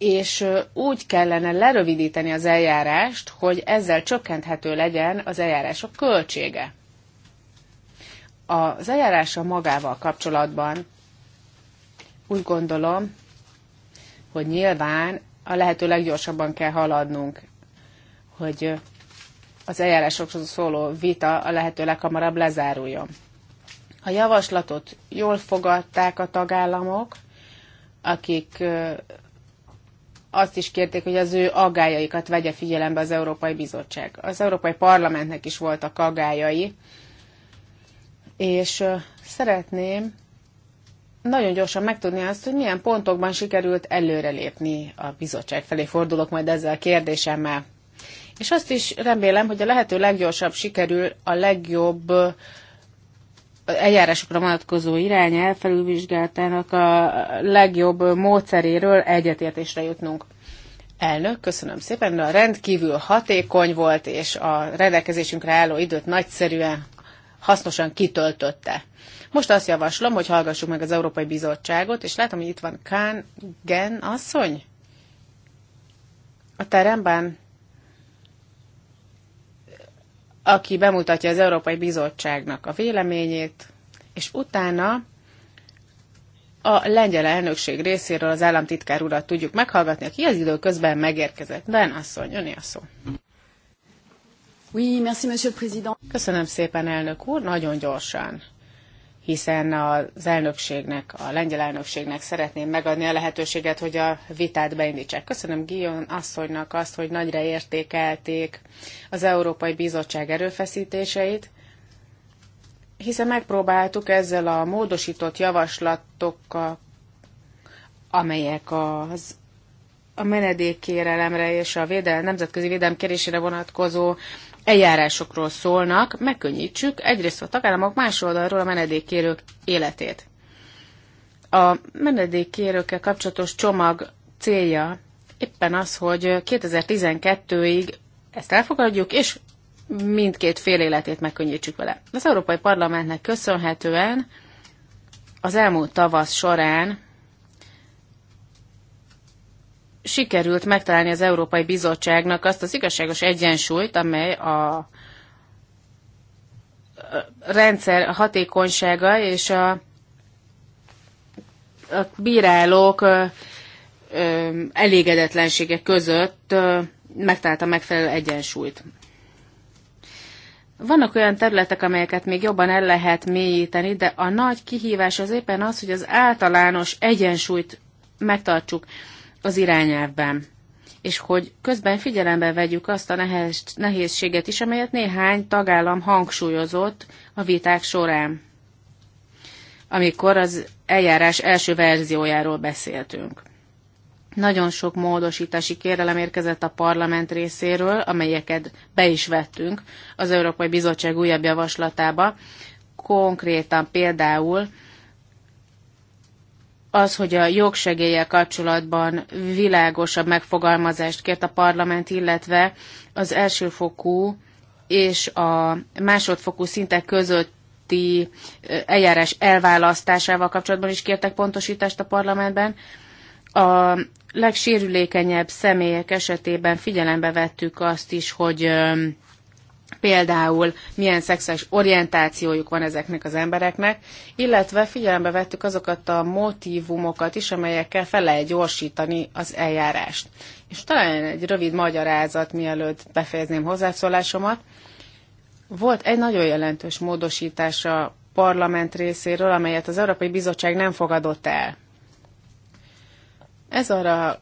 és úgy kellene lerövidíteni az eljárást, hogy ezzel csökkenthető legyen az eljárások költsége. Az eljárása magával kapcsolatban úgy gondolom, hogy nyilván a lehető leggyorsabban kell haladnunk, hogy az eljárásokhoz szóló vita a lehető leghamarabb lezáruljon. A javaslatot jól fogadták a tagállamok, akik azt is kérték, hogy az ő aggájaikat vegye figyelembe az Európai Bizottság. Az Európai Parlamentnek is voltak aggájai, és szeretném nagyon gyorsan megtudni azt, hogy milyen pontokban sikerült előrelépni a bizottság felé. Fordulok majd ezzel a kérdésemmel. És azt is remélem, hogy a lehető leggyorsabb sikerül a legjobb eljárásokra vonatkozó irány felülvizsgáltának a legjobb módszeréről egyetértésre jutnunk. Elnök, köszönöm szépen, de a rendkívül hatékony volt, és a rendelkezésünkre álló időt nagyszerűen, hasznosan kitöltötte. Most azt javaslom, hogy hallgassuk meg az Európai Bizottságot, és látom, hogy itt van Kán Gen asszony. A teremben aki bemutatja az Európai Bizottságnak a véleményét, és utána a lengyel elnökség részéről az államtitkár urat tudjuk meghallgatni, aki az időközben megérkezett. Ben asszony, öné a szó. Oui, merci, monsieur le président. Köszönöm szépen, elnök úr, nagyon gyorsan hiszen az elnökségnek, a lengyel elnökségnek szeretném megadni a lehetőséget, hogy a vitát beindítsák. Köszönöm Gion asszonynak azt, hogy nagyra értékelték az Európai Bizottság erőfeszítéseit, hiszen megpróbáltuk ezzel a módosított javaslatokkal, amelyek az a menedékkérelemre és a védel, nemzetközi védelem kérésére vonatkozó eljárásokról szólnak, megkönnyítsük egyrészt a tagállamok más oldalról a menedékkérők életét. A menedékkérőkkel kapcsolatos csomag célja éppen az, hogy 2012-ig ezt elfogadjuk, és mindkét fél életét megkönnyítsük vele. Az Európai Parlamentnek köszönhetően az elmúlt tavasz során sikerült megtalálni az Európai Bizottságnak azt az igazságos egyensúlyt, amely a rendszer hatékonysága és a, a bírálók elégedetlensége között megtalálta megfelelő egyensúlyt. Vannak olyan területek, amelyeket még jobban el lehet mélyíteni, de a nagy kihívás az éppen az, hogy az általános egyensúlyt megtartsuk az irányelvben, és hogy közben figyelembe vegyük azt a nehez, nehézséget is, amelyet néhány tagállam hangsúlyozott a viták során, amikor az eljárás első verziójáról beszéltünk. Nagyon sok módosítási kérelem érkezett a parlament részéről, amelyeket be is vettünk az Európai Bizottság újabb javaslatába, konkrétan például az, hogy a jogsegéllyel kapcsolatban világosabb megfogalmazást kért a parlament, illetve az elsőfokú és a másodfokú szintek közötti eljárás elválasztásával kapcsolatban is kértek pontosítást a parlamentben. A legsérülékenyebb személyek esetében figyelembe vettük azt is, hogy például milyen szexuális orientációjuk van ezeknek az embereknek, illetve figyelembe vettük azokat a motivumokat is, amelyekkel fel lehet gyorsítani az eljárást. És talán egy rövid magyarázat, mielőtt befejezném hozzászólásomat. Volt egy nagyon jelentős módosítás a parlament részéről, amelyet az Európai Bizottság nem fogadott el. Ez arra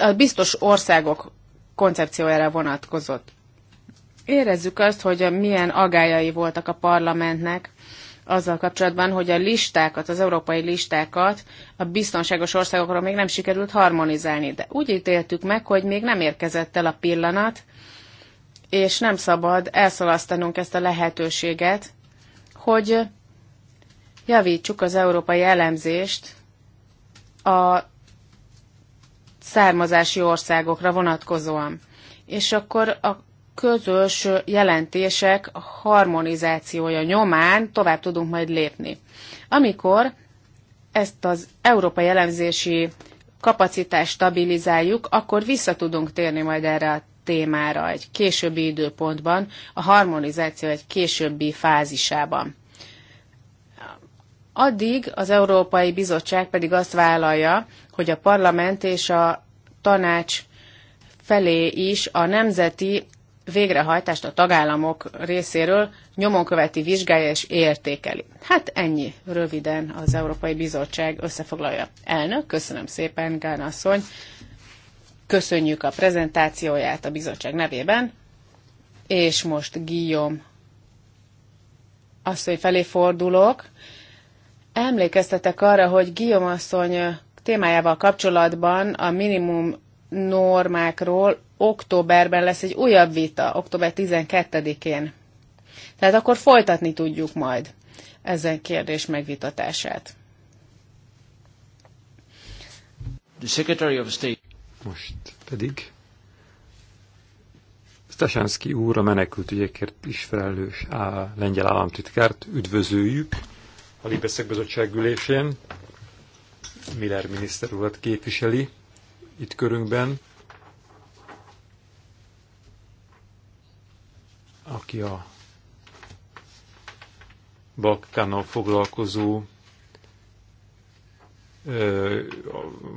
a biztos országok koncepciójára vonatkozott érezzük azt, hogy milyen agályai voltak a parlamentnek azzal kapcsolatban, hogy a listákat, az európai listákat a biztonságos országokra még nem sikerült harmonizálni. De úgy ítéltük meg, hogy még nem érkezett el a pillanat, és nem szabad elszalasztanunk ezt a lehetőséget, hogy javítsuk az európai elemzést a származási országokra vonatkozóan. És akkor a közös jelentések harmonizációja nyomán tovább tudunk majd lépni. Amikor ezt az európai elemzési kapacitást stabilizáljuk, akkor vissza tudunk térni majd erre a témára egy későbbi időpontban, a harmonizáció egy későbbi fázisában. Addig az Európai Bizottság pedig azt vállalja, hogy a parlament és a tanács felé is a nemzeti végrehajtást a tagállamok részéről nyomon követi, vizsgálja és értékeli. Hát ennyi röviden az Európai Bizottság összefoglalja. Elnök, köszönöm szépen, Gán asszony. Köszönjük a prezentációját a bizottság nevében, és most Guillaume asszony felé fordulok. Emlékeztetek arra, hogy Guillaume asszony témájával kapcsolatban a minimum normákról októberben lesz egy újabb vita, október 12-én. Tehát akkor folytatni tudjuk majd ezen kérdés megvitatását. The Secretary of State. Most pedig Stasánszki úr, a menekült ügyekért is felelős a lengyel államtitkárt üdvözöljük a Libeszek Bizottság ülésén. Miller miniszter urat képviseli itt körünkben. aki a Balkánnal foglalkozó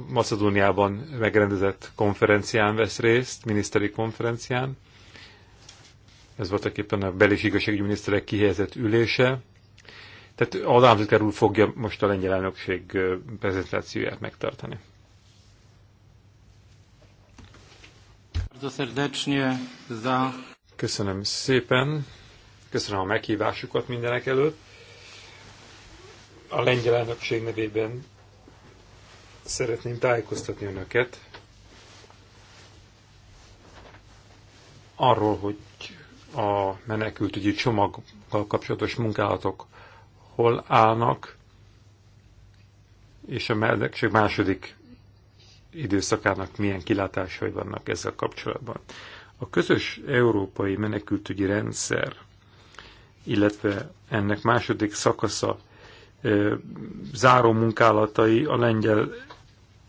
Macedóniában megrendezett konferencián vesz részt, miniszteri konferencián. Ez voltak éppen a bel- miniszterek kihelyezett ülése. Tehát az államtitkár úr fogja most a lengyel elnökség prezentációját megtartani. Bardzo serdecznie za Köszönöm szépen. Köszönöm a meghívásukat mindenek előtt. A lengyel elnökség nevében szeretném tájékoztatni önöket arról, hogy a menekültügyi csomaggal kapcsolatos munkálatok hol állnak, és a menekültség második időszakának milyen kilátásai vannak ezzel kapcsolatban. A közös európai menekültügyi rendszer, illetve ennek második szakasza záró munkálatai a lengyel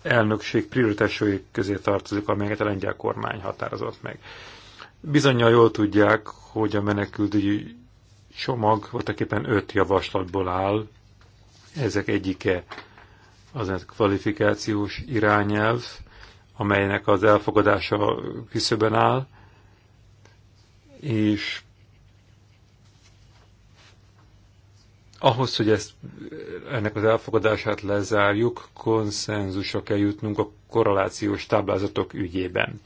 elnökség prioritásai közé tartozik, amelyeket a lengyel kormány határozott meg. Bizonyal jól tudják, hogy a menekültügyi csomag voltaképpen öt javaslatból áll. Ezek egyike az egy kvalifikációs irányelv, amelynek az elfogadása küszöben áll és ahhoz, hogy ezt, ennek az elfogadását lezárjuk, konszenzusra kell jutnunk a korrelációs táblázatok ügyében.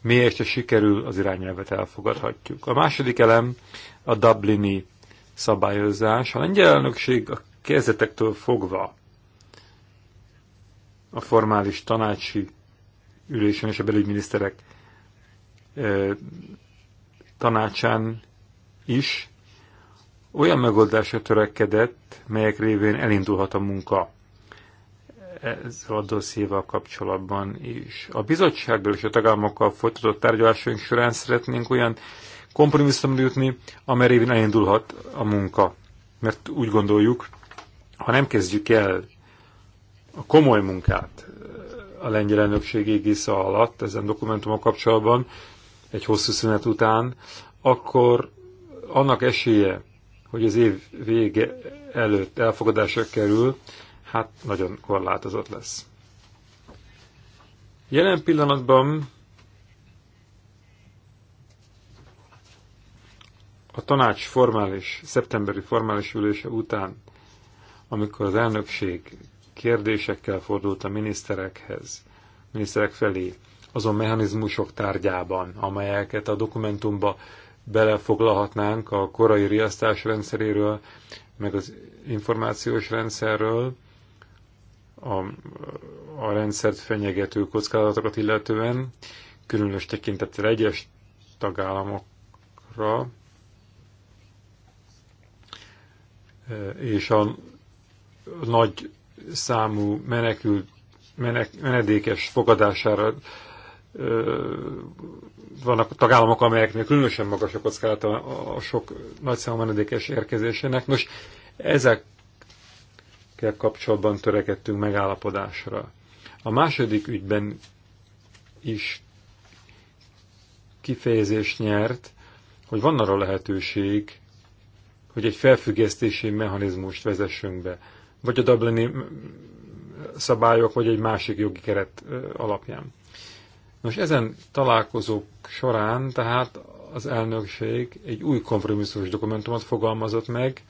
Miért se sikerül, az irányelvet elfogadhatjuk. A második elem a Dublini szabályozás. A lengyel elnökség a kezdetektől fogva a formális tanácsi ülésen és a belügyminiszterek tanácsán is olyan megoldásra törekedett, melyek révén elindulhat a munka ezzel a dossziéval kapcsolatban is. A bizottsággal és a tagállamokkal folytatott tárgyalásaink során szeretnénk olyan kompromisszumra jutni, amely révén elindulhat a munka. Mert úgy gondoljuk, ha nem kezdjük el a komoly munkát a lengyel elnökség égisze alatt ezen dokumentumok kapcsolatban, egy hosszú szünet után, akkor annak esélye, hogy az év vége előtt elfogadásra kerül, hát nagyon korlátozott lesz. Jelen pillanatban a tanács formális, szeptemberi formális ülése után, amikor az elnökség kérdésekkel fordult a miniszterekhez, miniszterek felé, azon mechanizmusok tárgyában, amelyeket a dokumentumba belefoglalhatnánk a korai riasztás rendszeréről, meg az információs rendszerről, a, a rendszert fenyegető kockázatokat illetően, különös tekintettel egyes tagállamokra, és a nagy számú menekült menek, menedékes fogadására vannak tagállamok, amelyeknél különösen magas a kockázata a sok nagyszámú menedékes érkezésének. Nos, ezekkel kapcsolatban törekedtünk megállapodásra. A második ügyben is kifejezést nyert, hogy van arra lehetőség, hogy egy felfüggesztési mechanizmust vezessünk be, vagy a Dublini szabályok, vagy egy másik jogi keret alapján. Nos, ezen találkozók során tehát az elnökség egy új kompromisszumos dokumentumot fogalmazott meg,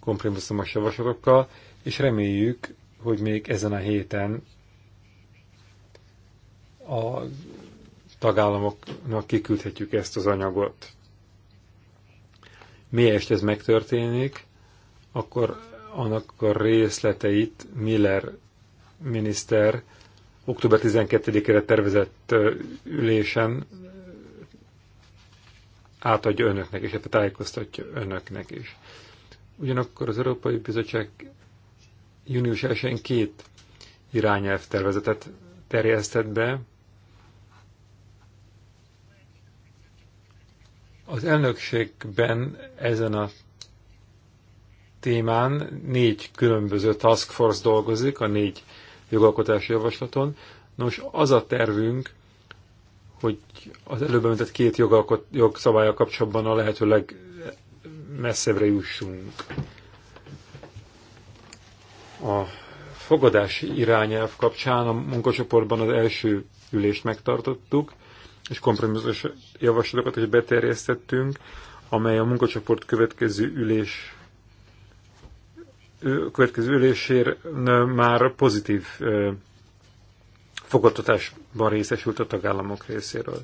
kompromisszumos javaslatokkal, és reméljük, hogy még ezen a héten a tagállamoknak kiküldhetjük ezt az anyagot. Miért ez megtörténik, akkor annak a részleteit Miller miniszter október 12-ére tervezett ülésen átadja önöknek, és hát tájékoztatja önöknek is. Ugyanakkor az Európai Bizottság június 1-én két irányelv tervezetet terjesztett be. Az elnökségben ezen a témán négy különböző task force dolgozik, a négy jogalkotási javaslaton. Nos, az a tervünk, hogy az előbb említett két jogalkot, jogszabálya kapcsolatban a lehető legmesszebbre jussunk. A fogadási irányelv kapcsán a munkacsoportban az első ülést megtartottuk, és kompromisszus javaslatokat is beterjesztettünk, amely a munkacsoport következő ülés következő ülésér már pozitív fogadtatásban részesült a tagállamok részéről.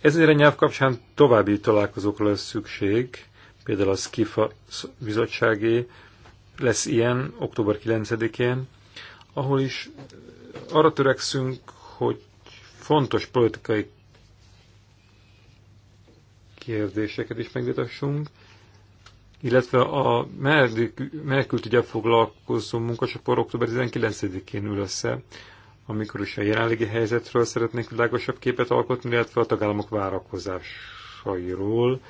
Ezért a nyelv kapcsán további találkozókra lesz szükség, például a SKIFA bizottságé lesz ilyen október 9-én, ahol is arra törekszünk, hogy fontos politikai kérdéseket is megvitassunk, illetve a ugye foglalkozó munkacsoport október 19-én ül össze, amikor is a jelenlegi helyzetről szeretnék világosabb képet alkotni, illetve a tagállamok várakozásairól,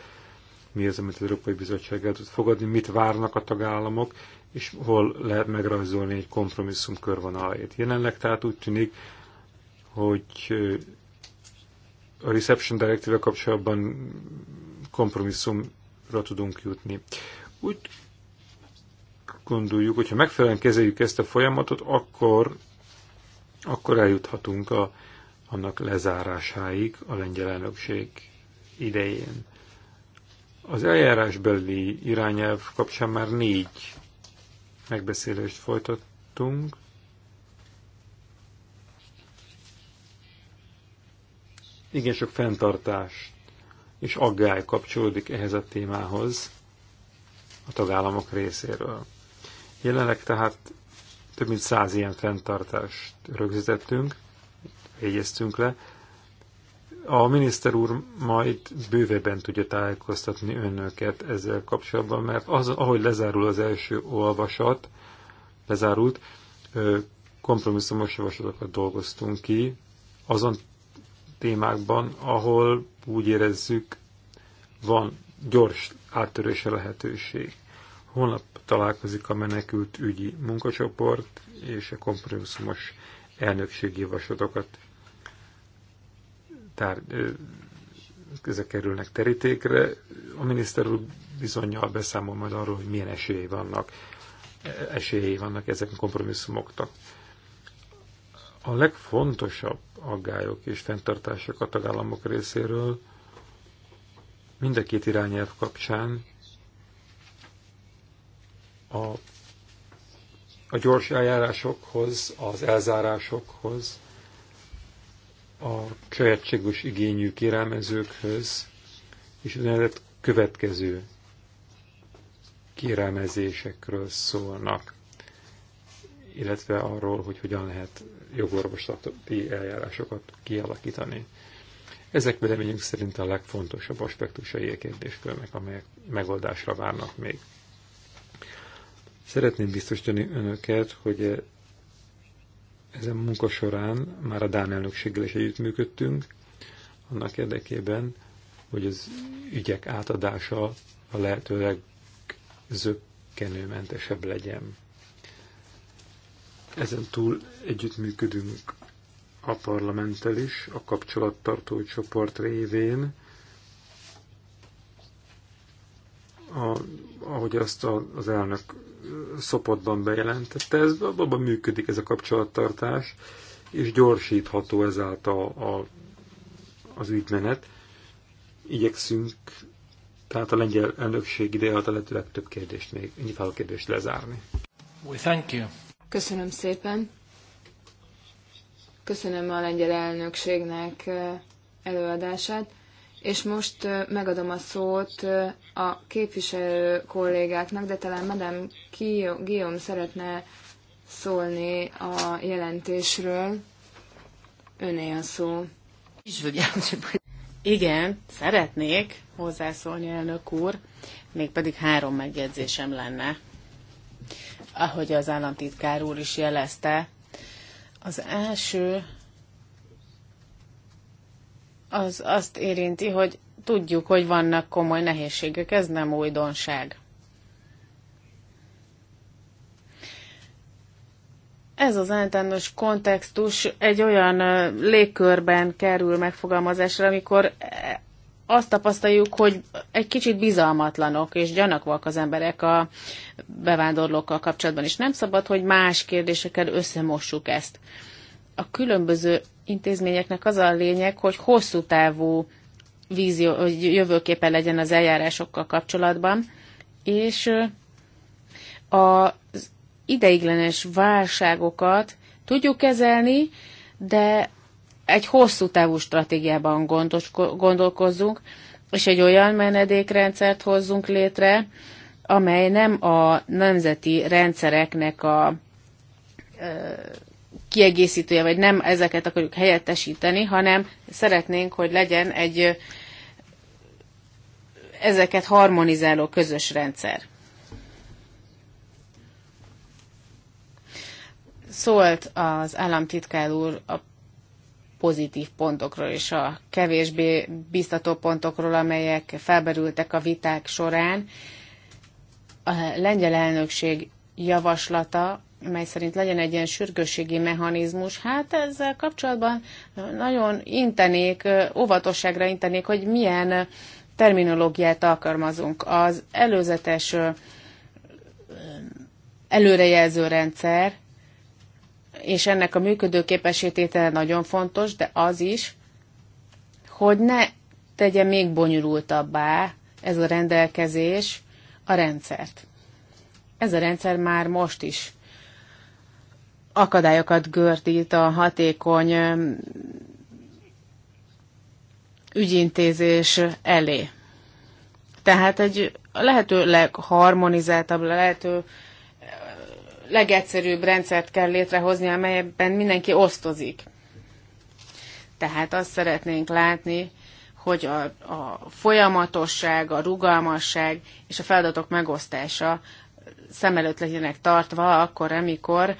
mi az, amit az Európai Bizottság el tud fogadni, mit várnak a tagállamok, és hol lehet megrajzolni egy kompromisszum körvonalait. Jelenleg tehát úgy tűnik, hogy a Reception Directive kapcsolatban kompromisszum tudunk jutni. Úgy gondoljuk, hogyha megfelelően kezeljük ezt a folyamatot, akkor, akkor eljuthatunk a, annak lezárásáig a lengyel elnökség idején. Az eljárásbeli irányelv kapcsán már négy megbeszélést folytattunk. Igen sok fenntartást és aggály kapcsolódik ehhez a témához a tagállamok részéről. Jelenleg tehát több mint száz ilyen fenntartást rögzítettünk, jegyeztünk le. A miniszter úr majd bővebben tudja tájékoztatni önöket ezzel kapcsolatban, mert az, ahogy lezárul az első olvasat, lezárult, kompromisszumos javaslatokat dolgoztunk ki, azon témákban, ahol úgy érezzük, van gyors áttörése lehetőség. Holnap találkozik a menekült ügyi munkacsoport és a kompromisszumos elnökségi javaslatokat tár, ezek kerülnek terítékre. A miniszter úr bizonyal beszámol majd arról, hogy milyen esélyei vannak, esélyei vannak ezek a kompromisszumoknak. A legfontosabb aggályok és fenntartások a tagállamok részéről mind a két irányelv kapcsán a, a gyors eljárásokhoz, az elzárásokhoz, a sajátságos igényű kérelmezőkhöz, és az következő kérelmezésekről szólnak illetve arról, hogy hogyan lehet jogorvoslati eljárásokat kialakítani. Ezek véleményünk szerint a legfontosabb aspektusai a kérdéskörnek, amelyek megoldásra várnak még. Szeretném biztosítani önöket, hogy ezen munka során már a Dán elnökséggel is együttműködtünk, annak érdekében, hogy az ügyek átadása a lehető legzökkenőmentesebb legyen. Ezen túl együttműködünk a parlamenttel is, a kapcsolattartó csoport révén, a, ahogy azt a, az elnök szopotban bejelentette, ez abban működik ez a kapcsolattartás, és gyorsítható ezáltal a, a, az ügymenet. Igyekszünk tehát a lengyel elnökség ideje alatt a lehető legtöbb kérdést még, nyitáló kérdést lezárni. We thank you. Köszönöm szépen. Köszönöm a lengyel elnökségnek előadását, és most megadom a szót a képviselő kollégáknak, de talán Madame Guillaume szeretne szólni a jelentésről. Öné a szó. Igen, szeretnék hozzászólni, elnök úr, mégpedig három megjegyzésem lenne ahogy az államtitkár úr is jelezte. Az első az azt érinti, hogy tudjuk, hogy vannak komoly nehézségek, ez nem újdonság. Ez az általános kontextus egy olyan légkörben kerül megfogalmazásra, amikor azt tapasztaljuk, hogy egy kicsit bizalmatlanok és gyanakvak az emberek a bevándorlókkal kapcsolatban, és nem szabad, hogy más kérdésekkel összemossuk ezt. A különböző intézményeknek az a lényeg, hogy hosszú távú vízió, hogy jövőképe legyen az eljárásokkal kapcsolatban, és az ideiglenes válságokat tudjuk kezelni, de egy hosszú távú stratégiában gondolkozzunk, és egy olyan menedékrendszert hozzunk létre, amely nem a nemzeti rendszereknek a kiegészítője, vagy nem ezeket akarjuk helyettesíteni, hanem szeretnénk, hogy legyen egy ezeket harmonizáló közös rendszer. Szólt az államtitkár úr a pozitív pontokról és a kevésbé biztató pontokról, amelyek felberültek a viták során. A lengyel elnökség javaslata, mely szerint legyen egy ilyen sürgősségi mechanizmus, hát ezzel kapcsolatban nagyon intenék, óvatosságra intenék, hogy milyen terminológiát alkalmazunk. Az előzetes előrejelző rendszer és ennek a képesítétele nagyon fontos, de az is, hogy ne tegye még bonyolultabbá ez a rendelkezés a rendszert. Ez a rendszer már most is akadályokat gördít a hatékony ügyintézés elé. Tehát egy lehető legharmonizáltabb, lehető legegyszerűbb rendszert kell létrehozni, amelyben mindenki osztozik. Tehát azt szeretnénk látni, hogy a, a folyamatosság, a rugalmasság és a feladatok megosztása szem előtt legyenek tartva akkor, amikor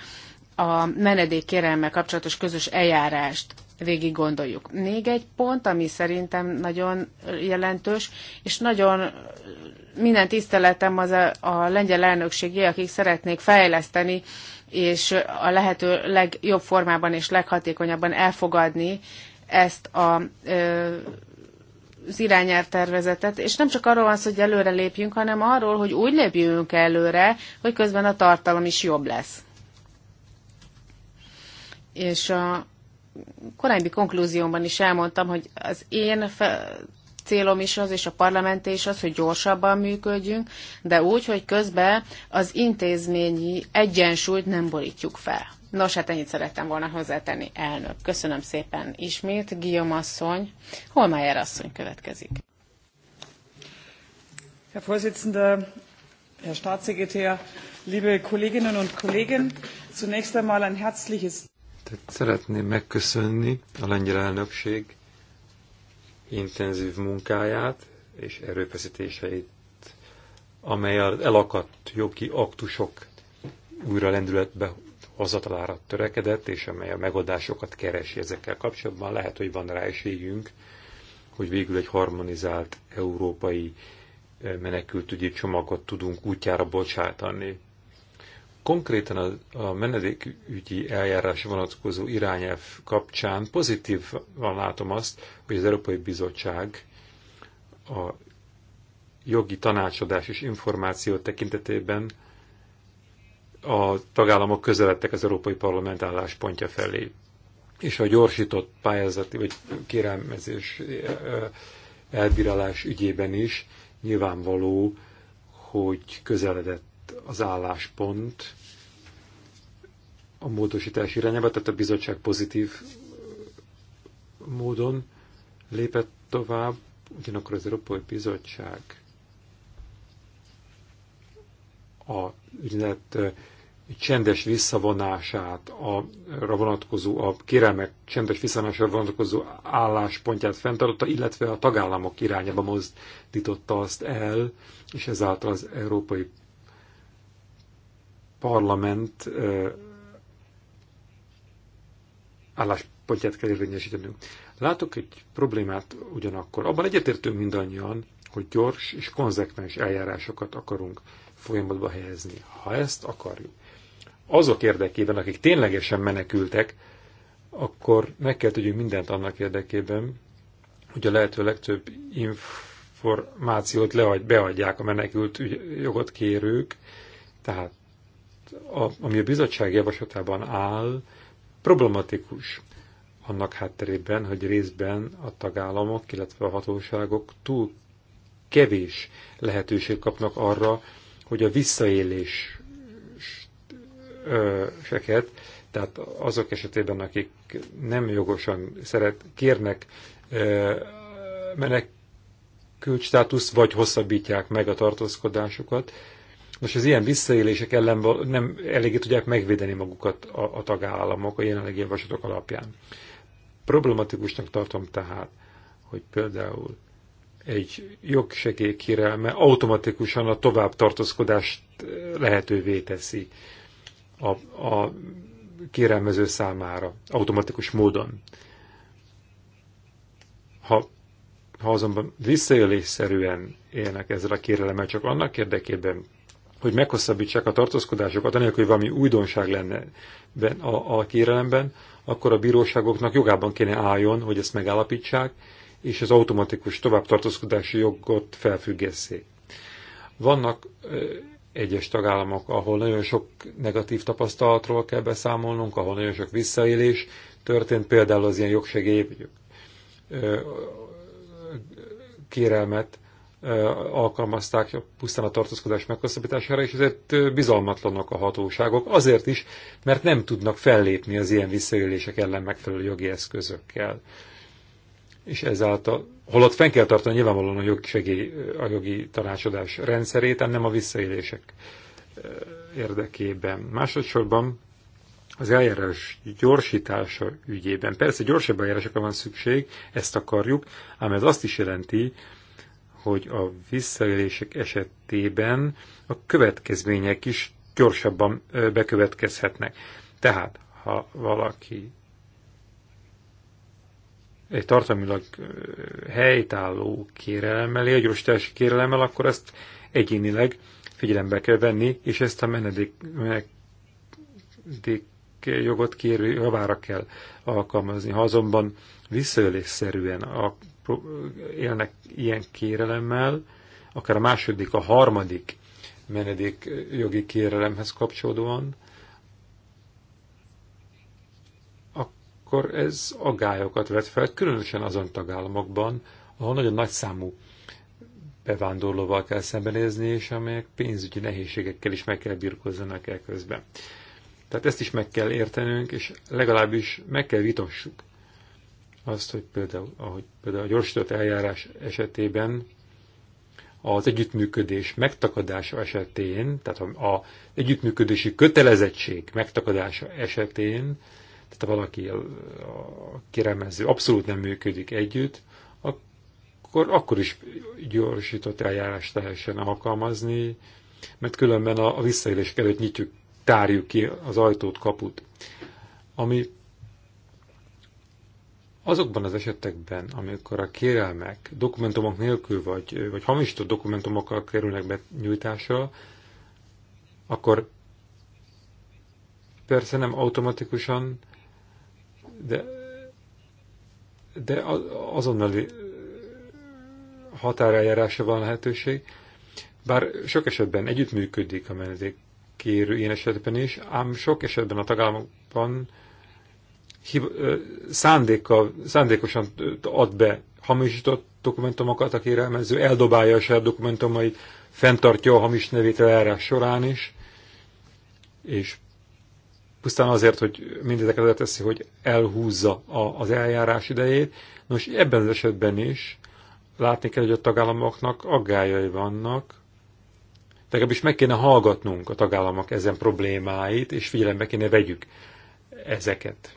a menedék menedékkérelmmel kapcsolatos közös eljárást végig gondoljuk. Még egy pont, ami szerintem nagyon jelentős, és nagyon minden tiszteletem az a, a lengyel elnökségé, akik szeretnék fejleszteni és a lehető legjobb formában és leghatékonyabban elfogadni ezt a, az irányártervezetet. és nem csak arról van szó, hogy előre lépjünk, hanem arról, hogy úgy lépjünk előre, hogy közben a tartalom is jobb lesz. És a korábbi konklúziómban is elmondtam, hogy az én célom is az, és a parlament is az, hogy gyorsabban működjünk, de úgy, hogy közben az intézményi egyensúlyt nem borítjuk fel. Nos, hát ennyit szerettem volna hozzátenni, elnök. Köszönöm szépen ismét, Guillaume asszony. Holmájer asszony következik. Herr Vorsitzender, Herr Staatssekretär, liebe Kolleginnen und Kollegen, zunächst einmal ein herzliches... szeretném megköszönni a lengyel elnökség intenzív munkáját és erőfeszítéseit, amely az elakadt jogi aktusok újra lendületbe hozatalára törekedett, és amely a megoldásokat keresi ezekkel kapcsolatban. Lehet, hogy van rá esélyünk, hogy végül egy harmonizált európai menekültügyi csomagot tudunk útjára bocsátani konkrétan a, a menedékügyi eljárás vonatkozó irányelv kapcsán pozitívan látom azt, hogy az Európai Bizottság a jogi tanácsadás és információ tekintetében a tagállamok közeledtek az Európai Parlament álláspontja felé. És a gyorsított pályázati vagy kérelmezés elbírálás ügyében is nyilvánvaló, hogy közeledett az álláspont a módosítás irányába, tehát a bizottság pozitív módon lépett tovább, ugyanakkor az Európai Bizottság a ügynet csendes visszavonását, a, vonatkozó, a kérelmek csendes visszavonásra vonatkozó álláspontját fenntartotta, illetve a tagállamok irányába mozdította azt el, és ezáltal az Európai parlament álláspontját kell érvényesítenünk. Látok egy problémát ugyanakkor. Abban egyetértünk mindannyian, hogy gyors és konzekvens eljárásokat akarunk folyamatba helyezni. Ha ezt akarjuk, azok érdekében, akik ténylegesen menekültek, akkor meg kell tudjuk mindent annak érdekében, hogy a lehető legtöbb információt leadj, beadják a menekült jogot kérők, tehát a, ami a bizottság javaslatában áll, problematikus annak hátterében, hogy részben a tagállamok, illetve a hatóságok túl kevés lehetőség kapnak arra, hogy a visszaélés tehát azok esetében, akik nem jogosan szeret, kérnek menekült státuszt, vagy hosszabbítják meg a tartózkodásukat, most az ilyen visszaélések ellen nem eléggé tudják megvédeni magukat a, a tagállamok a jelenlegi javaslatok alapján. Problematikusnak tartom tehát, hogy például egy jogsegély kérelme automatikusan a tovább tartózkodást eh, lehetővé teszi a, a kérelmező számára, automatikus módon. Ha, ha azonban visszaélésszerűen élnek ezzel a kérelemmel, csak annak érdekében, hogy meghosszabbítsák a tartózkodásokat, anélkül, hogy valami újdonság lenne a, a kérelemben, akkor a bíróságoknak jogában kéne álljon, hogy ezt megállapítsák, és az automatikus tovább tartózkodási jogot felfüggesszék. Vannak egyes tagállamok, ahol nagyon sok negatív tapasztalatról kell beszámolnunk, ahol nagyon sok visszaélés történt, például az ilyen jogsegély kérelmet alkalmazták pusztán a tartózkodás meghosszabbítására, és ezért bizalmatlanok a hatóságok. Azért is, mert nem tudnak fellépni az ilyen visszaélések ellen megfelelő jogi eszközökkel. És ezáltal, holott fenn kell tartani nyilvánvalóan a, jogi segély a jogi tanácsadás rendszerét, nem a visszaélések érdekében. Másodszorban az eljárás gyorsítása ügyében. Persze gyorsabb eljárásokra van szükség, ezt akarjuk, ám ez azt is jelenti, hogy a visszaélések esetében a következmények is gyorsabban bekövetkezhetnek. Tehát, ha valaki egy tartalmilag helytálló kérelemmel, egy gyorsítási kérelemmel, akkor ezt egyénileg figyelembe kell venni, és ezt a menedék, menedék jogot kérő javára kell alkalmazni. Ha azonban visszaélésszerűen a élnek ilyen kérelemmel, akár a második, a harmadik menedék jogi kérelemhez kapcsolódóan, akkor ez agályokat vet fel, különösen azon tagállamokban, ahol nagyon nagy számú bevándorlóval kell szembenézni, és amelyek pénzügyi nehézségekkel is meg kell birkozzanak el közben. Tehát ezt is meg kell értenünk, és legalábbis meg kell vitassuk azt, hogy például, ahogy például a gyorsított eljárás esetében az együttműködés megtakadása esetén, tehát az együttműködési kötelezettség megtakadása esetén, tehát ha valaki a kérelmező abszolút nem működik együtt, akkor, akkor is gyorsított eljárást lehessen alkalmazni, mert különben a, a visszaélés előtt nyitjuk, tárjuk ki az ajtót, kaput. Ami Azokban az esetekben, amikor a kérelmek dokumentumok nélkül vagy, vagy hamisított dokumentumokkal kerülnek be nyújtásra, akkor persze nem automatikusan, de, de azonnali határeljárásra van lehetőség. Bár sok esetben együttműködik a kérő ilyen esetben is, ám sok esetben a tagállamokban szándékkal, szándékosan ad be hamisított dokumentumokat, a kérelmező eldobálja a saját dokumentumait, fenntartja a hamis nevét eljárás során is, és pusztán azért, hogy mindezeket teszi, hogy elhúzza a, az eljárás idejét. Nos, ebben az esetben is látni kell, hogy a tagállamoknak aggályai vannak, is meg kéne hallgatnunk a tagállamok ezen problémáit, és figyelembe kéne vegyük ezeket.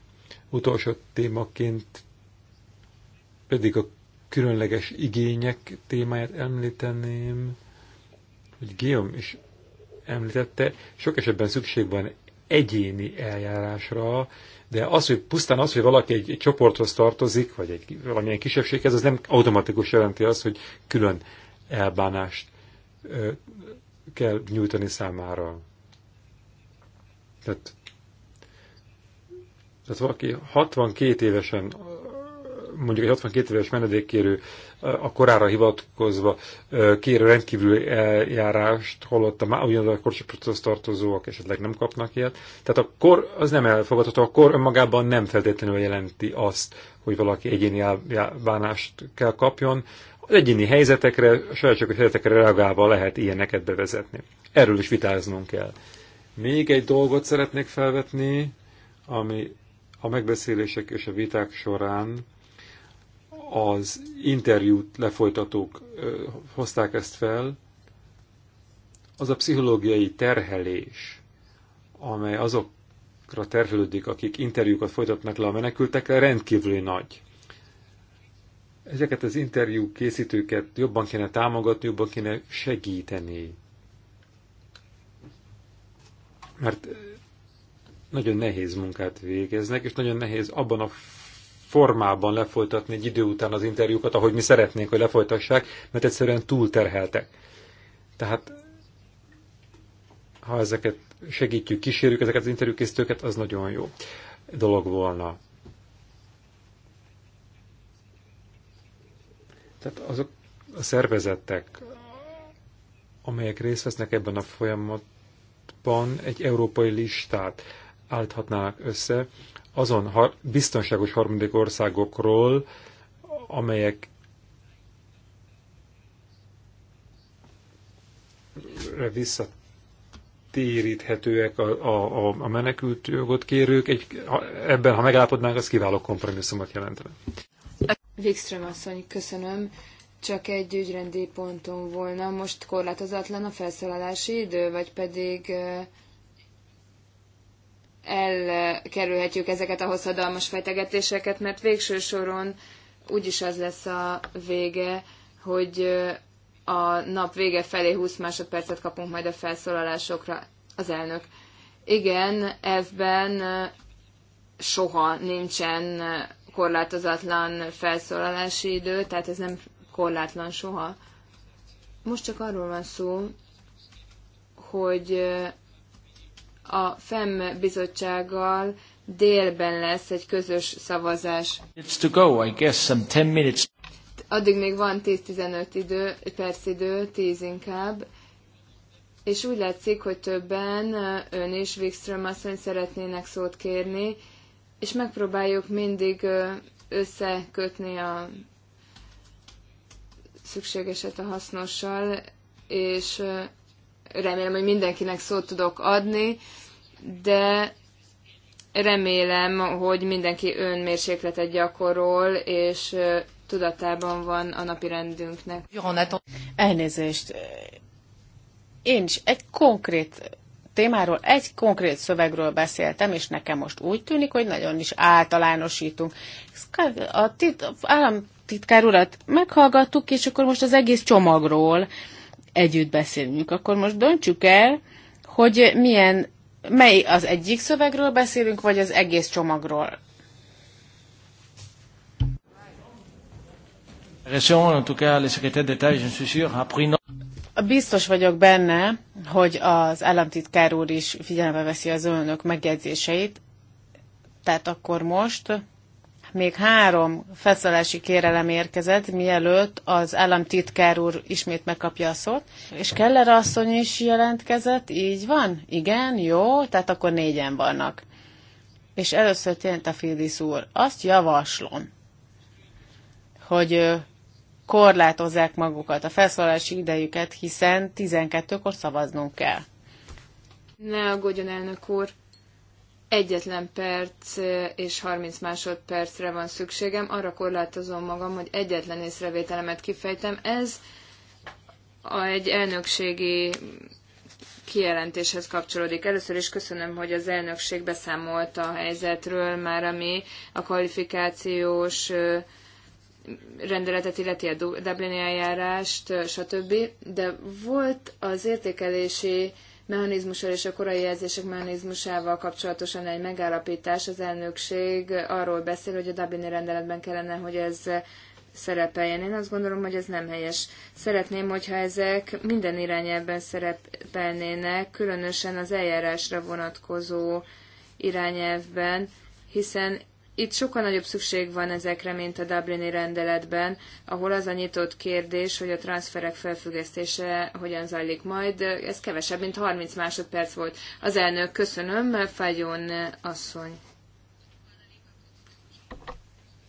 Utolsó témaként pedig a különleges igények témáját említeném, hogy Guillaume is említette, sok esetben szükség van egyéni eljárásra, de az, hogy pusztán az, hogy valaki egy, egy csoporthoz tartozik, vagy egy valamilyen kisebbséghez, az nem automatikus jelenti azt, hogy külön elbánást ö, kell nyújtani számára. Tehát tehát valaki 62 évesen, mondjuk egy 62 éves menedékkérő a korára hivatkozva kér rendkívül eljárást, holott a ugyanaz a korcsoporthoz tartozóak esetleg nem kapnak ilyet. Tehát a kor az nem elfogadható, a kor önmagában nem feltétlenül jelenti azt, hogy valaki egyéni bánást kell kapjon. Az egyéni helyzetekre, a a helyzetekre reagálva lehet ilyeneket bevezetni. Erről is vitáznunk kell. Még egy dolgot szeretnék felvetni, ami a megbeszélések és a viták során az interjút lefolytatók hozták ezt fel, az a pszichológiai terhelés, amely azokra terhelődik, akik interjúkat folytatnak le a menekültekre, rendkívül nagy. Ezeket az interjú készítőket jobban kéne támogatni, jobban kéne segíteni. Mert nagyon nehéz munkát végeznek, és nagyon nehéz abban a formában lefolytatni egy idő után az interjúkat, ahogy mi szeretnénk, hogy lefolytassák, mert egyszerűen túlterheltek. Tehát ha ezeket segítjük, kísérjük ezeket az interjúkészítőket, az nagyon jó dolog volna. Tehát azok a szervezetek, amelyek részt vesznek ebben a folyamatban, egy európai listát állíthatnák össze azon har biztonságos harmadik országokról, amelyek visszatéríthetőek a, a, a menekült jogot kérők. Egy, ha, ebben, ha megállapodnánk, az kiváló kompromisszumot jelentene. Végström asszony, köszönöm. Csak egy ügyrendi ponton volna. Most korlátozatlan a felszólalási idő, vagy pedig elkerülhetjük ezeket a hosszadalmas fejtegetéseket, mert végső soron úgyis az lesz a vége, hogy a nap vége felé 20 másodpercet kapunk majd a felszólalásokra az elnök. Igen, ebben soha nincsen korlátozatlan felszólalási idő, tehát ez nem korlátlan soha. Most csak arról van szó, hogy a FEM bizottsággal délben lesz egy közös szavazás. It's to go, I guess, some 10 minutes. Addig még van 10-15 idő, perc idő, 10 inkább. És úgy látszik, hogy többen ön és Wikström asszony szeretnének szót kérni, és megpróbáljuk mindig összekötni a szükségeset a hasznossal, és remélem, hogy mindenkinek szót tudok adni, de remélem, hogy mindenki önmérsékletet gyakorol, és tudatában van a napi rendünknek. Elnézést. Én is egy konkrét témáról, egy konkrét szövegről beszéltem, és nekem most úgy tűnik, hogy nagyon is általánosítunk. A tit, államtitkár urat meghallgattuk, és akkor most az egész csomagról együtt beszélünk. Akkor most döntsük el, hogy milyen, mely az egyik szövegről beszélünk, vagy az egész csomagról. Biztos vagyok benne, hogy az államtitkár úr is figyelembe veszi az önök megjegyzéseit, tehát akkor most még három feszelési kérelem érkezett, mielőtt az államtitkár úr ismét megkapja a szót. És Keller asszony is jelentkezett, így van? Igen, jó, tehát akkor négyen vannak. És először jelent a Fildis úr. Azt javaslom, hogy korlátozzák magukat, a felszólalási idejüket, hiszen 12-kor szavaznunk kell. Ne aggódjon, elnök úr! egyetlen perc eh, és 30 másodpercre van szükségem, arra korlátozom magam, hogy egyetlen észrevételemet kifejtem. Ez egy elnökségi kijelentéshez kapcsolódik. Először is köszönöm, hogy az elnökség beszámolt a helyzetről, már ami a kvalifikációs eh, rendeletet illeti a Dublin eljárást, eh, stb. De volt az értékelési mechanizmusról és a korai jelzések mechanizmusával kapcsolatosan egy megállapítás. Az elnökség arról beszél, hogy a Dublini rendeletben kellene, hogy ez szerepeljen. Én azt gondolom, hogy ez nem helyes. Szeretném, hogyha ezek minden irányelben szerepelnének, különösen az eljárásra vonatkozó irányelvben, hiszen itt sokkal nagyobb szükség van ezekre, mint a Dublini rendeletben, ahol az a nyitott kérdés, hogy a transferek felfüggesztése hogyan zajlik majd. Ez kevesebb, mint 30 másodperc volt. Az elnök, köszönöm, Fagyon asszony.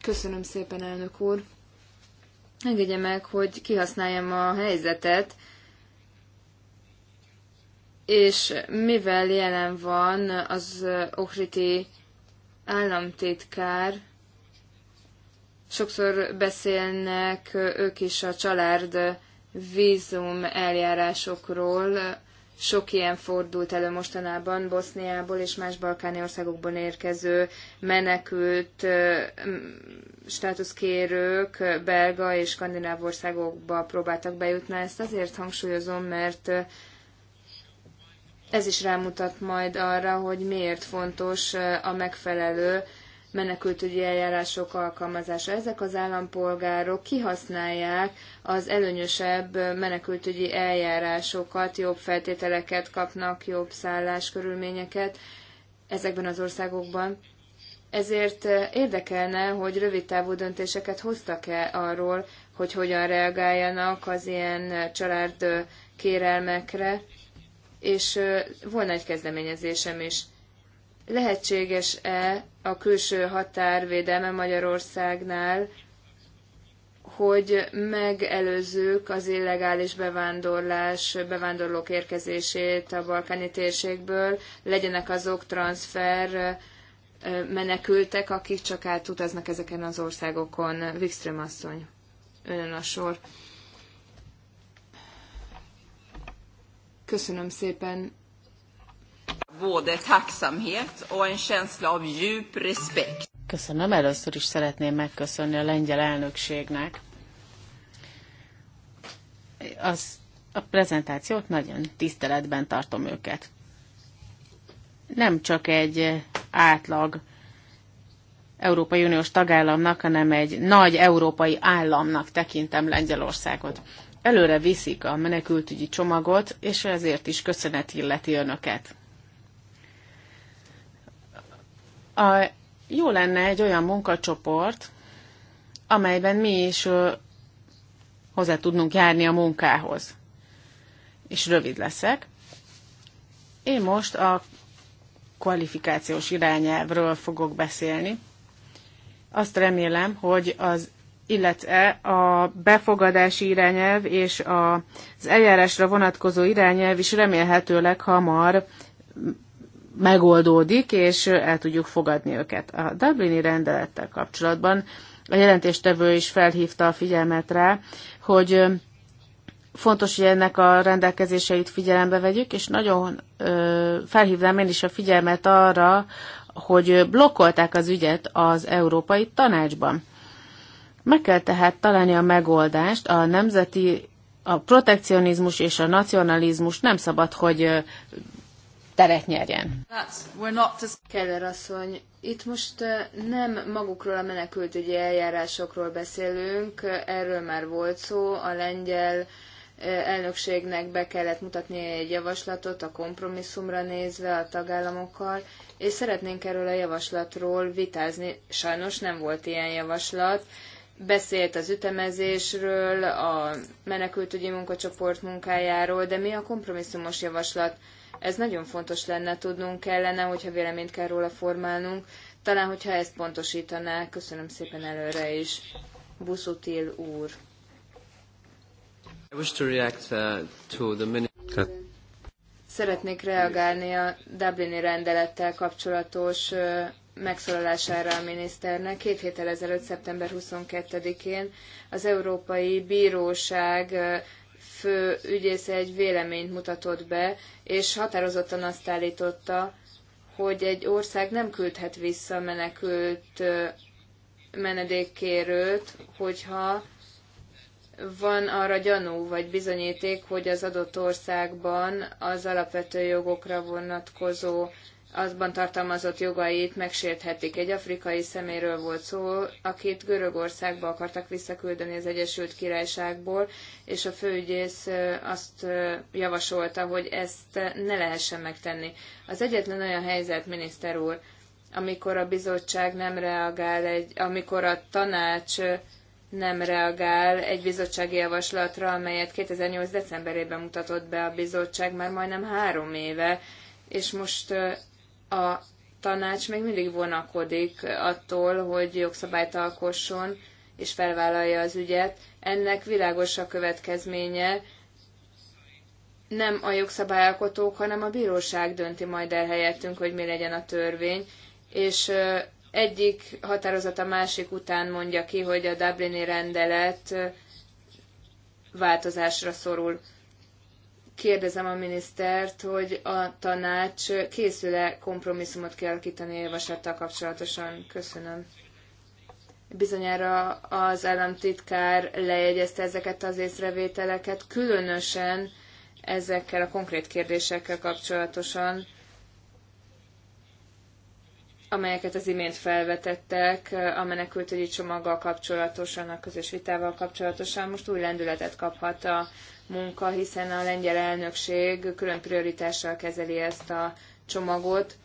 Köszönöm szépen, elnök úr. Engedje meg, hogy kihasználjam a helyzetet, és mivel jelen van az Okriti államtitkár, sokszor beszélnek ők is a család vízum eljárásokról. Sok ilyen fordult elő mostanában Boszniából és más balkáni országokban érkező menekült mm, státuszkérők belga és skandináv országokba próbáltak bejutni. Ezt azért hangsúlyozom, mert ez is rámutat majd arra, hogy miért fontos a megfelelő menekültügyi eljárások alkalmazása. Ezek az állampolgárok kihasználják az előnyösebb menekültügyi eljárásokat, jobb feltételeket kapnak, jobb szálláskörülményeket ezekben az országokban. Ezért érdekelne, hogy rövid távú döntéseket hoztak-e arról, hogy hogyan reagáljanak az ilyen család kérelmekre, és volna egy kezdeményezésem is. Lehetséges-e a külső határvédelme Magyarországnál, hogy megelőzzük az illegális bevándorlás, bevándorlók érkezését a balkáni térségből, legyenek azok transfer menekültek, akik csak átutaznak ezeken az országokon. Wikström asszony, önön a sor. Köszönöm szépen. Både tacksamhet och en känsla av djup respekt. Köszönöm. Először is szeretném megköszönni a lengyel elnökségnek. Az, a prezentációt nagyon tiszteletben tartom őket. Nem csak egy átlag Európai Uniós tagállamnak, hanem egy nagy európai államnak tekintem Lengyelországot előre viszik a menekültügyi csomagot, és ezért is köszönet illeti önöket. A, jó lenne egy olyan munkacsoport, amelyben mi is ö, hozzá tudnunk járni a munkához. És rövid leszek. Én most a kvalifikációs irányelvről fogok beszélni. Azt remélem, hogy az illetve a befogadási irányelv és az eljárásra vonatkozó irányelv is remélhetőleg hamar megoldódik, és el tudjuk fogadni őket. A Dublini rendelettel kapcsolatban a jelentéstevő is felhívta a figyelmet rá, hogy fontos, hogy ennek a rendelkezéseit figyelembe vegyük, és nagyon felhívnám én is a figyelmet arra, hogy blokkolták az ügyet az Európai Tanácsban. Meg kell tehát találni a megoldást, a nemzeti, a protekcionizmus és a nacionalizmus nem szabad, hogy teret nyerjen. Keller asszony, itt most nem magukról a menekültügyi eljárásokról beszélünk, erről már volt szó, a lengyel elnökségnek be kellett mutatni egy javaslatot a kompromisszumra nézve a tagállamokkal, és szeretnénk erről a javaslatról vitázni. Sajnos nem volt ilyen javaslat, beszélt az ütemezésről, a menekültügyi munkacsoport munkájáról, de mi a kompromisszumos javaslat? Ez nagyon fontos lenne, tudnunk kellene, hogyha véleményt kell róla formálnunk. Talán, hogyha ezt pontosítaná, köszönöm szépen előre is. Buszutil úr. I wish to react, uh, to the Szeretnék reagálni a Dublini rendelettel kapcsolatos megszólalására a miniszternek. Két héttel ezelőtt, szeptember 22-én az Európai Bíróság fő ügyésze egy véleményt mutatott be, és határozottan azt állította, hogy egy ország nem küldhet vissza menekült menedékkérőt, hogyha van arra gyanú vagy bizonyíték, hogy az adott országban az alapvető jogokra vonatkozó azban tartalmazott jogait megsérthetik. Egy afrikai szeméről volt szó, akit Görögországba akartak visszaküldeni az Egyesült Királyságból, és a főügyész azt javasolta, hogy ezt ne lehessen megtenni. Az egyetlen olyan helyzet, miniszter úr, amikor a bizottság nem reagál, egy, amikor a tanács nem reagál egy bizottsági javaslatra, amelyet 2008. decemberében mutatott be a bizottság, már majdnem három éve, és most a tanács még mindig vonakodik attól, hogy jogszabályt alkosson és felvállalja az ügyet. Ennek világos a következménye, nem a jogszabályalkotók, hanem a bíróság dönti majd el helyettünk, hogy mi legyen a törvény, és egyik határozat a másik után mondja ki, hogy a Dublini rendelet változásra szorul kérdezem a minisztert, hogy a tanács készül-e kompromisszumot kialakítani a javaslattal kapcsolatosan. Köszönöm. Bizonyára az államtitkár lejegyezte ezeket az észrevételeket, különösen ezekkel a konkrét kérdésekkel kapcsolatosan, amelyeket az imént felvetettek a menekültügyi csomaggal kapcsolatosan, a közös vitával kapcsolatosan. Most új lendületet kaphat a munka, hiszen a lengyel elnökség külön prioritással kezeli ezt a csomagot.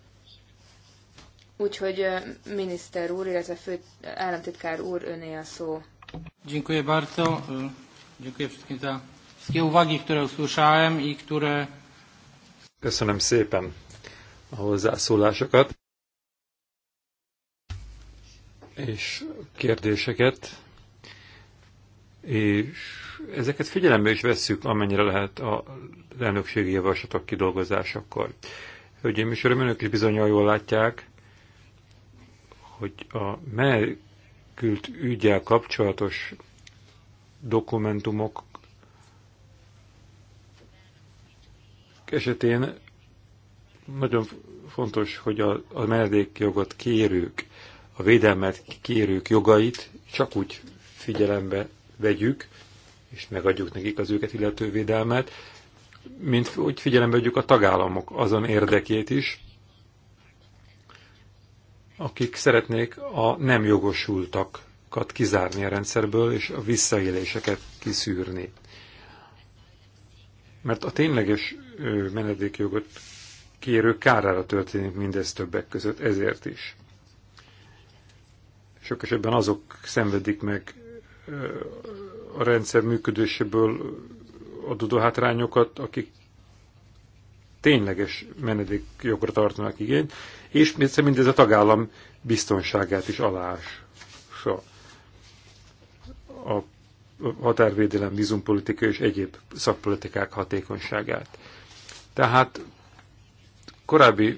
Úgyhogy miniszter úr, illetve fő államtitkár úr, öné a szó. Dziękuję bardzo. Dziękuję wszystkim za wszystkie uwagi, które usłyszałem i które... Köszönöm szépen a hozzászólásokat és kérdéseket, és ezeket figyelembe is vesszük, amennyire lehet a elnökségi javaslatok kidolgozásakor. Hölgyeim és Uram, önök is bizonyal jól látják, hogy a menekült ügyel kapcsolatos dokumentumok esetén nagyon fontos, hogy a, a menedékjogot kérők, a védelmet kérők jogait csak úgy figyelembe vegyük, és megadjuk nekik az őket illető védelmet, mint úgy figyelembe vegyük a tagállamok azon érdekét is, akik szeretnék a nem jogosultakat kizárni a rendszerből, és a visszaéléseket kiszűrni. Mert a tényleges menedékjogot kérő kárára történik mindez többek között, ezért is. Sok esetben azok szenvedik meg a rendszer működéséből adódó hátrányokat, akik tényleges menedékjogra tartanak igényt, és mindez a tagállam biztonságát is alása. A határvédelem, vízumpolitika és egyéb szakpolitikák hatékonyságát. Tehát korábbi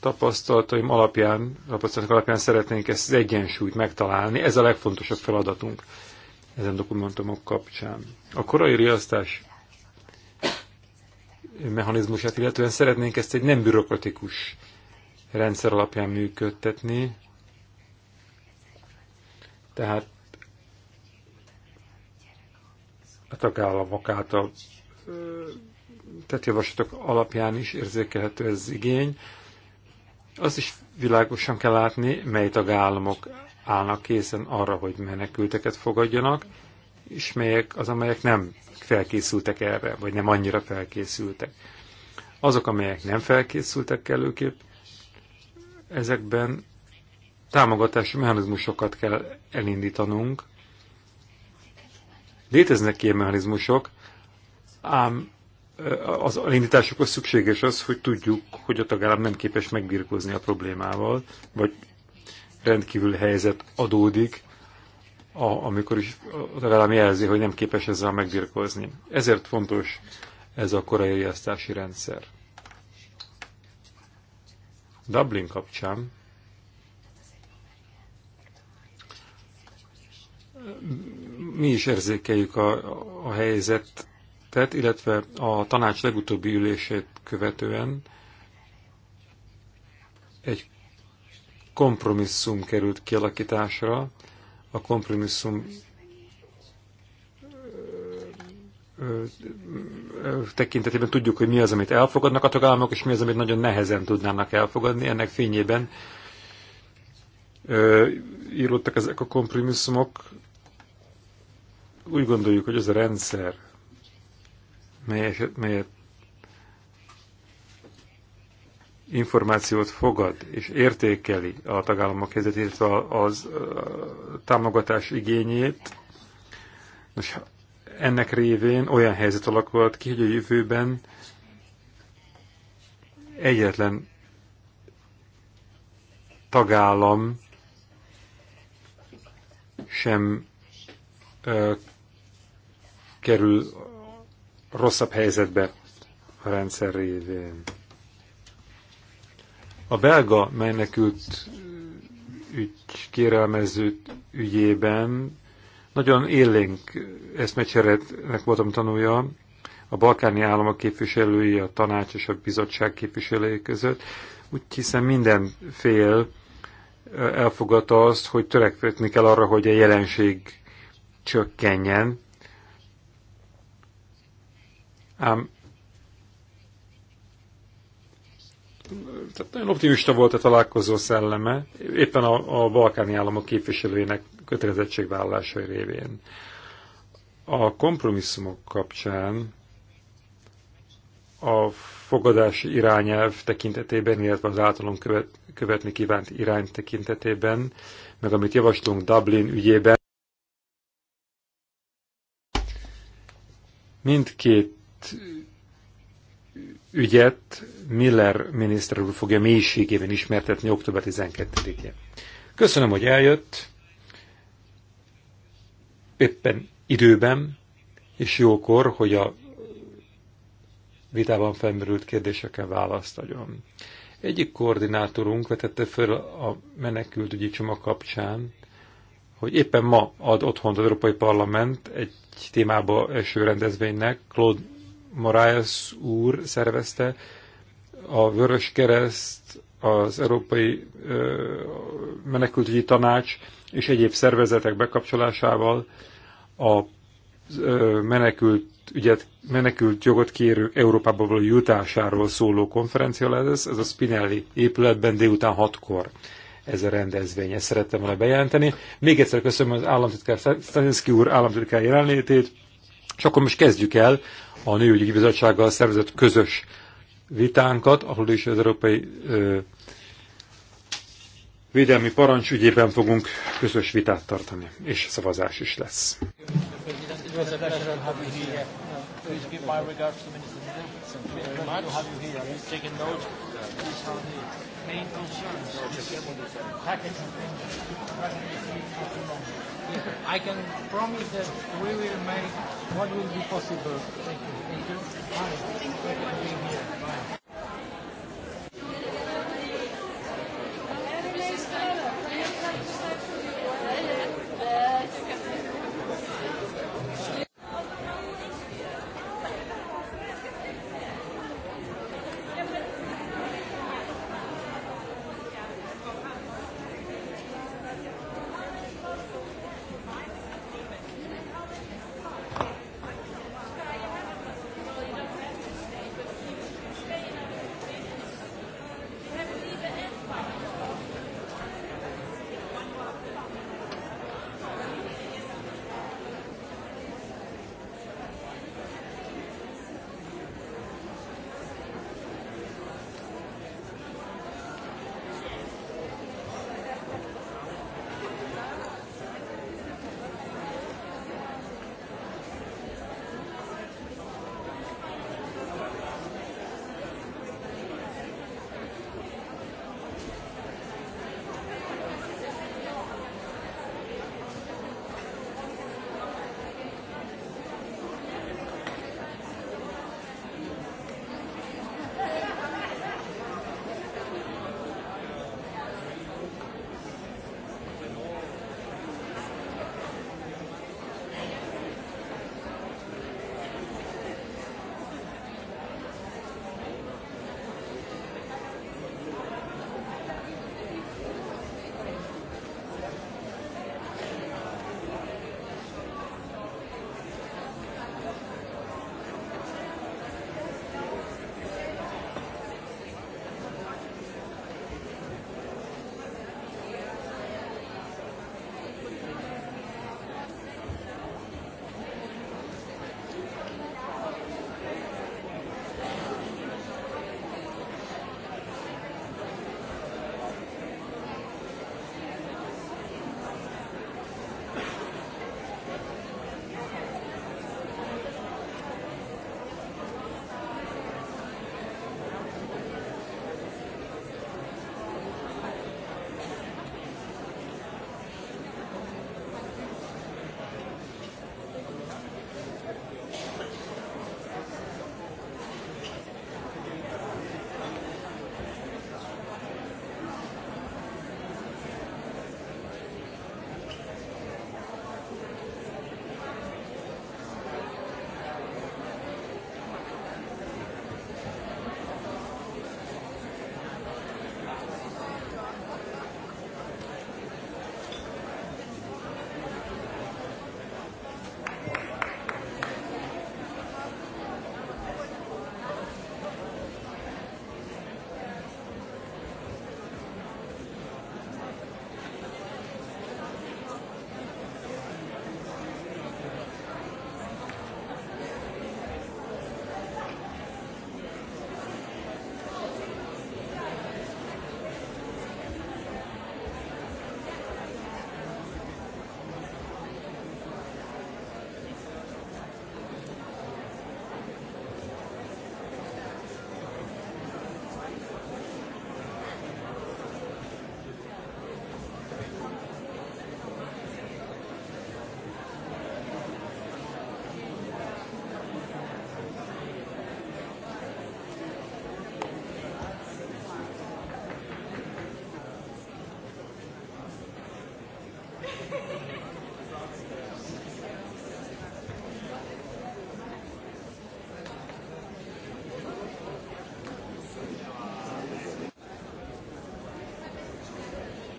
tapasztalataim alapján, tapasztalatok alapján szeretnénk ezt az egyensúlyt megtalálni, ez a legfontosabb feladatunk ezen dokumentumok kapcsán. A korai riasztás mechanizmusát illetően szeretnénk ezt egy nem bürokratikus rendszer alapján működtetni. Tehát a tagállamok által tett javaslatok alapján is érzékelhető ez igény. Azt is világosan kell látni, mely tagállamok állnak készen arra, hogy menekülteket fogadjanak, és melyek az, amelyek nem felkészültek erre, vagy nem annyira felkészültek. Azok, amelyek nem felkészültek kellőképp, ezekben támogatási mechanizmusokat kell elindítanunk. Léteznek ilyen mechanizmusok, ám az elindításokhoz szükséges az, hogy tudjuk, hogy a tagállam nem képes megbirkózni a problémával, vagy rendkívül helyzet adódik, a, amikor is velem jelzi, hogy nem képes ezzel megbirkózni. Ezért fontos ez a korai riasztási rendszer. Dublin kapcsán mi is érzékeljük a, a helyzetet, illetve a tanács legutóbbi ülését követően egy kompromisszum került kialakításra. A kompromisszum tekintetében tudjuk, hogy mi az, amit elfogadnak a tagállamok, és mi az, amit nagyon nehezen tudnának elfogadni. Ennek fényében íródtak ezek a kompromisszumok. Úgy gondoljuk, hogy az a rendszer, melyet, melyet információt fogad és értékeli a tagállamok helyzetét, illetve az támogatás igényét. és ennek révén olyan helyzet alakulhat ki, hogy a jövőben egyetlen tagállam sem ö, kerül rosszabb helyzetbe a rendszer révén. A belga menekült ügy kérelmező ügyében nagyon élénk eszmecseretnek voltam tanulja a balkáni államok képviselői, a tanács és a bizottság képviselői között, úgy hiszen minden fél elfogadta azt, hogy törekvetni kell arra, hogy a jelenség csökkenjen. Ám tehát nagyon optimista volt a találkozó szelleme, éppen a, a balkáni államok képviselőinek kötelezettségvállalásai révén. A kompromisszumok kapcsán a fogadási irányelv tekintetében, illetve az általunk követ, követni kívánt irány tekintetében, meg amit javaslunk Dublin ügyében, mindkét ügyet Miller miniszter úr fogja mélységében ismertetni október 12-én. Köszönöm, hogy eljött, éppen időben, és jókor, hogy a vitában felmerült kérdéseken választ adjon. Egyik koordinátorunk vetette föl a menekültügyi csomag kapcsán, hogy éppen ma ad otthont az Európai Parlament egy témába eső rendezvénynek, Claude Moraes úr szervezte, a Vörös Kereszt, az Európai Menekültügyi Tanács és egyéb szervezetek bekapcsolásával a menekült ügyet, menekült jogot kérő Európába való jutásáról szóló konferencia lesz, ez a Spinelli épületben délután hatkor ez a rendezvény. Ezt szerettem volna bejelenteni. Még egyszer köszönöm az államtitkár Stanisky úr államtitkár jelenlétét, és akkor most kezdjük el a Nőügyi Bizottsággal szervezett közös vitánkat, ahol is az Európai ö, Védelmi Parancs ügyében fogunk közös vitát tartani, és szavazás is lesz. I can promise that we will make what will be possible. Thank you. Thank you. Bye. Thank you Thank you. Thank you.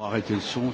Arrêtez le son.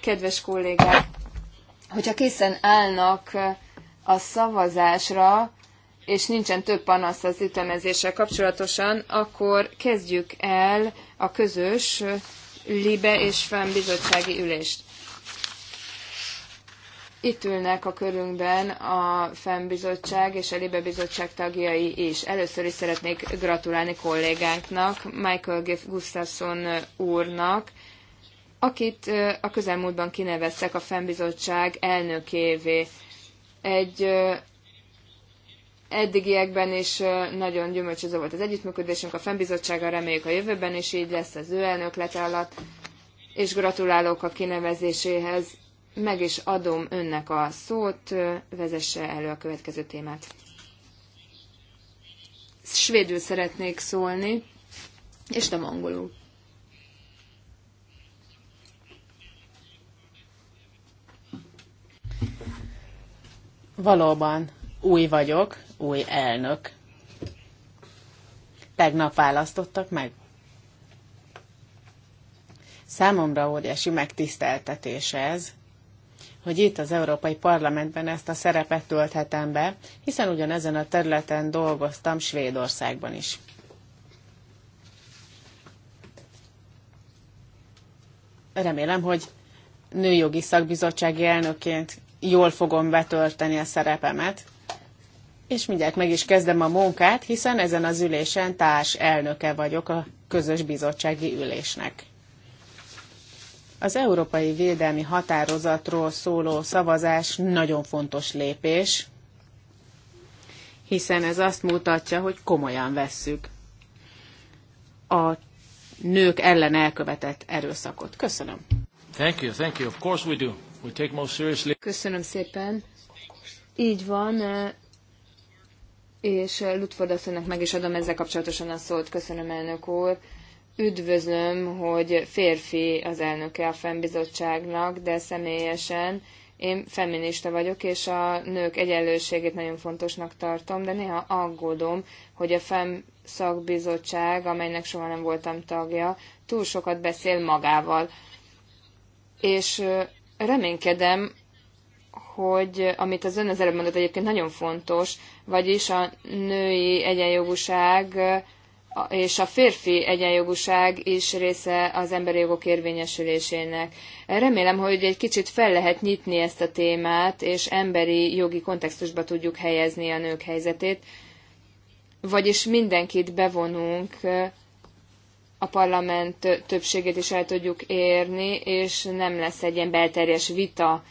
Kedves kollégák, hogyha készen állnak uh, a szavazásra, és nincsen több panasz az ütemezéssel kapcsolatosan, akkor kezdjük el a közös uh, LIBE és FEM bizottsági ülést itt ülnek a körünkben a fembizottság bizottság és a Libe bizottság tagjai is. Először is szeretnék gratulálni kollégánknak, Michael Gustafsson úrnak, akit a közelmúltban kineveztek a fembizottság bizottság elnökévé. Egy eddigiekben is nagyon gyümölcsöző volt az együttműködésünk a FEM bizottsággal, reméljük a jövőben is így lesz az ő elnöklete alatt, és gratulálok a kinevezéséhez meg is adom önnek a szót, vezesse elő a következő témát. Svédül szeretnék szólni, és nem angolul. Valóban új vagyok, új elnök. Tegnap választottak meg. Számomra óriási megtiszteltetés ez, hogy itt az Európai Parlamentben ezt a szerepet tölthetem be, hiszen ugyanezen a területen dolgoztam Svédországban is. Remélem, hogy nőjogi szakbizottsági elnökként jól fogom betölteni a szerepemet, és mindjárt meg is kezdem a munkát, hiszen ezen az ülésen társ elnöke vagyok a közös bizottsági ülésnek. Az Európai Védelmi Határozatról szóló szavazás nagyon fontos lépés, hiszen ez azt mutatja, hogy komolyan vesszük a nők ellen elkövetett erőszakot. Köszönöm. Thank you, thank you. Of course we do. We take most seriously. Köszönöm szépen. Így van, és Lutford meg is adom ezzel kapcsolatosan a szót. Köszönöm, elnök úr üdvözlöm, hogy férfi az elnöke a fennbizottságnak, de személyesen én feminista vagyok, és a nők egyenlőségét nagyon fontosnak tartom, de néha aggódom, hogy a FEM szakbizottság, amelynek soha nem voltam tagja, túl sokat beszél magával. És reménykedem, hogy amit az ön az előbb mondott egyébként nagyon fontos, vagyis a női egyenjogúság és a férfi egyenjogúság is része az emberi jogok érvényesülésének. Remélem, hogy egy kicsit fel lehet nyitni ezt a témát, és emberi jogi kontextusba tudjuk helyezni a nők helyzetét, vagyis mindenkit bevonunk, a parlament többségét is el tudjuk érni, és nem lesz egy ilyen belterjes vita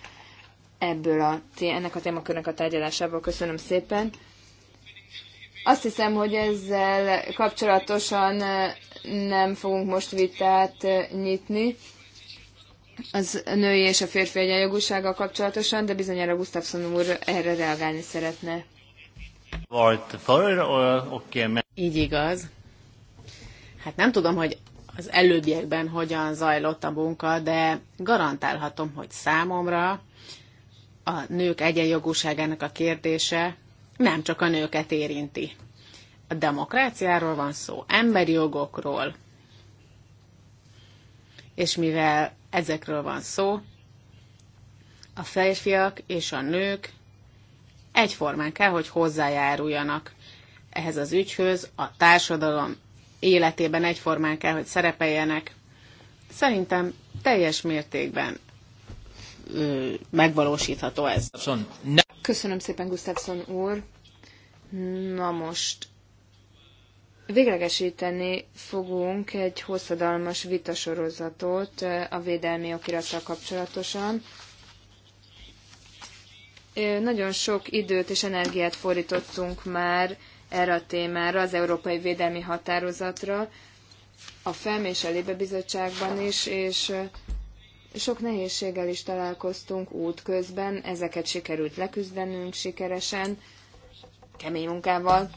ebből a, ennek a témakörnek a tárgyalásából. Köszönöm szépen! Azt hiszem, hogy ezzel kapcsolatosan nem fogunk most vitát nyitni az női és a férfi egyenjogúsággal kapcsolatosan, de bizonyára Gustafsson úr erre reagálni szeretne. Így igaz. Hát nem tudom, hogy az előbbiekben hogyan zajlott a munka, de garantálhatom, hogy számomra a nők egyenjogúságának a kérdése nem csak a nőket érinti. A demokráciáról van szó, emberi jogokról, és mivel ezekről van szó, a férfiak és a nők egyformán kell, hogy hozzájáruljanak ehhez az ügyhöz, a társadalom életében egyformán kell, hogy szerepeljenek. Szerintem teljes mértékben ö, megvalósítható ez. Köszönöm szépen, Gustafsson úr. Na most, véglegesíteni fogunk egy hosszadalmas vitasorozatot eh, a védelmi okirattal kapcsolatosan. Eh, nagyon sok időt és energiát fordítottunk már erre a témára, az Európai Védelmi Határozatra, a FEM és a Lébe Bizottságban is, és eh, sok nehézséggel is találkoztunk út közben, ezeket sikerült leküzdenünk sikeresen, kemény munkával.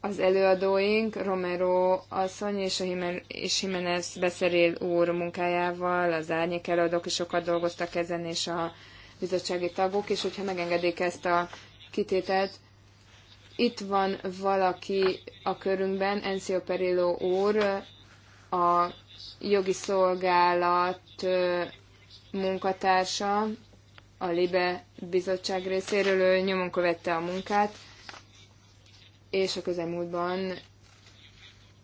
Az előadóink, Romero asszony és, a Himen- és Jimenez beszerél úr munkájával, az árnyék előadók is sokat dolgoztak ezen, és a bizottsági tagok, és hogyha megengedik ezt a kitételt, itt van valaki a körünkben, Encio Perillo úr, a jogi szolgálat munkatársa a Libe bizottság részéről, ő nyomon követte a munkát, és a közelmúltban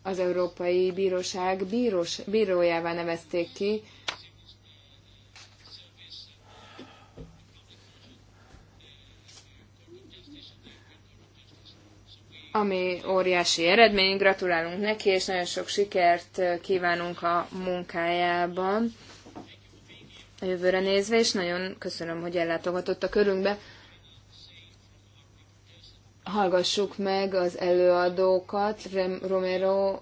az Európai Bíróság bírós, bírójává nevezték ki, ami óriási eredmény, gratulálunk neki, és nagyon sok sikert kívánunk a munkájában a jövőre nézve, és nagyon köszönöm, hogy ellátogatott a körünkbe. Hallgassuk meg az előadókat. Romero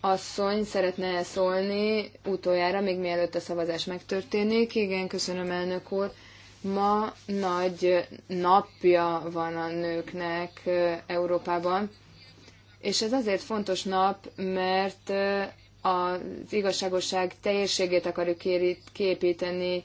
asszony szeretne szólni utoljára, még mielőtt a szavazás megtörténik. Igen, köszönöm, elnök úr. Ma nagy napja van a nőknek Európában, és ez azért fontos nap, mert az igazságosság teljességét akarjuk képíteni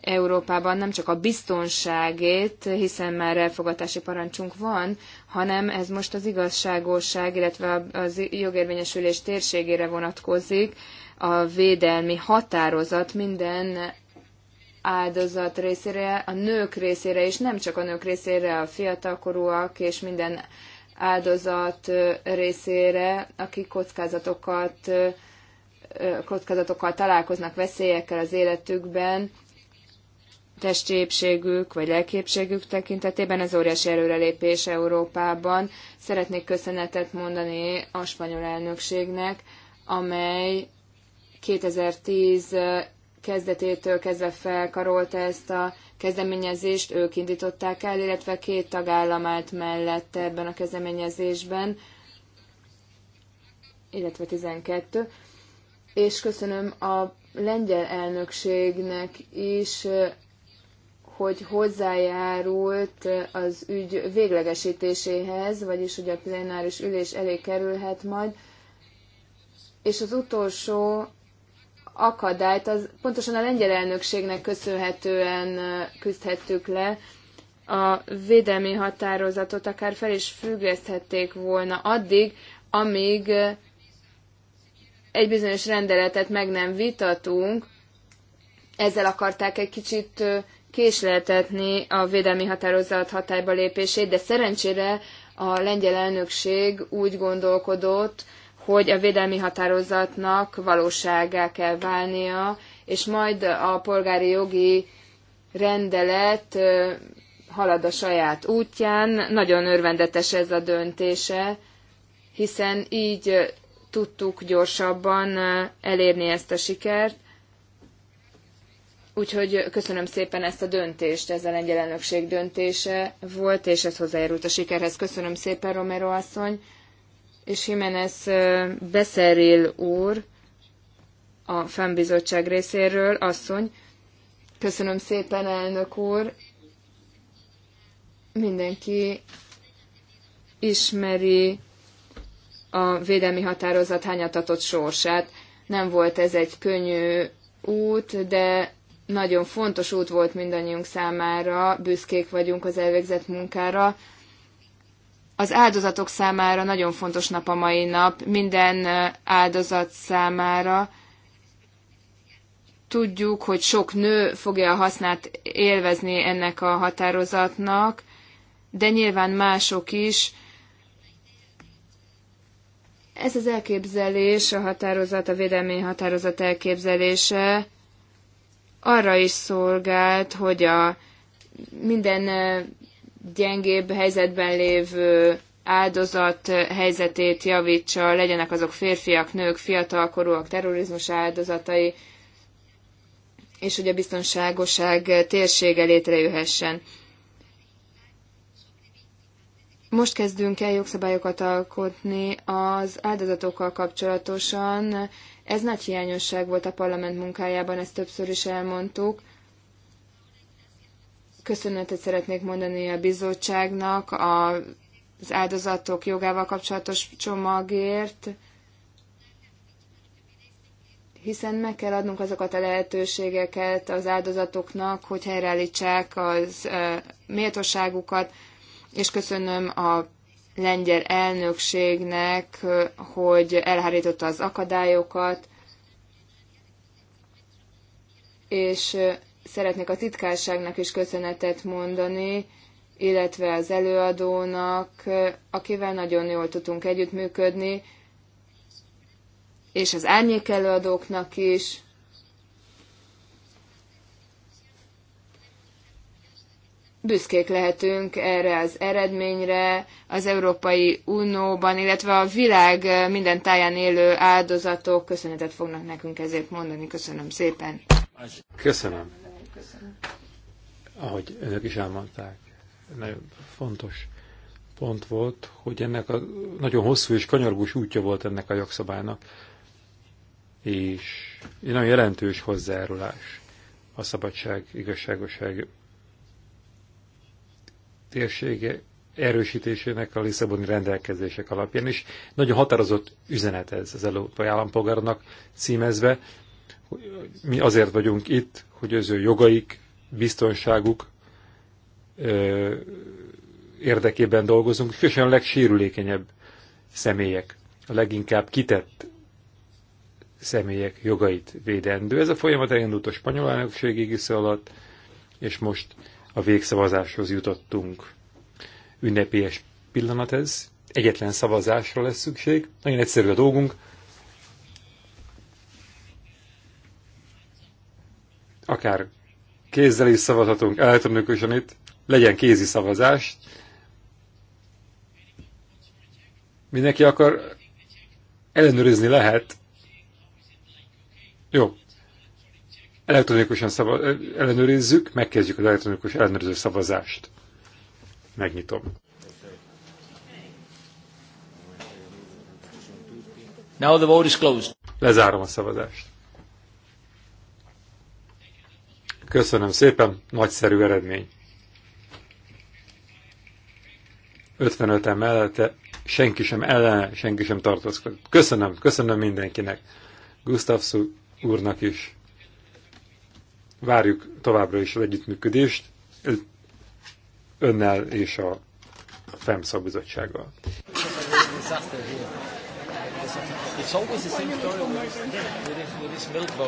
Európában, nem csak a biztonságét, hiszen már elfogadási parancsunk van, hanem ez most az igazságosság, illetve az jogérvényesülés térségére vonatkozik, a védelmi határozat minden áldozat részére, a nők részére, és nem csak a nők részére, a fiatalkorúak és minden áldozat részére, akik kockázatokat, kockázatokkal találkoznak, veszélyekkel az életükben, testépségük vagy lelképségük tekintetében ez óriási előrelépés Európában. Szeretnék köszönetet mondani a spanyol elnökségnek, amely 2010 kezdetétől kezdve felkarolta ezt a kezdeményezést, ők indították el, illetve két tagállam állt mellette ebben a kezdeményezésben, illetve 12. És köszönöm a lengyel elnökségnek is, hogy hozzájárult az ügy véglegesítéséhez, vagyis hogy a plenáris ülés elé kerülhet majd. És az utolsó akadályt, az pontosan a lengyel elnökségnek köszönhetően küzdhettük le. A védelmi határozatot akár fel is függeszthették volna addig, amíg egy bizonyos rendeletet meg nem vitatunk, ezzel akarták egy kicsit késleltetni a védelmi határozat hatályba lépését, de szerencsére a lengyel elnökség úgy gondolkodott, hogy a védelmi határozatnak valóságá kell válnia, és majd a polgári jogi rendelet halad a saját útján. Nagyon örvendetes ez a döntése, hiszen így tudtuk gyorsabban elérni ezt a sikert. Úgyhogy köszönöm szépen ezt a döntést, ez a lengyel elnökség döntése volt, és ez hozzájárult a sikerhez. Köszönöm szépen, Romero asszony és Jiménez Beszeril úr a fennbizottság részéről, asszony. Köszönöm szépen, elnök úr. Mindenki ismeri a védelmi határozat hányatatott sorsát. Nem volt ez egy könnyű út, de nagyon fontos út volt mindannyiunk számára, büszkék vagyunk az elvégzett munkára, az áldozatok számára nagyon fontos nap a mai nap, minden áldozat számára. Tudjuk, hogy sok nő fogja a hasznát élvezni ennek a határozatnak, de nyilván mások is. Ez az elképzelés, a határozat, a védelmi határozat elképzelése arra is szolgált, hogy a minden gyengébb helyzetben lévő áldozat helyzetét javítsa, legyenek azok férfiak, nők, fiatalkorúak, terrorizmus áldozatai, és hogy a biztonságoság térsége létrejöhessen. Most kezdünk el jogszabályokat alkotni az áldozatokkal kapcsolatosan. Ez nagy hiányosság volt a parlament munkájában, ezt többször is elmondtuk. Köszönetet szeretnék mondani a bizottságnak az áldozatok jogával kapcsolatos csomagért, hiszen meg kell adnunk azokat a lehetőségeket az áldozatoknak, hogy helyreállítsák az méltóságukat, és köszönöm a lengyel elnökségnek, hogy elhárította az akadályokat, és szeretnék a titkárságnak is köszönetet mondani, illetve az előadónak, akivel nagyon jól tudtunk együttműködni, és az árnyék előadóknak is. Büszkék lehetünk erre az eredményre, az Európai Unióban, illetve a világ minden táján élő áldozatok köszönetet fognak nekünk ezért mondani. Köszönöm szépen. Köszönöm. Köszönöm. Ahogy önök is elmondták, nagyon fontos pont volt, hogy ennek a nagyon hosszú és kanyargós útja volt ennek a jogszabálynak, és egy nagyon jelentős hozzájárulás a szabadság, igazságoság térsége erősítésének a Lisszaboni rendelkezések alapján, és nagyon határozott üzenet ez az európai állampolgárnak címezve, mi azért vagyunk itt, hogy az ő jogaik, biztonságuk ö, érdekében dolgozunk, és a legsérülékenyebb személyek, a leginkább kitett személyek jogait védendő. Ez a folyamat elindult a spanyol elnökség alatt, és most a végszavazáshoz jutottunk. Ünnepélyes pillanat ez, egyetlen szavazásra lesz szükség, nagyon egyszerű a dolgunk, akár kézzel is szavazhatunk elektronikusan itt, legyen kézi szavazás. Mindenki akar ellenőrizni lehet. Jó. Elektronikusan szava, ellenőrizzük, megkezdjük az elektronikus ellenőrző szavazást. Megnyitom. Now the vote is closed. Lezárom a szavazást. Köszönöm szépen, nagyszerű eredmény. 55-en mellette senki sem ellen, senki sem tartózkodott. Köszönöm, köszönöm mindenkinek, Gustafszu úrnak is. Várjuk továbbra is az együttműködést önnel és a FEM szakbizottsággal.